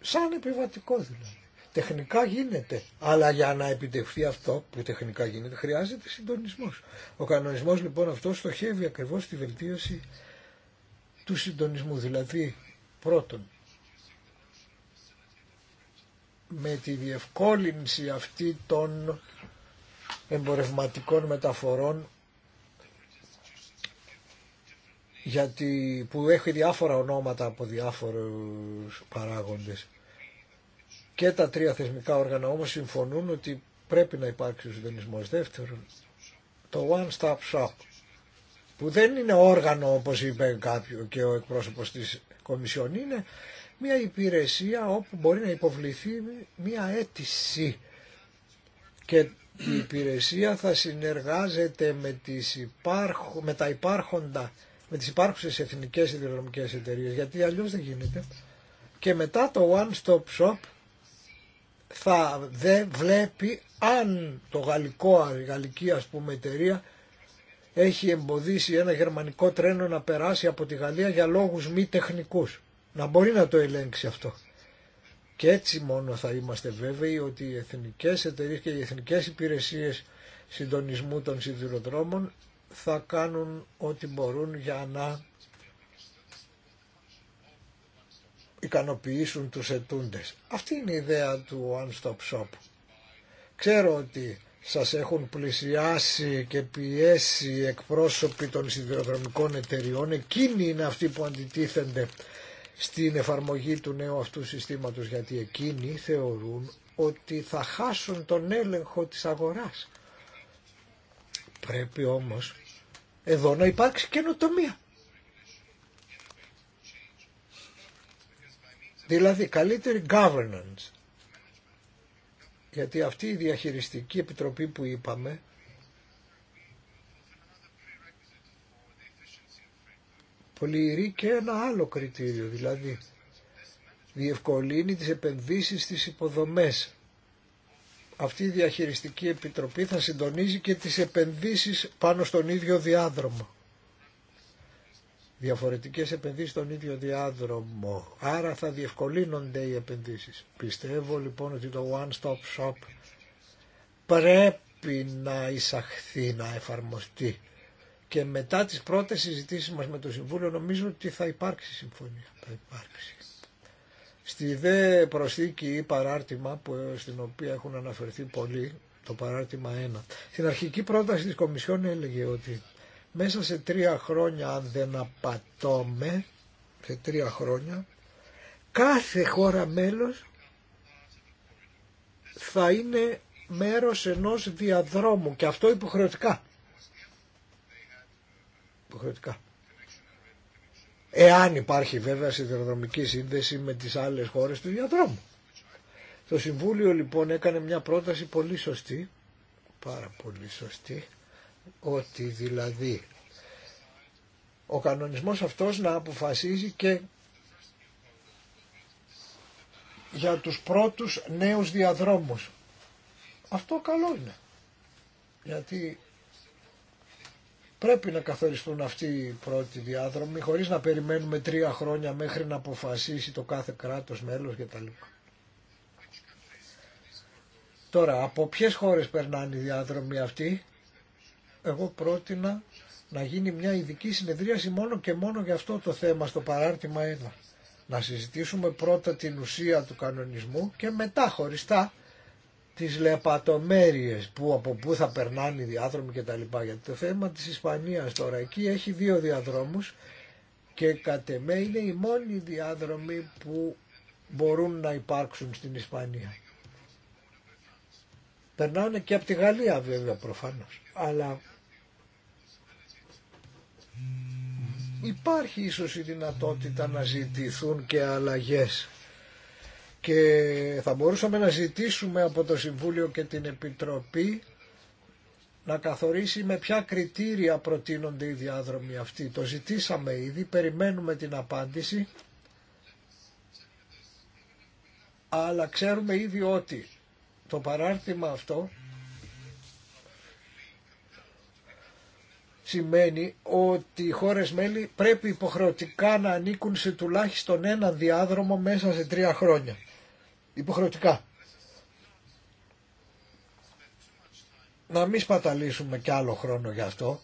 Σαν επιβατικό δηλαδή. Τεχνικά γίνεται, αλλά για να επιτευχθεί αυτό που τεχνικά γίνεται χρειάζεται συντονισμός. Ο κανονισμός λοιπόν αυτό στοχεύει ακριβώς στη βελτίωση του συντονισμού, δηλαδή Πρώτον, με τη διευκόλυνση αυτή των εμπορευματικών μεταφορών γιατί, που έχει διάφορα ονόματα από διάφορους παράγοντες και τα τρία θεσμικά όργανα όμως συμφωνούν ότι πρέπει να υπάρξει ο συντονισμός δεύτερον το One Stop Shop που δεν είναι όργανο όπως είπε κάποιο και ο εκπρόσωπος της Κομισιόν. Είναι μια υπηρεσία όπου μπορεί να υποβληθεί μια αίτηση και η υπηρεσία θα συνεργάζεται με, τις υπάρχο, με τα υπάρχοντα με τις υπάρχουσες εθνικές εταιρείες γιατί αλλιώς δεν γίνεται και μετά το One Stop Shop θα δε βλέπει αν το γαλλικό, η γαλλική ας πούμε εταιρεία έχει εμποδίσει ένα γερμανικό τρένο να περάσει από τη Γαλλία για λόγους μη τεχνικούς. Να μπορεί να το ελέγξει αυτό. Και έτσι μόνο θα είμαστε βέβαιοι ότι οι εθνικές εταιρείες και οι εθνικές υπηρεσίες συντονισμού των σιδηροδρόμων θα κάνουν ό,τι μπορούν για να ικανοποιήσουν τους ετούντες. Αυτή είναι η ιδέα του One Stop Shop. Ξέρω ότι σας έχουν πλησιάσει και πιέσει εκπρόσωποι των σιδηροδρομικών εταιριών. Εκείνοι είναι αυτοί που αντιτίθενται στην εφαρμογή του νέου αυτού συστήματος γιατί εκείνοι θεωρούν ότι θα χάσουν τον έλεγχο της αγοράς. Πρέπει όμως εδώ να υπάρξει καινοτομία. Δηλαδή καλύτερη governance γιατί αυτή η διαχειριστική επιτροπή που είπαμε πληρεί και ένα άλλο κριτήριο, δηλαδή διευκολύνει τις επενδύσεις στις υποδομές. Αυτή η διαχειριστική επιτροπή θα συντονίζει και τις επενδύσεις πάνω στον ίδιο διάδρομο διαφορετικές επενδύσεις στον ίδιο διάδρομο. Άρα θα διευκολύνονται οι επενδύσεις. Πιστεύω λοιπόν ότι το One Stop Shop πρέπει να εισαχθεί, να εφαρμοστεί. Και μετά τις πρώτες συζητήσεις μας με το Συμβούλιο νομίζω ότι θα υπάρξει συμφωνία. Θα υπάρξει. Στη δε προσθήκη ή παράρτημα που, στην οποία έχουν αναφερθεί πολλοί, το παράρτημα 1. Στην αρχική πρόταση της Κομισιόν έλεγε ότι μέσα σε τρία χρόνια, αν δεν απατώμε, σε τρία χρόνια, κάθε χώρα μέλος θα είναι μέρος ενός διαδρόμου και αυτό υποχρεωτικά. Υποχρεωτικά. Εάν υπάρχει βέβαια σιδηροδρομική σύνδεση με τις άλλες χώρες του διαδρόμου. Το Συμβούλιο λοιπόν έκανε μια πρόταση πολύ σωστή, πάρα πολύ σωστή, ότι δηλαδή ο κανονισμός αυτός να αποφασίζει και για τους πρώτους νέους διαδρόμους. Αυτό καλό είναι. Γιατί πρέπει να καθοριστούν αυτοί οι πρώτοι διάδρομοι χωρίς να περιμένουμε τρία χρόνια μέχρι να αποφασίσει το κάθε κράτος μέλος λοιπά. Τώρα, από ποιες χώρες περνάνε οι διάδρομοι αυτοί, εγώ πρότεινα να γίνει μια ειδική συνεδρίαση μόνο και μόνο για αυτό το θέμα στο παράρτημα 1. Να συζητήσουμε πρώτα την ουσία του κανονισμού και μετά χωριστά τις λεπατομέρειες που από πού θα περνάνε οι διάδρομοι και τα λοιπά. Γιατί το θέμα της Ισπανίας τώρα εκεί έχει δύο διαδρόμους και κατ' εμέ είναι οι μόνοι διάδρομοι που μπορούν να υπάρξουν στην Ισπανία. Περνάνε και από τη Γαλλία βέβαια προφανώς. Αλλά υπάρχει ίσως η δυνατότητα να ζητηθούν και αλλαγές. Και θα μπορούσαμε να ζητήσουμε από το Συμβούλιο και την Επιτροπή να καθορίσει με ποια κριτήρια προτείνονται οι διάδρομοι αυτοί. Το ζητήσαμε ήδη, περιμένουμε την απάντηση, αλλά ξέρουμε ήδη ότι το παράρτημα αυτό σημαίνει ότι οι χώρες μέλη πρέπει υποχρεωτικά να ανήκουν σε τουλάχιστον ένα διάδρομο μέσα σε τρία χρόνια. Υποχρεωτικά. Να μην σπαταλήσουμε κι άλλο χρόνο γι' αυτό,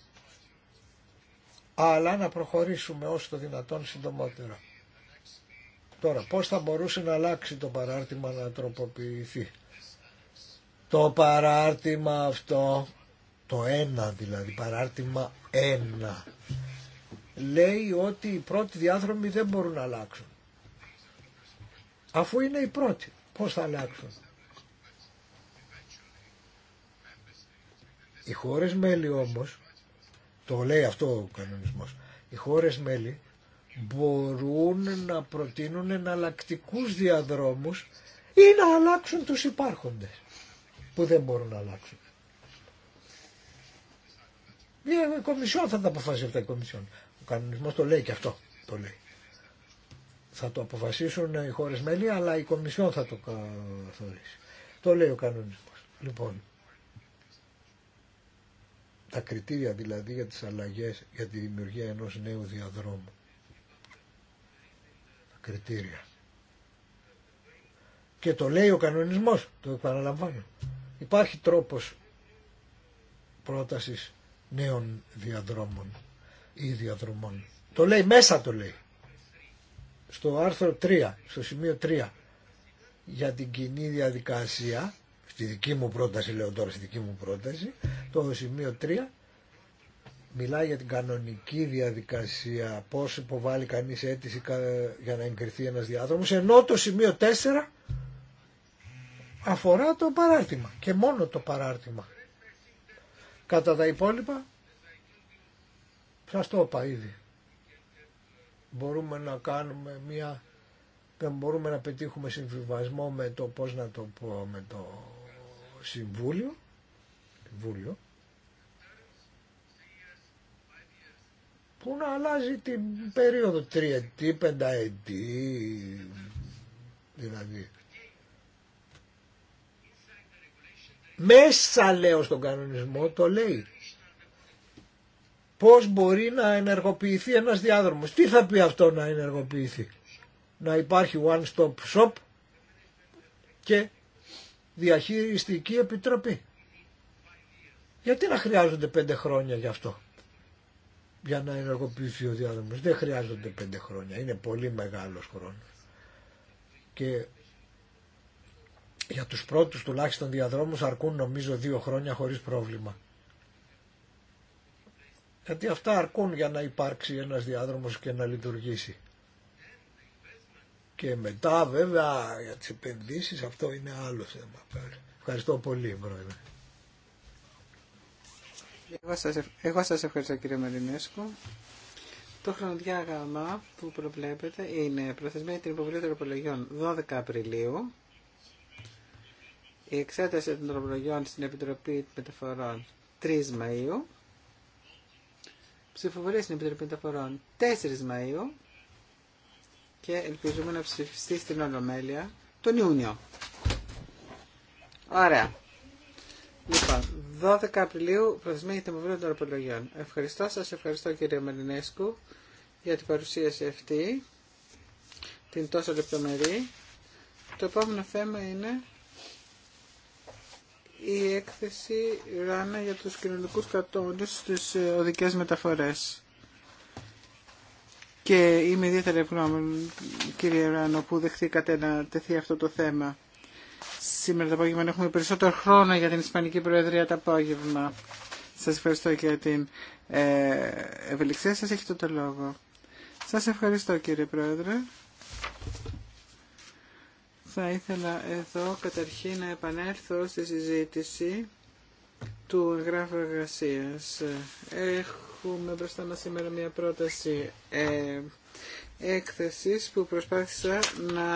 αλλά να προχωρήσουμε όσο το δυνατόν συντομότερα. Τώρα, πώς θα μπορούσε να αλλάξει το παράρτημα να τροποποιηθεί. Το παράρτημα αυτό, το ένα δηλαδή, παράρτημα 1, λέει ότι οι πρώτοι διάδρομοι δεν μπορούν να αλλάξουν. Αφού είναι οι πρώτοι, πώς θα αλλάξουν. Οι χώρες μέλη όμως, το λέει αυτό ο κανονισμός, οι χώρες μέλη μπορούν να προτείνουν εναλλακτικού διαδρόμους ή να αλλάξουν τους υπάρχοντες που δεν μπορούν να αλλάξουν. Η Κομισιόν θα τα αποφασίσει αυτά η Κομισιόν. Ο κανονισμός το λέει και αυτό το λέει. Θα το αποφασίσουν οι χώρες μέλη αλλά η Κομισιόν θα το καθορίσει. Το λέει ο κανονισμός. Λοιπόν, τα κριτήρια δηλαδή για τις αλλαγές για τη δημιουργία ενός νέου διαδρόμου. Τα κριτήρια. Και το λέει ο κανονισμός, το επαναλαμβάνω. Υπάρχει τρόπος πρότασης νέων διαδρόμων ή διαδρομών. Το λέει μέσα το λέει. Στο άρθρο 3, στο σημείο 3 για την κοινή διαδικασία, στη δική μου πρόταση λέω τώρα, στη δική μου πρόταση, το σημείο 3 μιλάει για την κανονική διαδικασία, πώς υποβάλλει κανείς αίτηση για να εγκριθεί ένας διάδρομος, ενώ το σημείο 4 αφορά το παράρτημα και μόνο το παράρτημα. Κατά τα υπόλοιπα, σας το είπα ήδη, μπορούμε να κάνουμε μια, μπορούμε να πετύχουμε συμβιβασμό με το, πώς να το πω, με το Συμβούλιο, Συμβούλιο, που να αλλάζει την περίοδο τριετή, πενταετή, δηλαδή Μέσα λέω στον κανονισμό το λέει. Πώς μπορεί να ενεργοποιηθεί ένας διάδρομος. Τι θα πει αυτό να ενεργοποιηθεί. Να υπάρχει one stop shop και διαχειριστική επιτροπή. Γιατί να χρειάζονται πέντε χρόνια γι' αυτό. Για να ενεργοποιηθεί ο διάδρομος. Δεν χρειάζονται πέντε χρόνια. Είναι πολύ μεγάλος χρόνος. Και για τους πρώτους τουλάχιστον διαδρόμους αρκούν νομίζω δύο χρόνια χωρίς πρόβλημα. Γιατί αυτά αρκούν για να υπάρξει ένας διάδρομος και να λειτουργήσει. Και μετά βέβαια για τις επενδύσεις αυτό είναι άλλο θέμα. Ευχαριστώ πολύ πρόεδρε. Εγώ σας, ευχαριστώ κύριε Μαρινέσκο. Το χρονοδιάγραμμα που προβλέπετε είναι προθεσμένη την υποβολή των 12 Απριλίου η εξέταση των τροπολογιών στην Επιτροπή Μεταφορών 3 Μαΐου, ψηφοφορία στην Επιτροπή Μεταφορών 4 Μαΐου και ελπίζουμε να ψηφιστεί στην Ολομέλεια τον Ιούνιο. Ωραία. Λοιπόν, 12 Απριλίου προθεσμία την των τροπολογιών. Ευχαριστώ σας, ευχαριστώ κύριε Μαρινέσκου για την παρουσίαση αυτή, την τόσο λεπτομερή. Το επόμενο θέμα είναι η έκθεση Ράνα για τους κοινωνικούς κατώνες στις οδικές μεταφορές. Και είμαι ιδιαίτερα ευγνώμων, κύριε Ράνο, που δεχτήκατε να τεθεί αυτό το θέμα. Σήμερα το απόγευμα έχουμε περισσότερο χρόνο για την Ισπανική Προεδρία το απόγευμα. Σας ευχαριστώ για την ε, ευελιξία σας. Έχετε το λόγο. Σας ευχαριστώ κύριε Πρόεδρε. Θα ήθελα εδώ καταρχήν να επανέλθω στη συζήτηση του εγγράφου εργασία. Έχουμε μπροστά μας σήμερα μια πρόταση ε, έκθεσης που προσπάθησα να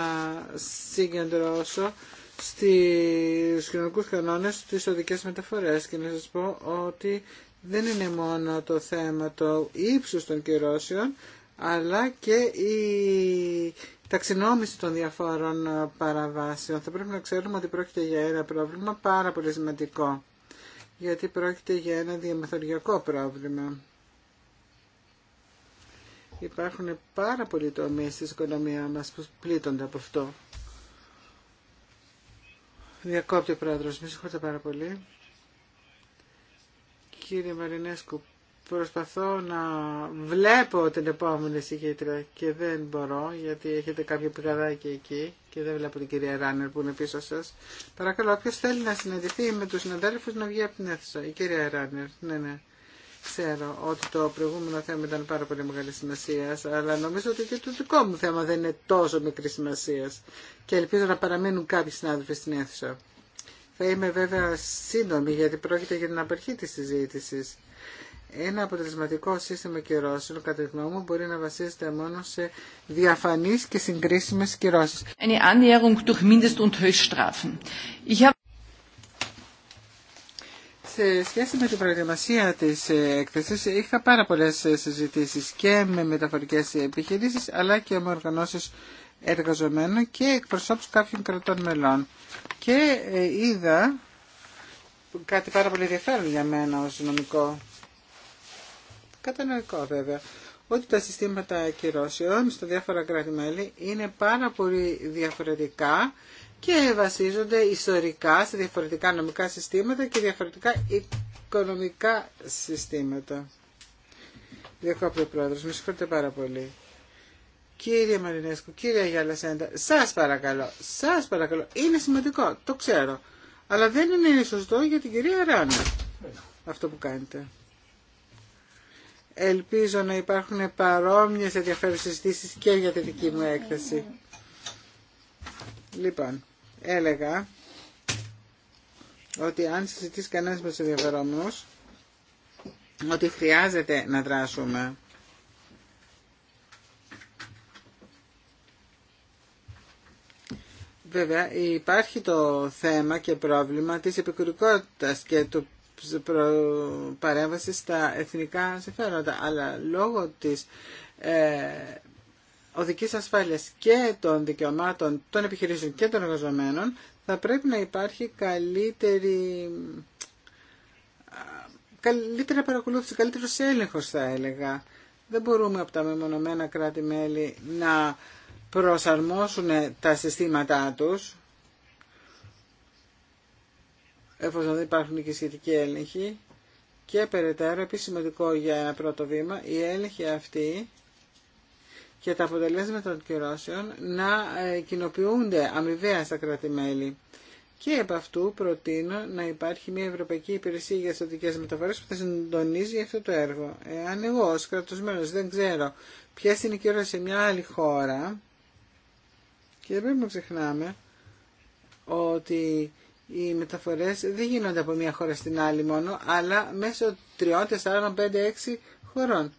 συγκεντρώσω στις κοινωνικούς κανόνες τις οδικές μεταφορές και να σας πω ότι δεν είναι μόνο το θέμα το ύψους των κυρώσεων, αλλά και η ταξινόμηση των διαφόρων ε, παραβάσεων. Θα πρέπει να ξέρουμε ότι πρόκειται για ένα πρόβλημα πάρα πολύ σημαντικό, γιατί πρόκειται για ένα διαμεθοριακό πρόβλημα. Υπάρχουν πάρα πολλοί τομείς στην οικονομία μας που πλήττονται από αυτό. Διακόπτει ο πρόεδρος, μη συγχωρείτε πάρα πολύ. Κύριε Μαρινέσκου, προσπαθώ να βλέπω την επόμενη συγκήτρια και δεν μπορώ γιατί έχετε κάποιο πηγαδάκι εκεί και δεν βλέπω την κυρία Ράνερ που είναι πίσω σας. Παρακαλώ, όποιος θέλει να συναντηθεί με τους συναδέλφους να βγει από την αίθουσα. Η κυρία Ράνερ, ναι, ναι. Ξέρω ότι το προηγούμενο θέμα ήταν πάρα πολύ μεγάλη σημασία, αλλά νομίζω ότι και το δικό μου θέμα δεν είναι τόσο μικρή σημασία. Και ελπίζω να παραμείνουν κάποιοι συνάδελφοι στην αίθουσα. Θα είμαι βέβαια σύντομη γιατί πρόκειται για την απαρχή τη συζήτηση ένα αποτελεσματικό σύστημα κυρώσεων, κατά τη γνώμη μου, μπορεί να βασίζεται μόνο σε διαφανεί και συγκρίσιμες κυρώσεις. Σε σχέση με την προετοιμασία της ε, έκθεσης είχα πάρα πολλές ε, συζητήσεις και με μεταφορικές επιχειρήσεις αλλά και με οργανώσεις εργαζομένων και εκπροσώπους κάποιων κρατών μελών. Και ε, είδα κάτι πάρα πολύ ενδιαφέρον για μένα ως νομικό Κατανοητό βέβαια ότι τα συστήματα κυρώσεων στα διάφορα κράτη-μέλη είναι πάρα πολύ διαφορετικά και βασίζονται ιστορικά σε διαφορετικά νομικά συστήματα και διαφορετικά οικονομικά συστήματα. Διακόπτω πρόεδρος, με συγχωρείτε πάρα πολύ. Κύριε Μαρινέσκου, κύριε Γιάλα Σέντα, σας παρακαλώ, σας παρακαλώ, είναι σημαντικό, το ξέρω. Αλλά δεν είναι σωστό για την κυρία Ράνα αυτό που κάνετε ελπίζω να υπάρχουν παρόμοιες ενδιαφέρουσες συζητήσεις και για τη δική μου έκθεση. Λοιπόν, έλεγα ότι αν συζητήσει κανένας με τους ότι χρειάζεται να δράσουμε. Βέβαια, υπάρχει το θέμα και πρόβλημα της επικουρικότητας και του παρέμβαση στα εθνικά συμφέροντα. Αλλά λόγω της ε, οδικής ασφάλειας και των δικαιωμάτων των επιχειρήσεων και των εργαζομένων θα πρέπει να υπάρχει καλύτερη καλύτερη παρακολούθηση, καλύτερος έλεγχος θα έλεγα. Δεν μπορούμε από τα μεμονωμένα κράτη-μέλη να προσαρμόσουν τα συστήματά τους εφόσον δεν υπάρχουν και σχετικοί έλεγχοι. Και περαιτέρω, επίσης σημαντικό για ένα πρώτο βήμα, η έλεγχοι αυτή και τα αποτελέσματα των κυρώσεων να ε, κοινοποιούνται αμοιβαία στα κράτη-μέλη. Και επ' αυτού προτείνω να υπάρχει μια Ευρωπαϊκή Υπηρεσία για Στατικές Μεταφορές που θα συντονίζει αυτό το έργο. Εάν εγώ ως κρατοσμένος δεν ξέρω ποιε είναι η κύρωση σε μια άλλη χώρα και δεν πρέπει να ξεχνάμε ότι οι μεταφορές δεν γίνονται από μία χώρα στην άλλη μόνο, αλλά μέσω τριών, 4, 5, 6 χωρών.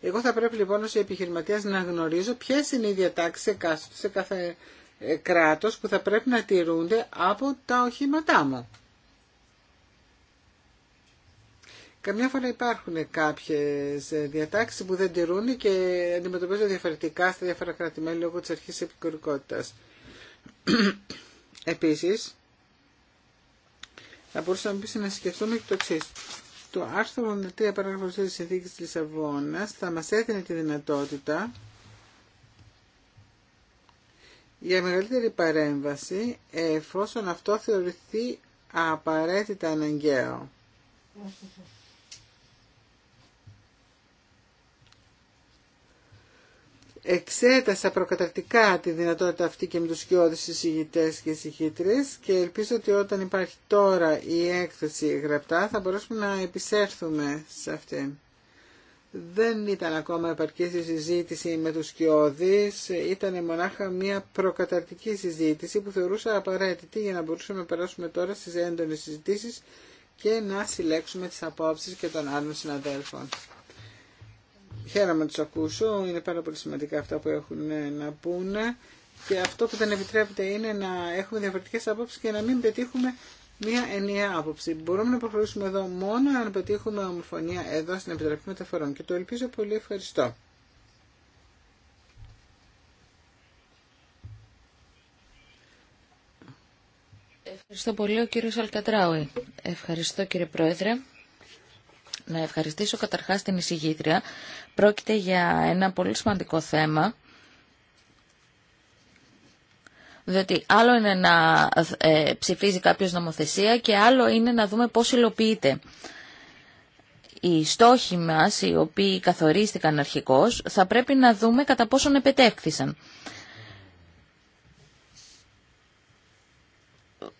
Εγώ θα πρέπει λοιπόν ως επιχειρηματίας να γνωρίζω ποιε είναι οι διατάξεις σε κάθε ε, κράτος που θα πρέπει να τηρούνται από τα οχήματά μου. Καμιά φορά υπάρχουν κάποιες διατάξεις που δεν τηρούν και αντιμετωπίζονται διαφορετικά στα διάφορα κράτη-μέλη λόγω της αρχής επικουρικότητας. Επίσης, θα μπορούσαμε επίση να σκεφτούμε και το εξή. Το άρθρο 83 παράγραφος της συνθήκης της Λισαβόνας θα μας έδινε τη δυνατότητα για μεγαλύτερη παρέμβαση εφόσον αυτό θεωρηθεί απαραίτητα αναγκαίο. εξέτασα προκαταρτικά τη δυνατότητα αυτή και με τους σκιώδεις εισηγητές και εισηγήτρες και ελπίζω ότι όταν υπάρχει τώρα η έκθεση γραπτά θα μπορέσουμε να επισέρθουμε σε αυτή. Δεν ήταν ακόμα επαρκή η συζήτηση με τους σκιώδεις, ήταν μονάχα μια προκαταρτική συζήτηση που θεωρούσα απαραίτητη για να μπορούσαμε να περάσουμε τώρα στις έντονες συζητήσεις και να συλλέξουμε τις απόψεις και των άλλων συναδέλφων. Χαίρομαι να του ακούσω, είναι πάρα πολύ σημαντικά αυτά που έχουν ε, να πούνε και αυτό που δεν επιτρέπεται είναι να έχουμε διαφορετικέ απόψει και να μην πετύχουμε μία ενιαία άποψη. Μπορούμε να προχωρήσουμε εδώ μόνο αν πετύχουμε ομοφωνία εδώ στην Επιτροπή Μεταφορών και το ελπίζω πολύ ευχαριστώ. Ευχαριστώ πολύ ο κύριος Αλκατράουη. Ευχαριστώ κύριε Πρόεδρε. Να ευχαριστήσω καταρχάς την εισηγήτρια. Πρόκειται για ένα πολύ σημαντικό θέμα. Διότι άλλο είναι να ε, ψηφίζει κάποιος νομοθεσία και άλλο είναι να δούμε πώς υλοποιείται. Οι στόχοι μας, οι οποίοι καθορίστηκαν αρχικώς, θα πρέπει να δούμε κατά πόσον επετέχθησαν.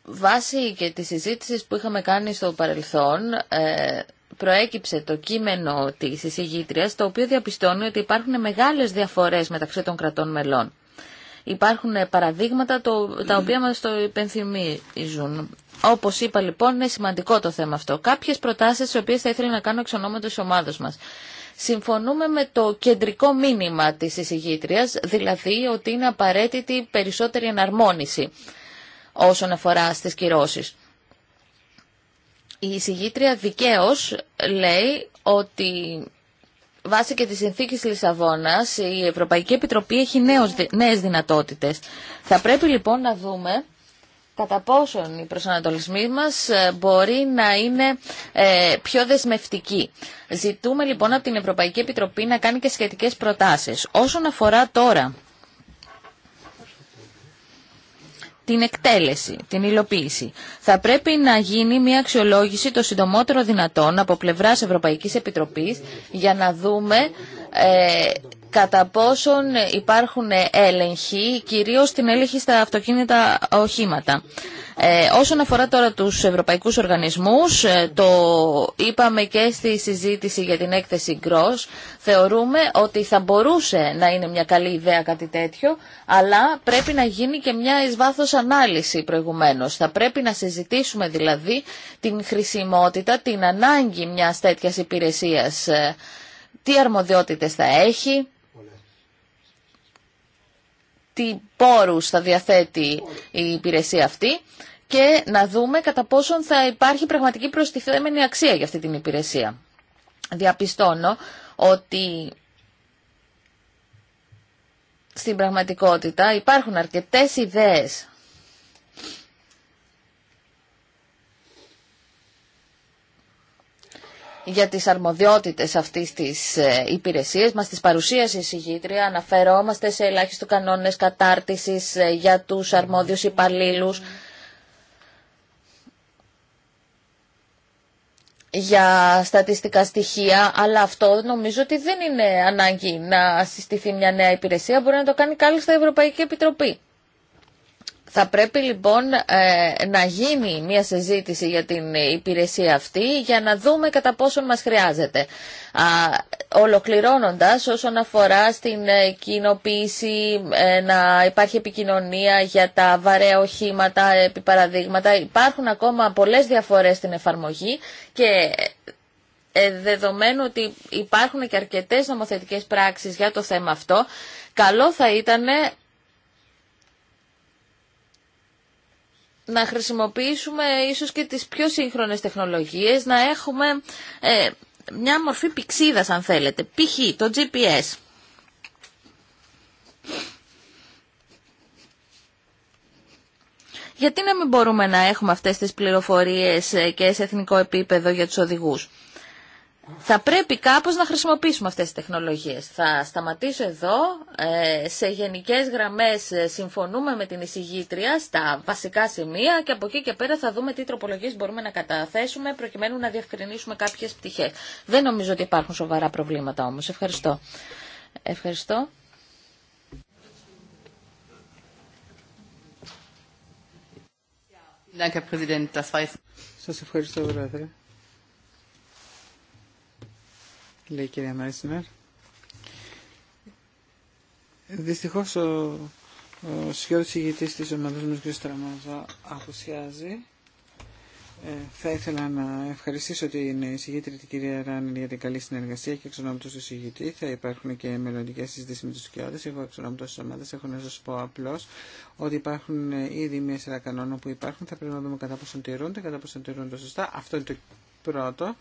Βάσει και τις συζήτηση που είχαμε κάνει στο παρελθόν, ε, προέκυψε το κείμενο τη εισηγήτρια, το οποίο διαπιστώνει ότι υπάρχουν μεγάλε διαφορέ μεταξύ των κρατών μελών. Υπάρχουν παραδείγματα τα οποία μας το υπενθυμίζουν. Όπως είπα λοιπόν είναι σημαντικό το θέμα αυτό. Κάποιες προτάσεις τις οποίες θα ήθελα να κάνω εξ ονόματος ομάδος μας. Συμφωνούμε με το κεντρικό μήνυμα της εισηγήτριας, δηλαδή ότι είναι απαραίτητη περισσότερη εναρμόνιση όσον αφορά στις κυρώσεις η εισηγήτρια δικαίω λέει ότι βάσει και τη συνθήκη Λισαβόνας η Ευρωπαϊκή Επιτροπή έχει νέε νέες δυνατότητες. Θα πρέπει λοιπόν να δούμε κατά πόσον οι προσανατολισμοί μας ε, μπορεί να είναι ε, πιο δεσμευτικοί. Ζητούμε λοιπόν από την Ευρωπαϊκή Επιτροπή να κάνει και σχετικές προτάσεις. Όσον αφορά τώρα την εκτέλεση, την υλοποίηση. Θα πρέπει να γίνει μια αξιολόγηση το συντομότερο δυνατόν από πλευράς Ευρωπαϊκής Επιτροπής για να δούμε ε, κατά πόσον υπάρχουν έλεγχοι, κυρίως την έλεγχη στα αυτοκίνητα οχήματα. Ε, όσον αφορά τώρα τους ευρωπαϊκούς οργανισμούς, ε, το είπαμε και στη συζήτηση για την έκθεση Gross, θεωρούμε ότι θα μπορούσε να είναι μια καλή ιδέα κάτι τέτοιο, αλλά πρέπει να γίνει και μια εις βάθος ανάλυση προηγουμένως. Θα πρέπει να συζητήσουμε δηλαδή την χρησιμότητα, την ανάγκη μιας τέτοιας υπηρεσίας ε, τι αρμοδιότητες θα έχει, τι πόρους θα διαθέτει η υπηρεσία αυτή και να δούμε κατά πόσον θα υπάρχει πραγματική προστιθέμενη αξία για αυτή την υπηρεσία. Διαπιστώνω ότι στην πραγματικότητα υπάρχουν αρκετές ιδέες για τις αρμοδιότητες αυτής της ε, υπηρεσίας μας, της η συγγήτρια Αναφερόμαστε σε ελάχιστο κανόνες κατάρτισης ε, για τους αρμόδιους υπαλλήλους. για στατιστικά στοιχεία, αλλά αυτό νομίζω ότι δεν είναι ανάγκη να συστηθεί μια νέα υπηρεσία. Μπορεί να το κάνει κάλλιστα η Ευρωπαϊκή Επιτροπή. Θα πρέπει λοιπόν ε, να γίνει μια συζήτηση για την υπηρεσία αυτή για να δούμε κατά πόσον μας χρειάζεται. Ολοκληρώνοντας όσον αφορά στην ε, κοινοποίηση, ε, να υπάρχει επικοινωνία για τα βαρέα οχήματα, επί παραδείγματα, υπάρχουν ακόμα πολλές διαφορές στην εφαρμογή και δεδομένου ότι υπάρχουν και αρκετές νομοθετικές πράξεις για το θέμα αυτό, καλό θα ήταν να χρησιμοποιήσουμε ίσως και τις πιο σύγχρονες τεχνολογίες, να έχουμε ε, μια μορφή πηξίδας αν θέλετε, π.χ. το GPS. Γιατί να μην μπορούμε να έχουμε αυτές τις πληροφορίες ε, και σε εθνικό επίπεδο για τους οδηγούς θα πρέπει κάπως να χρησιμοποιήσουμε αυτές τις τεχνολογίες. Θα σταματήσω εδώ. Ε, σε γενικές γραμμές ε, συμφωνούμε με την εισηγήτρια στα βασικά σημεία και από εκεί και πέρα θα δούμε τι τροπολογίες μπορούμε να καταθέσουμε προκειμένου να διευκρινίσουμε κάποιες πτυχές. Δεν νομίζω ότι υπάρχουν σοβαρά προβλήματα όμως. Ευχαριστώ. Ευχαριστώ. Σας ευχαριστώ, λέει η κυρία Μέσνερ. Δυστυχώ, ο, ο σχεδόν ηγητή της ομάδας μας κ. Στραμάζα απουσιάζει. Ε, θα ήθελα να ευχαριστήσω την εισηγήτρια την κυρία Ράνιν για την καλή συνεργασία και εξ ονόματο του εισηγητή. Θα υπάρχουν και μελλοντικέ συζητήσει με του κοιόδε. Εγώ εξ ονόματο τη ομάδα έχω να σα πω απλώ ότι υπάρχουν ήδη μια σειρά κανόνων που υπάρχουν. Θα πρέπει να δούμε κατά πόσο τηρούνται, κατά πόσο τηρούνται σωστά. Αυτό είναι το πρώτο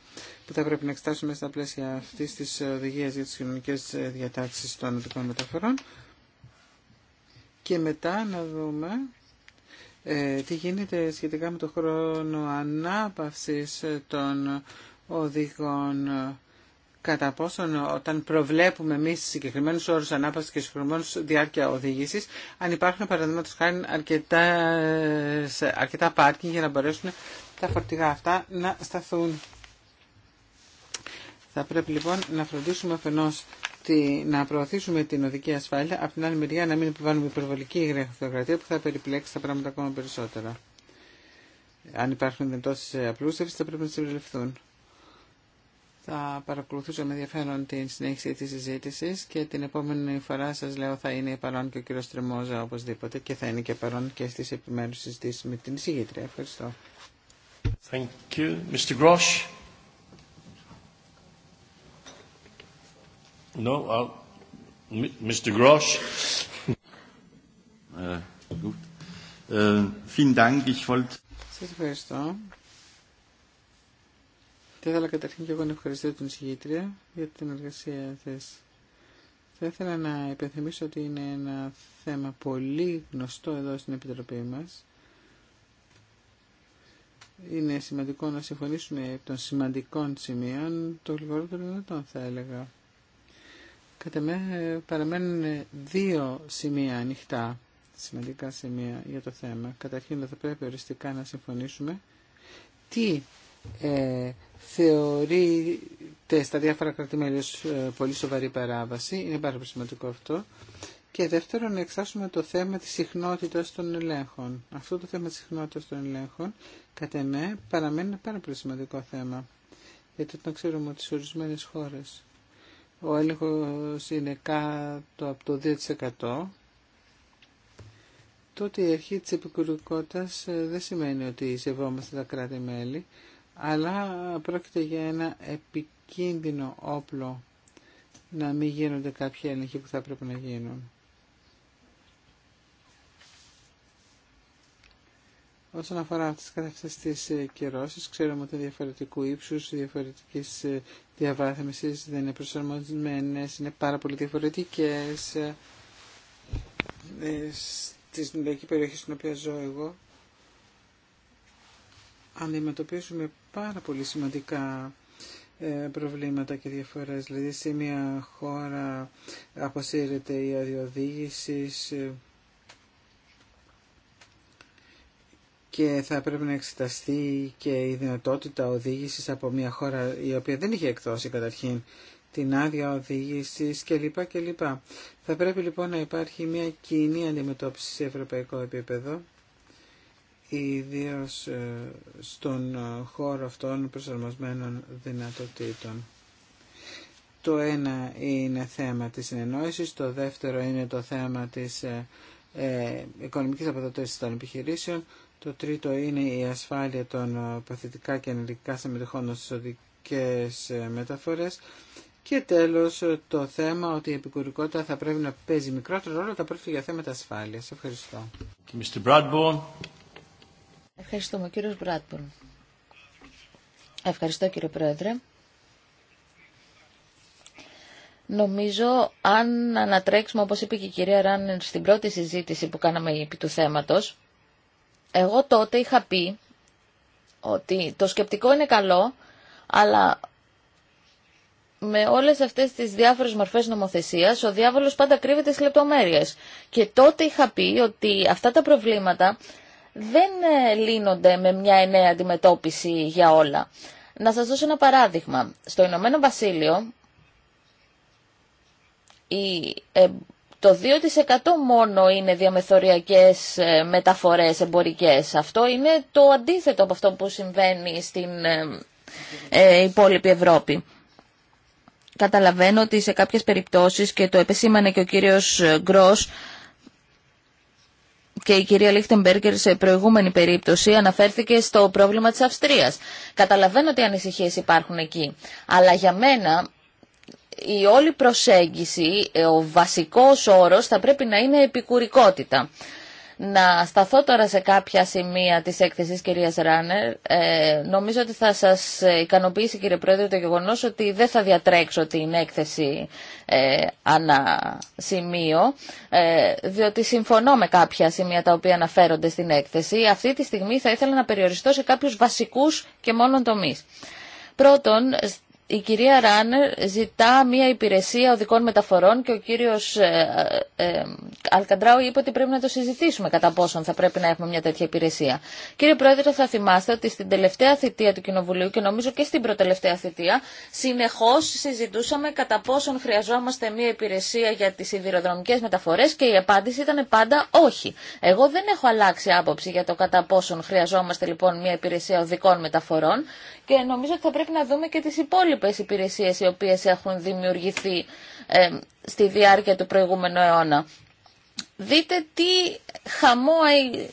που θα πρέπει να εξετάσουμε στα πλαίσια αυτής της οδηγία για τις κοινωνικέ διατάξεις των οδικών μεταφορών και μετά να δούμε ε, τι γίνεται σχετικά με το χρόνο ανάπαυσης των οδηγών κατά πόσον όταν προβλέπουμε εμεί συγκεκριμένου όρου ανάπαυσης και συγκεκριμένου διάρκεια οδήγηση, αν υπάρχουν παραδείγματο χάρη αρκετά, αρκετά πάρκινγκ για να μπορέσουν τα φορτηγά αυτά να σταθούν. Θα πρέπει λοιπόν να φροντίσουμε αφενό να προωθήσουμε την οδική ασφάλεια, από την άλλη μεριά να μην επιβάλλουμε υπερβολική γραφειοκρατία που θα περιπλέξει τα πράγματα ακόμα περισσότερα. Αν υπάρχουν δυνατότητε απλούστευση, θα πρέπει να συμπεριληφθούν. Θα παρακολουθούσα με ενδιαφέρον την συνέχιση τη συζήτηση και την επόμενη φορά σα λέω θα είναι παρόν και ο κύριο Τρεμόζα οπωσδήποτε και θα είναι και παρόν και στι επιμέρου συζητήσει με την εισηγήτρια. Ευχαριστώ. Thank ευχαριστώ. Θα ήθελα καταρχήν και εγώ να ευχαριστήσω την συγγήτρια για την εργασία της. Θα ήθελα να υπενθυμίσω ότι είναι ένα θέμα πολύ γνωστό εδώ στην Επιτροπή μας είναι σημαντικό να συμφωνήσουμε των σημαντικών σημείων το λιγότερο δυνατόν θα έλεγα. Κατά μένα παραμένουν δύο σημεία ανοιχτά, σημαντικά σημεία για το θέμα. Καταρχήν θα πρέπει οριστικά να συμφωνήσουμε τι ε, θεωρείται στα διάφορα κρατημέρια ε, πολύ σοβαρή παράβαση, είναι πάρα πολύ σημαντικό αυτό. Και δεύτερον, να εξάσουμε το θέμα της συχνότητας των ελέγχων. Αυτό το θέμα της συχνότητας των ελέγχων, κατά με, παραμένει ένα πάρα πολύ σημαντικό θέμα. Γιατί όταν ξέρουμε ότι σε ορισμένε χώρες ο έλεγχος είναι κάτω από το 2%, τότε η αρχή της επικουρικότητας ε, δεν σημαίνει ότι σεβόμαστε τα κράτη-μέλη, αλλά πρόκειται για ένα επικίνδυνο όπλο να μην γίνονται κάποιοι έλεγχοι που θα πρέπει να γίνουν. Όσον αφορά τις καταυστές τις ε, κυρώσεις, ξέρουμε ότι διαφορετικού ύψους, διαφορετικής ε, διαβάθμισης δεν είναι προσαρμοσμένες, είναι πάρα πολύ διαφορετικές. Ε, στη περιοχή στην οποία ζω εγώ, αντιμετωπίζουμε πάρα πολύ σημαντικά προβλήματα και διαφορές. Δηλαδή σε μια χώρα αποσύρεται η αδειοδήγηση, και θα πρέπει να εξεταστεί και η δυνατότητα οδήγησης από μια χώρα η οποία δεν είχε εκδώσει καταρχήν την άδεια οδήγηση κλπ. Θα πρέπει λοιπόν να υπάρχει μια κοινή αντιμετώπιση σε ευρωπαϊκό επίπεδο ιδίω ε, στον χώρο αυτών προσαρμοσμένων δυνατοτήτων. Το ένα είναι θέμα της συνεννόησης, το δεύτερο είναι το θέμα της ε, ε οικονομικής αποδοτήσης των επιχειρήσεων, το τρίτο είναι η ασφάλεια των ε, παθητικά και ενεργικά συμμετοχών στις οδικές ε, μεταφορές. Και τέλος ε, το θέμα ότι η επικουρικότητα θα πρέπει να παίζει μικρότερο ρόλο τα πρόκειται για θέματα ασφάλειας. Ευχαριστώ. Mr. Ευχαριστούμε κύριος Μπράτμπορν. Ευχαριστώ κύριε Πρόεδρε. Νομίζω αν ανατρέξουμε όπως είπε και η κυρία Ράνερ στην πρώτη συζήτηση που κάναμε επί του θέματος εγώ τότε είχα πει ότι το σκεπτικό είναι καλό, αλλά με όλες αυτές τις διάφορες μορφές νομοθεσίας, ο διάβολος πάντα κρύβεται στις λεπτομέρειες. Και τότε είχα πει ότι αυτά τα προβλήματα δεν ε, λύνονται με μια ενέα αντιμετώπιση για όλα. Να σας δώσω ένα παράδειγμα. Στο Ηνωμένο Βασίλειο, η ε, το 2% μόνο είναι διαμεθοριακές ε, μεταφορές εμπορικές. Αυτό είναι το αντίθετο από αυτό που συμβαίνει στην ε, ε, υπόλοιπη Ευρώπη. Καταλαβαίνω ότι σε κάποιες περιπτώσεις και το επεσήμανε και ο κύριος Γκρός και η κυρία Λίχτεμπεργκερ σε προηγούμενη περίπτωση αναφέρθηκε στο πρόβλημα της Αυστρίας. Καταλαβαίνω ότι ανησυχίες υπάρχουν εκεί. Αλλά για μένα η όλη προσέγγιση, ε, ο βασικός όρος θα πρέπει να είναι επικουρικότητα. Να σταθώ τώρα σε κάποια σημεία της έκθεσης κυρία Ράνερ. Ε, νομίζω ότι θα σας ικανοποιήσει κύριε Πρόεδρε το γεγονός ότι δεν θα διατρέξω την έκθεση ε, ανά σημείο, ε, διότι συμφωνώ με κάποια σημεία τα οποία αναφέρονται στην έκθεση. Αυτή τη στιγμή θα ήθελα να περιοριστώ σε κάποιους βασικούς και μόνον τομείς. Πρώτον, η κυρία Ράνερ ζητά μία υπηρεσία οδικών μεταφορών και ο κύριος ε, ε, ε, Αλκαντράου είπε ότι πρέπει να το συζητήσουμε κατά πόσον θα πρέπει να έχουμε μια τέτοια υπηρεσία. Κύριε Πρόεδρε, θα θυμάστε ότι στην τελευταία θητεία του Κοινοβουλίου και νομίζω και στην προτελευταία θητεία συνεχώς συζητούσαμε κατά πόσον χρειαζόμαστε μια υπηρεσία για τις σιδηροδρομικές μεταφορές και η απάντηση ήταν πάντα όχι. Εγώ δεν έχω αλλάξει άποψη για το κατά πόσον χρειαζόμαστε λοιπόν μια υπηρεσία οδικών μεταφορών και νομίζω ότι θα πρέπει να δούμε και τις υπόλοιπες υπηρεσίες οι οποίες έχουν δημιουργηθεί ε, στη διάρκεια του προηγούμενου αιώνα. Δείτε τι χαμό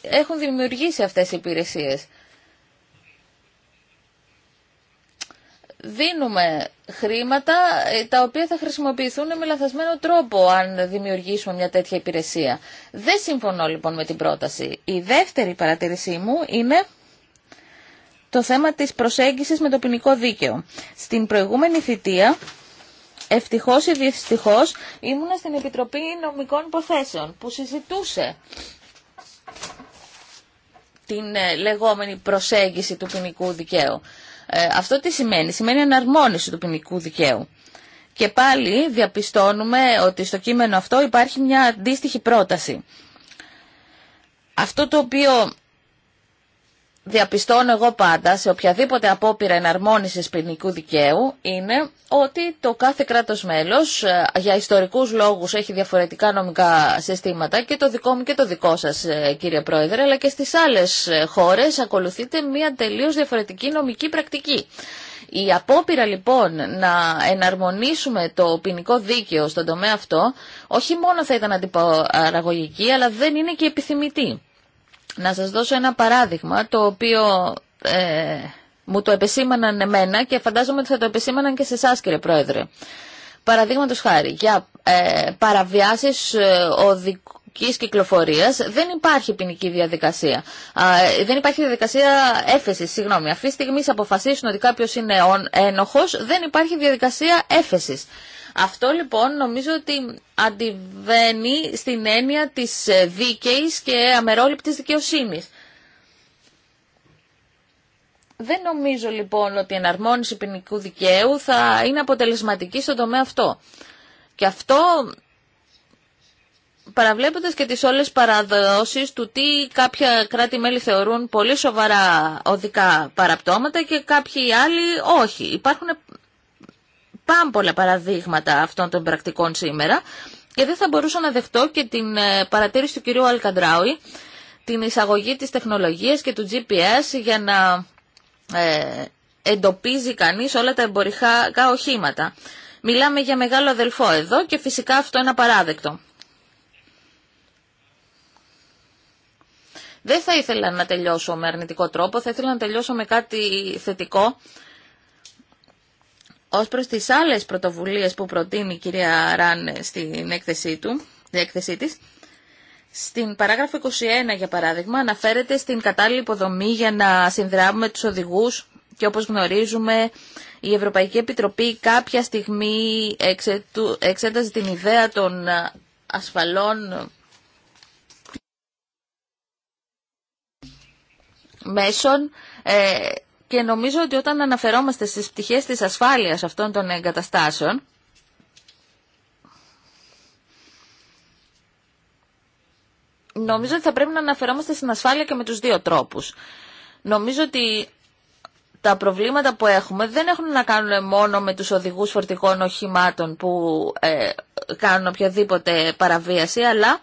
ε, έχουν δημιουργήσει αυτές οι υπηρεσίες. δίνουμε χρήματα ε, τα οποία θα χρησιμοποιηθούν με λαθασμένο τρόπο αν δημιουργήσουμε μια τέτοια υπηρεσία. Δεν συμφωνώ λοιπόν με την πρόταση. Η δεύτερη παρατηρήσή μου είναι το θέμα της προσέγγισης με το ποινικό δίκαιο. Στην προηγούμενη θητεία, ευτυχώς ή δυστυχώς, ήμουνα στην Επιτροπή Νομικών Υποθέσεων που συζητούσε την ε, λεγόμενη προσέγγιση του ποινικού δικαίου. Ε, αυτό τι σημαίνει. Σημαίνει αναρμόνιση του ποινικού δικαίου. Και πάλι διαπιστώνουμε ότι στο κείμενο αυτό υπάρχει μια αντίστοιχη πρόταση. Αυτό το οποίο διαπιστώνω εγώ πάντα σε οποιαδήποτε απόπειρα εναρμόνισης ποινικού δικαίου είναι ότι το κάθε κράτος μέλος ε, για ιστορικούς λόγους έχει διαφορετικά νομικά συστήματα και το δικό μου και το δικό σας ε, κύριε Πρόεδρε αλλά και στις άλλες ε, χώρες ακολουθείται μια τελείως διαφορετική νομική πρακτική. Η απόπειρα λοιπόν να εναρμονίσουμε το ποινικό δίκαιο στον τομέα αυτό όχι μόνο θα ήταν αντιπαραγωγική αλλά δεν είναι και επιθυμητή. Να σας δώσω ένα παράδειγμα το οποίο ε, μου το επεσήμαναν εμένα και φαντάζομαι ότι θα το επεσήμαναν και σε εσά κύριε Πρόεδρε. Παραδείγματο χάρη, για ε, παραβιάσεις ε, κυκλοφορίας δεν υπάρχει ποινική διαδικασία. Ε, δεν υπάρχει διαδικασία έφεση. Συγγνώμη, αυτή τη στιγμή αποφασίσουν ότι κάποιο είναι ένοχο, δεν υπάρχει διαδικασία έφεση. Αυτό λοιπόν νομίζω ότι αντιβαίνει στην έννοια της ε, δίκαιης και αμερόληπτης δικαιοσύνης. Δεν νομίζω λοιπόν ότι η εναρμόνιση ποινικού δικαίου θα είναι αποτελεσματική στον τομέα αυτό. Και αυτό παραβλέποντας και τις όλες παραδόσεις του τι κάποια κράτη-μέλη θεωρούν πολύ σοβαρά οδικά παραπτώματα και κάποιοι άλλοι όχι. Υπάρχουν πάμπολα παραδείγματα αυτών των πρακτικών σήμερα και δεν θα μπορούσα να δεχτώ και την ε, παρατήρηση του κυρίου Αλκαντράουι, την εισαγωγή της τεχνολογίας και του GPS για να ε, εντοπίζει κανείς όλα τα εμπορικά οχήματα. Μιλάμε για μεγάλο αδελφό εδώ και φυσικά αυτό είναι απαράδεκτο. Δεν θα ήθελα να τελειώσω με αρνητικό τρόπο, θα ήθελα να τελειώσω με κάτι θετικό. Ως προς τις άλλες πρωτοβουλίες που προτείνει η κυρία Ραν στην έκθεσή, του, την έκθεσή της, στην παράγραφο 21 για παράδειγμα αναφέρεται στην κατάλληλη υποδομή για να συνδράμουμε τους οδηγούς και όπως γνωρίζουμε η Ευρωπαϊκή Επιτροπή κάποια στιγμή εξέταζε την ιδέα των ασφαλών μέσων ε, και νομίζω ότι όταν αναφερόμαστε στις πτυχές της ασφάλειας αυτών των εγκαταστάσεων, νομίζω ότι θα πρέπει να αναφερόμαστε στην ασφάλεια και με τους δύο τρόπους. Νομίζω ότι τα προβλήματα που έχουμε δεν έχουν να κάνουν μόνο με τους οδηγούς φορτηγών οχημάτων που ε, κάνουν οποιαδήποτε παραβίαση, αλλά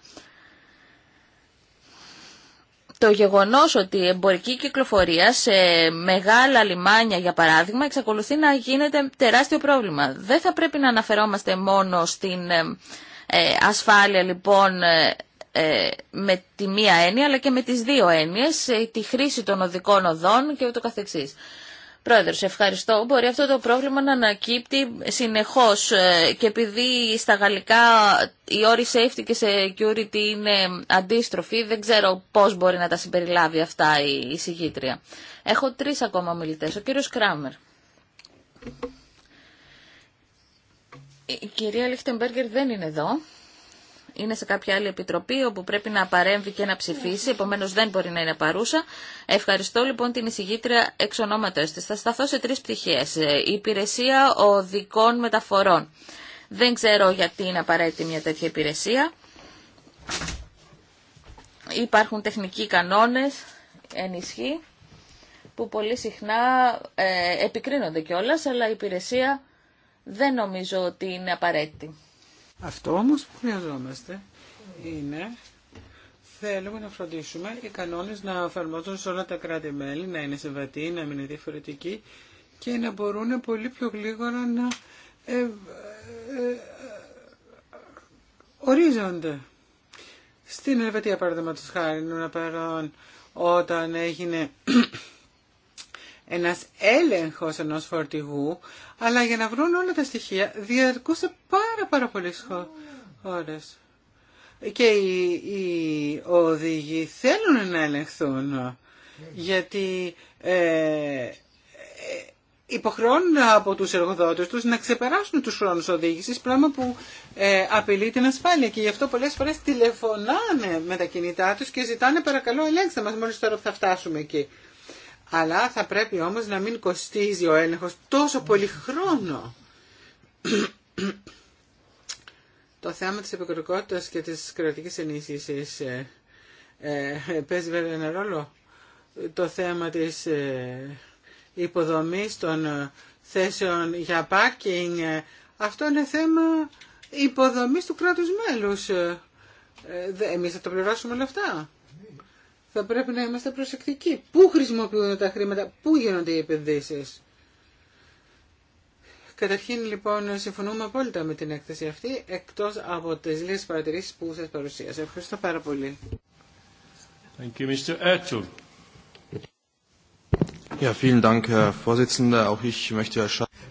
το γεγονός ότι η εμπορική κυκλοφορία σε μεγάλα λιμάνια, για παράδειγμα, εξακολουθεί να γίνεται τεράστιο πρόβλημα. Δεν θα πρέπει να αναφερόμαστε μόνο στην ε, ε, ασφάλεια, λοιπόν, ε, με τη μία έννοια, αλλά και με τις δύο έννοιες, τη χρήση των οδικών οδών και ούτω καθεξής. Πρόεδρος, ευχαριστώ. Μπορεί αυτό το πρόβλημα να ανακύπτει συνεχώς ε, και επειδή στα γαλλικά οι όροι safety και security είναι αντίστροφοι, δεν ξέρω πώ μπορεί να τα συμπεριλάβει αυτά η εισηγήτρια. Έχω τρει ακόμα μιλητέ. Ο κύριο Κράμερ. Η κυρία Λιχτεμπέργκερ δεν είναι εδώ είναι σε κάποια άλλη επιτροπή όπου πρέπει να παρέμβει και να ψηφίσει, επομένω δεν μπορεί να είναι παρούσα. Ευχαριστώ λοιπόν την εισηγήτρια εξ ονόματο τη. Θα σταθώ σε τρεις πτυχές. Ε, η υπηρεσία οδικών μεταφορών. Δεν ξέρω γιατί είναι απαραίτητη μια τέτοια υπηρεσία. Υπάρχουν τεχνικοί κανόνες, ενισχύ, που πολύ συχνά ε, επικρίνονται κιόλας, αλλά η υπηρεσία δεν νομίζω ότι είναι απαραίτητη. Αυτό όμως που χρειαζόμαστε είναι θέλουμε να φροντίσουμε οι κανόνες να εφαρμόζονται σε όλα τα κράτη-μέλη, να είναι συμβατοί, να μην είναι διαφορετικοί και να μπορούν πολύ πιο γλίγορα να ε, ε, ε, ορίζονται. Στην Ελβετία, παραδείγματο χάρη, να παρόν, όταν έγινε ένας έλεγχος ενός φορτηγού, αλλά για να βρουν όλα τα στοιχεία διαρκούσε πάρα πάρα πολλές ώρες. Και οι, οδηγοί θέλουν να ελεγχθούν, γιατί ε, ε, υποχρεώνουν από τους εργοδότες τους να ξεπεράσουν τους χρόνους οδήγησης, πράγμα που ε, απειλεί την ασφάλεια και γι' αυτό πολλές φορές τηλεφωνάνε με τα κινητά τους και ζητάνε παρακαλώ ελέγξτε μας μόλις τώρα που θα φτάσουμε εκεί αλλά θα πρέπει όμως να μην κοστίζει ο έλεγχος τόσο πολύ χρόνο. Το θέμα της επικροτικότητας και της κρατικής ενίσχυσης ε, ε, παίζει βέβαια ένα ρόλο. Το θέμα της ε, υποδομής των ε, θέσεων για πάρκινγκ, αυτό είναι θέμα υποδομής του κράτους μέλους. Εμείς θα το πληρώσουμε όλα αυτά θα πρέπει να είμαστε προσεκτικοί. Πού χρησιμοποιούν τα χρήματα, πού γίνονται οι επενδύσεις. Καταρχήν λοιπόν συμφωνούμε απόλυτα με την έκθεση αυτή, εκτός από τις λίγες παρατηρήσεις που σας παρουσίασα. Ευχαριστώ πάρα πολύ.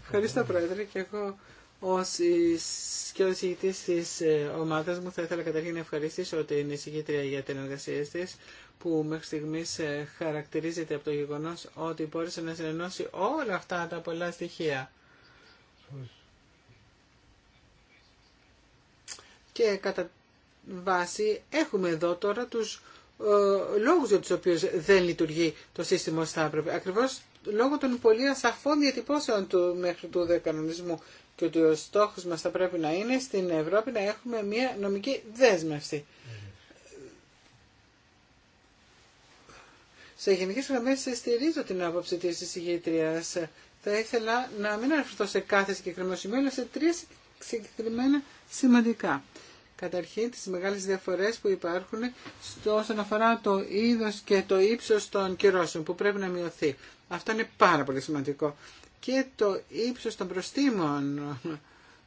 Ευχαριστώ, Πρόεδρε, και εγώ ως εισηγητής της ε, ομάδας μου θα ήθελα καταρχήν να ευχαριστήσω την εισηγήτρια για την εργασία της που μέχρι στιγμής ε, χαρακτηρίζεται από το γεγονός ότι μπόρεσε να συνενώσει όλα αυτά τα πολλά στοιχεία. Και κατά βάση έχουμε εδώ τώρα τους ε, λόγους για τους οποίους δεν λειτουργεί το σύστημα όσο θα έπρεπε. Ακριβώς λόγω των πολύ ασαφών διατυπώσεων του μέχρι του δεκανονισμού και ότι ο στόχος μας θα πρέπει να είναι στην Ευρώπη να έχουμε μια νομική δέσμευση. Σε γενικέ γραμμέ ε, στηρίζω την άποψη τη εισηγήτρια. Θα ήθελα να μην αναφερθώ σε κάθε συγκεκριμένο σημείο, αλλά σε τρία συγκεκριμένα σημαντικά. Καταρχήν, τις μεγάλες διαφορές που υπάρχουν στο, όσον αφορά το είδος και το ύψος των κυρώσεων που πρέπει να μειωθεί. Αυτό είναι πάρα πολύ σημαντικό. Και το ύψος των προστήμων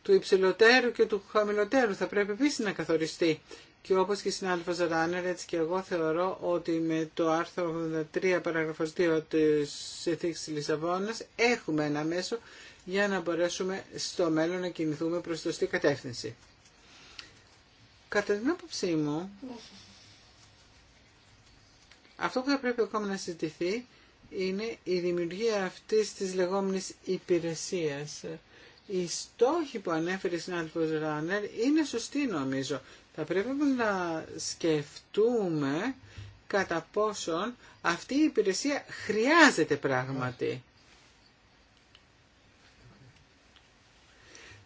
του υψηλότερου και του χαμηλότερου θα πρέπει επίση να καθοριστεί και όπως και η συνάδελφος Ράνερ, έτσι και εγώ θεωρώ ότι με το άρθρο 83 παραγραφος 2 της Συνθήκης της Λισαβόνας έχουμε ένα μέσο για να μπορέσουμε στο μέλλον να κινηθούμε προς σωστή κατεύθυνση. Κατά την άποψή μου, αυτό που θα πρέπει ακόμα να συζητηθεί είναι η δημιουργία αυτής της λεγόμενης υπηρεσίας. Η στόχοι που ανέφερε η συνάδελφος Ράνερ είναι σωστοί νομίζω θα πρέπει να σκεφτούμε κατά πόσον αυτή η υπηρεσία χρειάζεται πράγματι.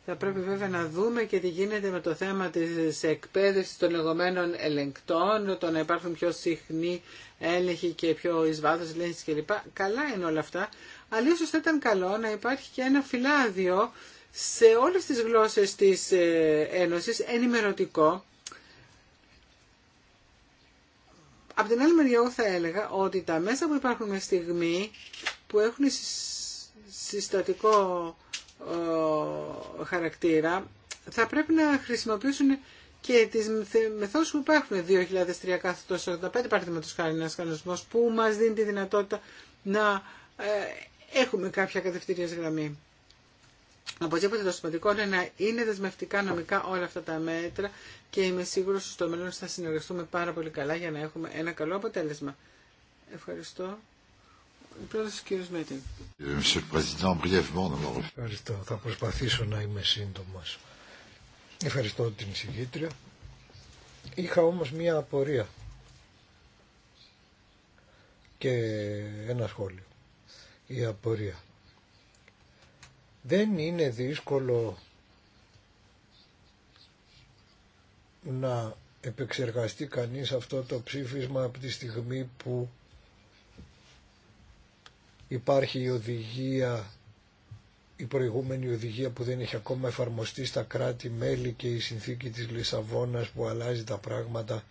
Θα πρέπει βέβαια να δούμε και τι γίνεται με το θέμα της εκπαίδευσης των λεγόμενων ελεγκτών, το να υπάρχουν πιο συχνή έλεγχοι και πιο εις βάθος κλπ. Καλά είναι όλα αυτά, αλλά ίσως θα ήταν καλό να υπάρχει και ένα φυλάδιο σε όλες τις γλώσσες της ε, Ένωσης ενημερωτικό Από την άλλη μεριά εγώ θα έλεγα ότι τα μέσα που υπάρχουν με στιγμή που έχουν συστατικό χαρακτήρα θα πρέπει να χρησιμοποιήσουν και τις μεθόδους που υπάρχουν 2003-45 παραδείγματο χάρη ένα κανονισμό που μας δίνει τη δυνατότητα να ε, έχουμε κάποια κατευθυντήρια γραμμή. Οπωσδήποτε το σημαντικό είναι να είναι δεσμευτικά νομικά όλα αυτά τα μέτρα και είμαι σίγουρο ότι στο μέλλον θα συνεργαστούμε πάρα πολύ καλά για να έχουμε ένα καλό αποτέλεσμα. Ευχαριστώ. Ευχαριστώ. Θα προσπαθήσω να είμαι σύντομο. Ευχαριστώ την συγκήτρια. Είχα όμως μία απορία και ένα σχόλιο. Η απορία. Δεν είναι δύσκολο να επεξεργαστεί κανείς αυτό το ψήφισμα από τη στιγμή που υπάρχει η οδηγία, η προηγούμενη οδηγία που δεν έχει ακόμα εφαρμοστεί στα κράτη-μέλη και η συνθήκη της Λισαβόνας που αλλάζει τα πράγματα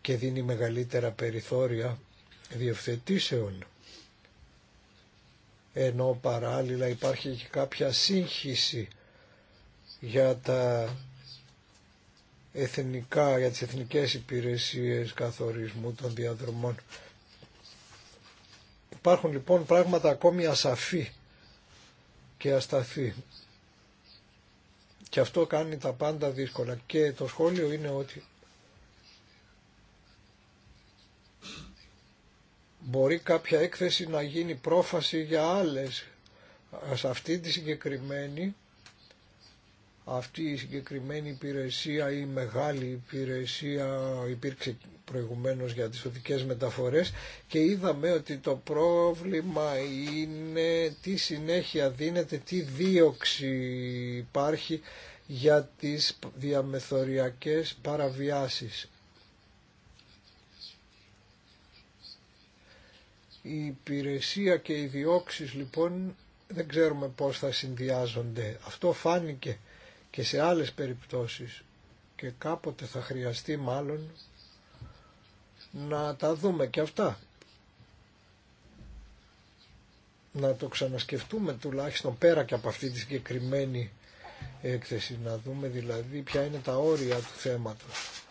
και δίνει μεγαλύτερα περιθώρια διευθετήσεων ενώ παράλληλα υπάρχει και κάποια σύγχυση για τα εθνικά, για τις εθνικές υπηρεσίες καθορισμού των διαδρομών. Υπάρχουν λοιπόν πράγματα ακόμη ασαφή και ασταθή. Και αυτό κάνει τα πάντα δύσκολα. Και το σχόλιο είναι ότι Μπορεί κάποια έκθεση να γίνει πρόφαση για άλλες. Σε αυτή τη συγκεκριμένη, αυτή η συγκεκριμένη υπηρεσία ή η μεγαλη υπηρεσία υπήρξε προηγουμένως για τις οδικές μεταφορές και είδαμε ότι το πρόβλημα είναι τι συνέχεια δίνεται, τι δίωξη υπάρχει για τις διαμεθοριακές παραβιάσεις. Η υπηρεσία και οι διώξει λοιπόν δεν ξέρουμε πώς θα συνδυάζονται. Αυτό φάνηκε και σε άλλες περιπτώσεις και κάποτε θα χρειαστεί μάλλον να τα δούμε και αυτά. Να το ξανασκεφτούμε τουλάχιστον πέρα και από αυτή τη συγκεκριμένη έκθεση. Να δούμε δηλαδή ποια είναι τα όρια του θέματος.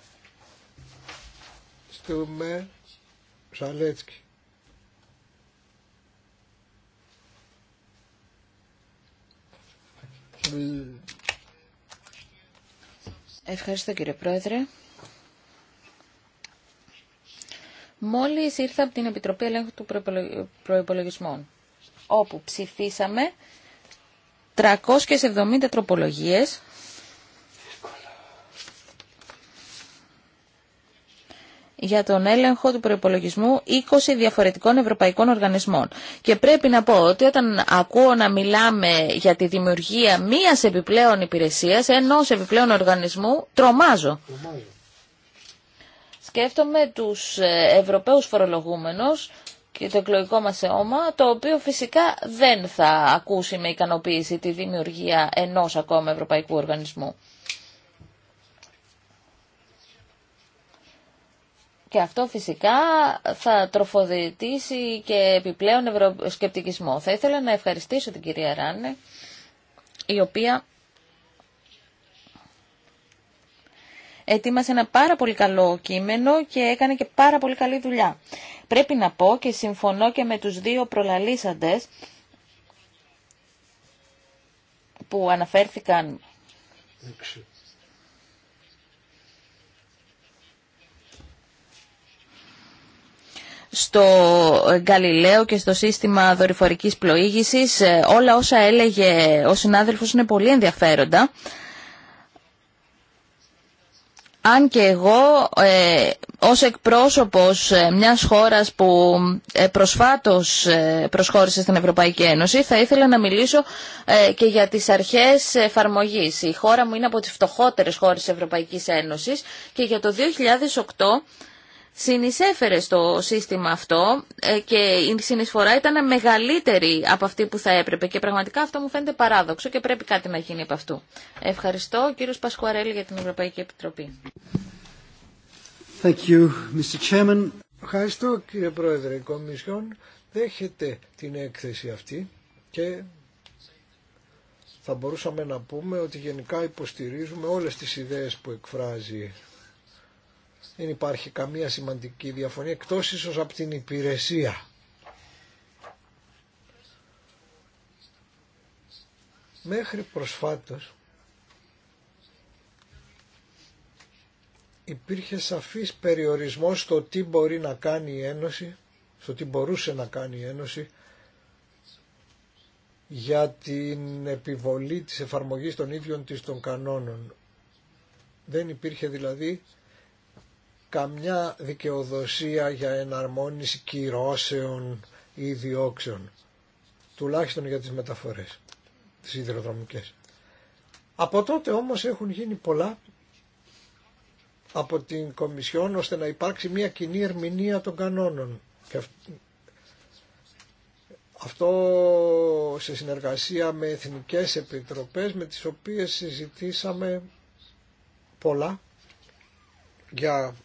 Στούμε Σαλέτσκι. Ευχαριστώ κύριε Πρόεδρε. Μόλις ήρθα από την Επιτροπή Ελέγχου του Προϋπολογισμών, όπου ψηφίσαμε 370 τροπολογίες για τον έλεγχο του προπολογισμού 20 διαφορετικών ευρωπαϊκών οργανισμών. Και πρέπει να πω ότι όταν ακούω να μιλάμε για τη δημιουργία μια επιπλέον υπηρεσίας, ενός επιπλέον οργανισμού, τρομάζω. Σκέφτομαι τους ε, Ευρωπαίους φορολογούμενους και το εκλογικό μα αιώμα, το οποίο φυσικά δεν θα ακούσει με ικανοποίηση τη δημιουργία ενό ακόμα ευρωπαϊκού οργανισμού. Και αυτό φυσικά θα τροφοδητήσει και επιπλέον ευρωσκεπτικισμό. Θα ήθελα να ευχαριστήσω την κυρία Ράνε, η οποία ετοίμασε ένα πάρα πολύ καλό κείμενο και έκανε και πάρα πολύ καλή δουλειά. Πρέπει να πω και συμφωνώ και με τους δύο προλαλήσαντες που αναφέρθηκαν στο Γκαλιλαίο και στο σύστημα δορυφορικής πλοήγησης. Ε, όλα όσα έλεγε ο συνάδελφος είναι πολύ ενδιαφέροντα. Αν και εγώ ε, ως εκπρόσωπος ε, μιας χώρας που ε, προσφάτως προσχώρησε στην Ευρωπαϊκή Ένωση θα ήθελα να μιλήσω και για τις αρχές εφαρμογής. Η χώρα μου είναι από τις φτωχότερες χώρες της Ευρωπαϊκής Ένωσης και για το 2008 συνεισέφερε στο σύστημα αυτό ε, και η συνεισφορά ήταν μεγαλύτερη από αυτή που θα έπρεπε και πραγματικά αυτό μου φαίνεται παράδοξο και πρέπει κάτι να γίνει από αυτού. Ευχαριστώ κύριος Πασκουαρέλη για την Ευρωπαϊκή Επιτροπή. Thank you, Mr. Chairman. Ευχαριστώ κύριε Πρόεδρε. Η Κομισιόν δέχεται την έκθεση αυτή και θα μπορούσαμε να πούμε ότι γενικά υποστηρίζουμε όλες τις ιδέες που εκφράζει δεν υπάρχει καμία σημαντική διαφωνία εκτός ίσως από την υπηρεσία. Μέχρι προσφάτως υπήρχε σαφής περιορισμός στο τι μπορεί να κάνει η Ένωση, στο τι μπορούσε να κάνει η Ένωση για την επιβολή της εφαρμογής των ίδιων της των κανόνων. Δεν υπήρχε δηλαδή καμιά δικαιοδοσία για εναρμόνιση κυρώσεων ή διώξεων, τουλάχιστον για τις μεταφορές, τις υδροδρομικές. Από τότε όμως έχουν γίνει πολλά από την Κομισιόν ώστε να υπάρξει μια κοινή ερμηνεία των κανόνων. Αυτό σε συνεργασία με εθνικές επιτροπές με τις οποίες συζητήσαμε πολλά για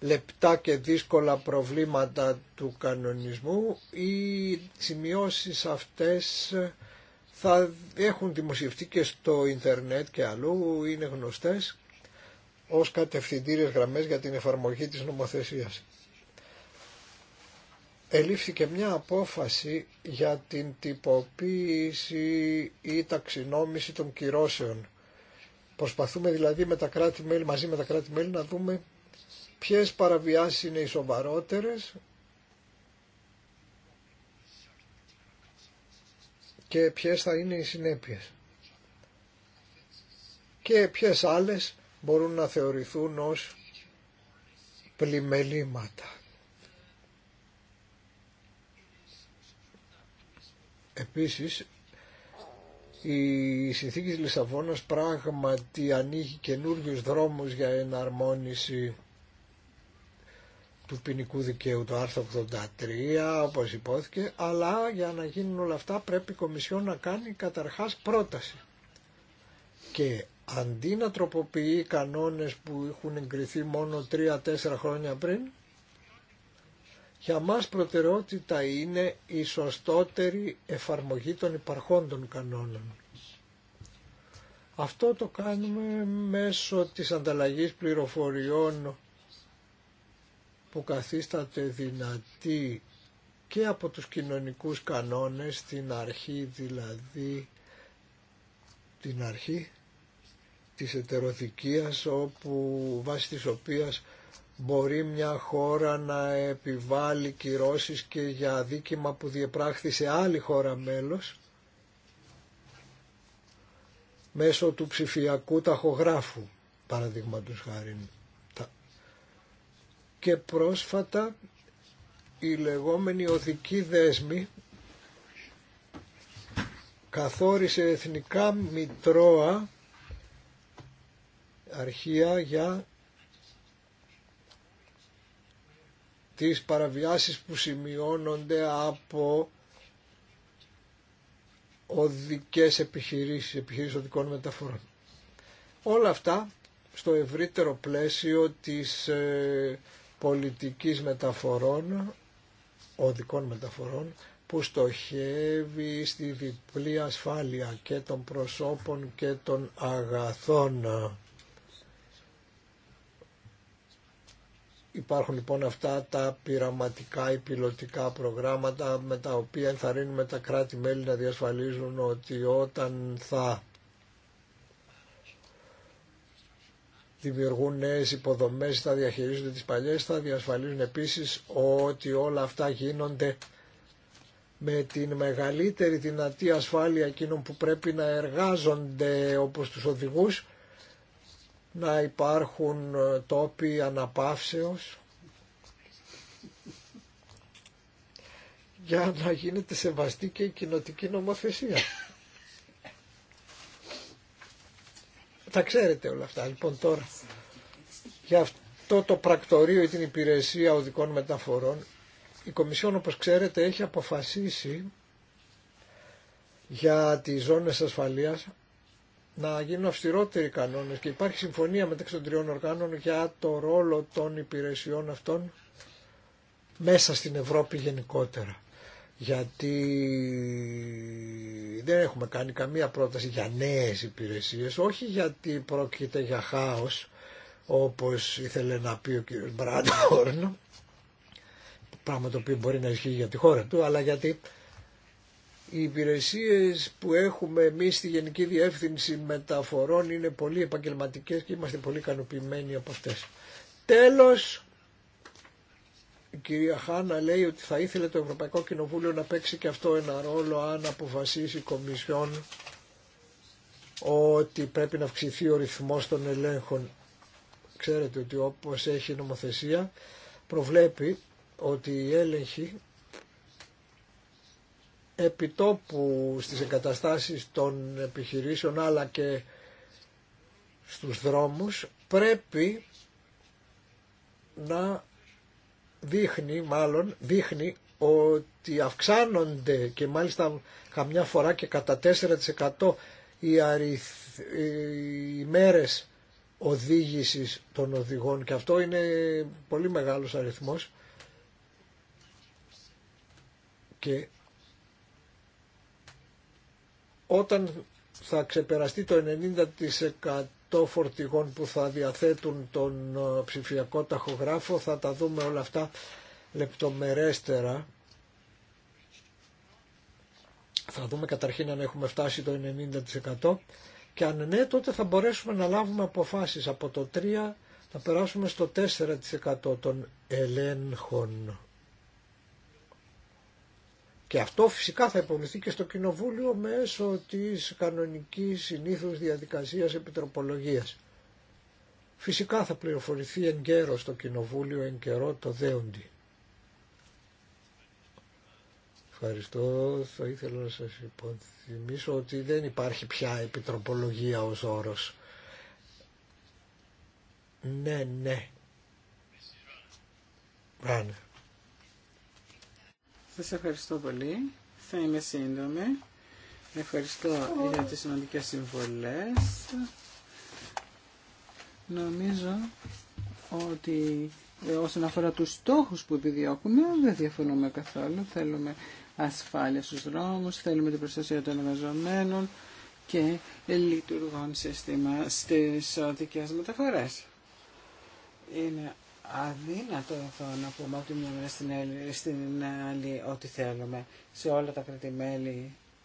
λεπτά και δύσκολα προβλήματα του κανονισμού οι σημειώσεις αυτές θα έχουν δημοσιευτεί και στο ίντερνετ και αλλού, είναι γνωστές ως κατευθυντήριες γραμμές για την εφαρμογή της νομοθεσίας. Ελήφθηκε μια απόφαση για την τυποποίηση ή ταξινόμηση των κυρώσεων. Προσπαθούμε δηλαδή με τα κράτη-μέλη, μαζί με τα κράτη-μέλη να δούμε ποιες παραβιάσεις είναι οι σοβαρότερες και ποιες θα είναι οι συνέπειες. Και ποιες άλλες μπορούν να θεωρηθούν ως πλημελήματα. Επίσης, η συνθήκη της Λισαβόνας πράγματι ανοίγει καινούριου δρόμους για εναρμόνιση του ποινικού δικαίου το άρθρο 83 όπως υπόθηκε αλλά για να γίνουν όλα αυτά πρέπει η Κομισιόν να κάνει καταρχάς πρόταση και αντί να τροποποιεί κανόνες που έχουν εγκριθεί μόνο 3-4 χρόνια πριν για μας προτεραιότητα είναι η σωστότερη εφαρμογή των υπαρχόντων κανόνων. Αυτό το κάνουμε μέσω της ανταλλαγής πληροφοριών που καθίσταται δυνατή και από τους κοινωνικούς κανόνες την αρχή δηλαδή την αρχή της ετεροδικίας όπου βάσει της οποίας μπορεί μια χώρα να επιβάλλει κυρώσεις και για δίκημα που διεπράχθη σε άλλη χώρα μέλος μέσω του ψηφιακού ταχογράφου παραδείγματος χάρη και πρόσφατα η λεγόμενη οδική δέσμη καθόρισε εθνικά μητρώα αρχεία για τις παραβιάσεις που σημειώνονται από οδικές επιχειρήσεις, επιχειρήσεις οδικών μεταφορών. Όλα αυτά στο ευρύτερο πλαίσιο της ε, πολιτικής μεταφορών, οδικών μεταφορών, που στοχεύει στη διπλή ασφάλεια και των προσώπων και των αγαθών. Υπάρχουν λοιπόν αυτά τα πειραματικά ή πιλωτικά προγράμματα με τα οποία ενθαρρύνουμε τα κράτη-μέλη να διασφαλίζουν ότι όταν θα δημιουργούν νέες υποδομές, θα διαχειρίζονται τις παλιές, θα διασφαλίζουν επίσης ότι όλα αυτά γίνονται με την μεγαλύτερη δυνατή ασφάλεια εκείνων που πρέπει να εργάζονται όπως τους οδηγούς, να υπάρχουν τόποι αναπαύσεως για να γίνεται σεβαστή και η κοινοτική νομοθεσία. Τα ξέρετε όλα αυτά. Λοιπόν τώρα για αυτό το πρακτορείο ή την υπηρεσία οδικών μεταφορών η Κομισιόν όπως ξέρετε έχει αποφασίσει για τις ζώνες ασφαλείας να γίνουν αυστηρότεροι κανόνες και υπάρχει συμφωνία μεταξύ των τριών οργάνων για το ρόλο των υπηρεσιών αυτών μέσα στην Ευρώπη γενικότερα γιατί δεν έχουμε κάνει καμία πρόταση για νέες υπηρεσίες, όχι γιατί πρόκειται για χάος, όπως ήθελε να πει ο κ. Μπράντορν, πράγμα το οποίο μπορεί να ισχύει για τη χώρα του, αλλά γιατί οι υπηρεσίες που έχουμε εμείς στη Γενική Διεύθυνση Μεταφορών είναι πολύ επαγγελματικές και είμαστε πολύ ικανοποιημένοι από αυτές. Τέλος, η κυρία Χάνα λέει ότι θα ήθελε το Ευρωπαϊκό Κοινοβούλιο να παίξει και αυτό ένα ρόλο αν αποφασίσει η Κομισιόν ότι πρέπει να αυξηθεί ο ρυθμός των ελέγχων. Ξέρετε ότι όπως έχει νομοθεσία προβλέπει ότι η έλεγχη επιτόπου στις εγκαταστάσεις των επιχειρήσεων αλλά και στους δρόμους πρέπει να δείχνει μάλλον, δείχνει ότι αυξάνονται και μάλιστα καμιά φορά και κατά 4% οι, αριθ, οι μέρες οδήγησης των οδηγών και αυτό είναι πολύ μεγάλος αριθμός και όταν θα ξεπεραστεί το το φορτηγό που θα διαθέτουν τον ε, ψηφιακό ταχογράφο. Θα τα δούμε όλα αυτά λεπτομερέστερα. Θα δούμε καταρχήν αν έχουμε φτάσει το 90% και αν ναι τότε θα μπορέσουμε να λάβουμε αποφάσεις από το 3% να περάσουμε στο 4% των ελέγχων. Και αυτό φυσικά θα υποβληθεί και στο Κοινοβούλιο μέσω της κανονικής συνήθως διαδικασίας επιτροπολογίας. Φυσικά θα πληροφορηθεί εν καιρό στο Κοινοβούλιο, εν καιρό το δέοντι. Ευχαριστώ. Θα ήθελα να σας υποθυμίσω ότι δεν υπάρχει πια επιτροπολογία ως όρος. Ναι, ναι. Σα ευχαριστώ πολύ. Θα είμαι σύντομη. Ευχαριστώ για τις σημαντικές συμβολές. Νομίζω ότι ε, όσον αφορά τους στόχους που επιδιώκουμε δεν διαφωνούμε καθόλου. Θέλουμε ασφάλεια στους δρόμους, θέλουμε την προστασία των εργαζομένων και λειτουργών συστήμα στις δικές μεταφορές. Είναι αδύνατο εδώ να πούμε ότι μια μέρα στην άλλη, στην ό,τι θέλουμε. Σε όλα τα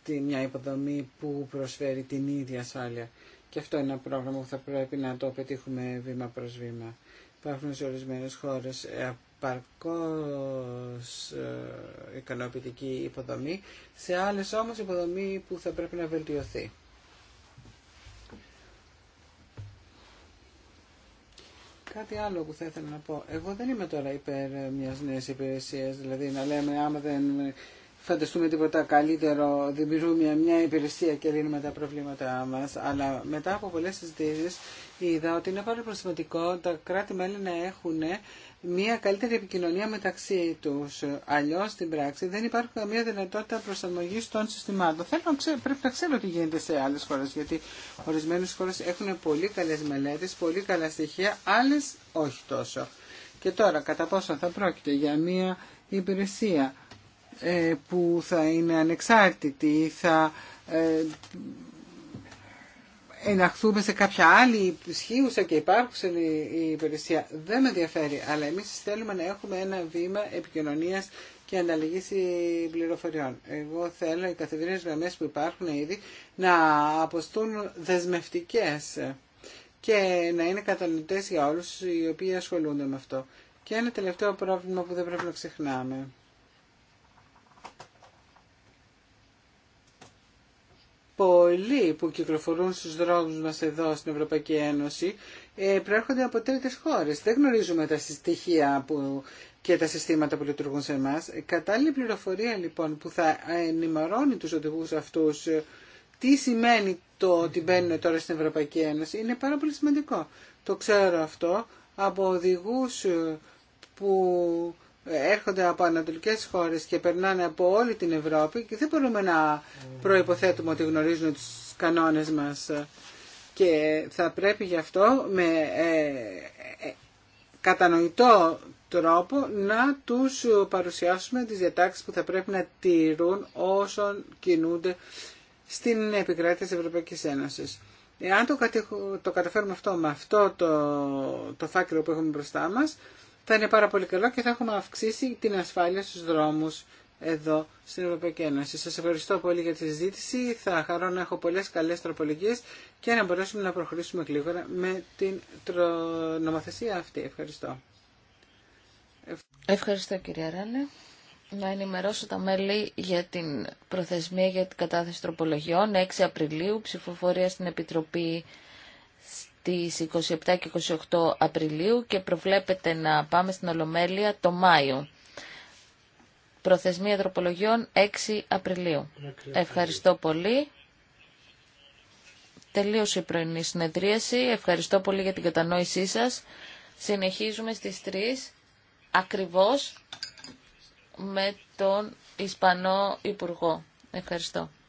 τη μια υποδομή που προσφέρει την ίδια ασφάλεια. Και αυτό είναι ένα πρόγραμμα που θα πρέπει να το πετύχουμε βήμα προς βήμα. Υπάρχουν σε ορισμένε χώρε ε, απαρκώς ε, ικανοποιητική υποδομή, σε άλλες όμως υποδομή που θα πρέπει να βελτιωθεί. Κάτι άλλο που θα ήθελα να πω. Εγώ δεν είμαι τώρα υπέρ μιας νέας υπηρεσίας, δηλαδή να λέμε άμα δεν φανταστούμε τίποτα καλύτερο, δημιουργούμε μια υπηρεσία και λύνουμε τα προβλήματά μα. αλλά μετά από πολλέ συζητήσει είδα ότι είναι πάρα πολύ σημαντικό τα κράτη-μέλη να έχουν μια καλύτερη επικοινωνία μεταξύ του αλλιώ στην πράξη δεν υπάρχει καμία δυνατότητα προσαρμογής των συστημάτων. Θέλω πρέπει να ξέρω τι γίνεται σε άλλε χώρε, γιατί ορισμένε χώρε έχουν πολύ καλέ μελέτε, πολύ καλά στοιχεία, άλλε, όχι τόσο. Και τώρα, κατά πόσο θα πρόκειται για μια υπηρεσία ε, που θα είναι ανεξάρτητη, θα ε, εναχθούμε σε κάποια άλλη ισχύουσα και υπάρχουσα η υπηρεσία. Δεν με ενδιαφέρει, αλλά εμείς θέλουμε να έχουμε ένα βήμα επικοινωνίας και ανταλλαγή πληροφοριών. Εγώ θέλω οι καθημερινές γραμμές που υπάρχουν ήδη να αποστούν δεσμευτικές και να είναι κατανοητές για όλους οι οποίοι ασχολούνται με αυτό. Και ένα τελευταίο πρόβλημα που δεν πρέπει να ξεχνάμε. πολλοί που κυκλοφορούν στους δρόμους μας εδώ στην Ευρωπαϊκή Ένωση ε, προέρχονται από τρίτες χώρες. Δεν γνωρίζουμε τα στοιχεία που και τα συστήματα που λειτουργούν σε εμά. Ε, κατάλληλη πληροφορία λοιπόν που θα ενημερώνει τους οδηγούς αυτούς ε, τι σημαίνει το ότι μπαίνουν τώρα στην Ευρωπαϊκή Ένωση είναι πάρα πολύ σημαντικό. Το ξέρω αυτό από οδηγούς που έρχονται από ανατολικέ χώρες και περνάνε από όλη την Ευρώπη και δεν μπορούμε να προϋποθέτουμε ότι γνωρίζουν τους κανόνες μας και θα πρέπει γι' αυτό με ε, ε, κατανοητό τρόπο να τους παρουσιάσουμε τις διατάξεις που θα πρέπει να τηρούν όσων κινούνται στην επικράτεια της Ευρωπαϊκής Ένωσης. Εάν το, καταφέρουμε αυτό με αυτό το, το φάκελο που έχουμε μπροστά μας, θα είναι πάρα πολύ καλό και θα έχουμε αυξήσει την ασφάλεια στους δρόμους εδώ στην Ευρωπαϊκή Ένωση. Σας ευχαριστώ πολύ για τη συζήτηση. Θα χαρώ να έχω πολλές καλές τροπολογίες και να μπορέσουμε να προχωρήσουμε γλίγορα με την νομοθεσία αυτή. Ευχαριστώ. Ευχαριστώ κυρία Ράνε. Να ενημερώσω τα μέλη για την προθεσμία για την κατάθεση τροπολογιών 6 Απριλίου, ψηφοφορία στην Επιτροπή τις 27 και 28 Απριλίου και προβλέπεται να πάμε στην Ολομέλεια το Μάιο. Προθεσμία τροπολογιών 6 Απριλίου. Ευχαριστώ πολύ. Τελείωσε η πρωινή συνεδρίαση. Ευχαριστώ πολύ για την κατανόησή σας. Συνεχίζουμε στις 3 ακριβώς με τον Ισπανό Υπουργό. Ευχαριστώ.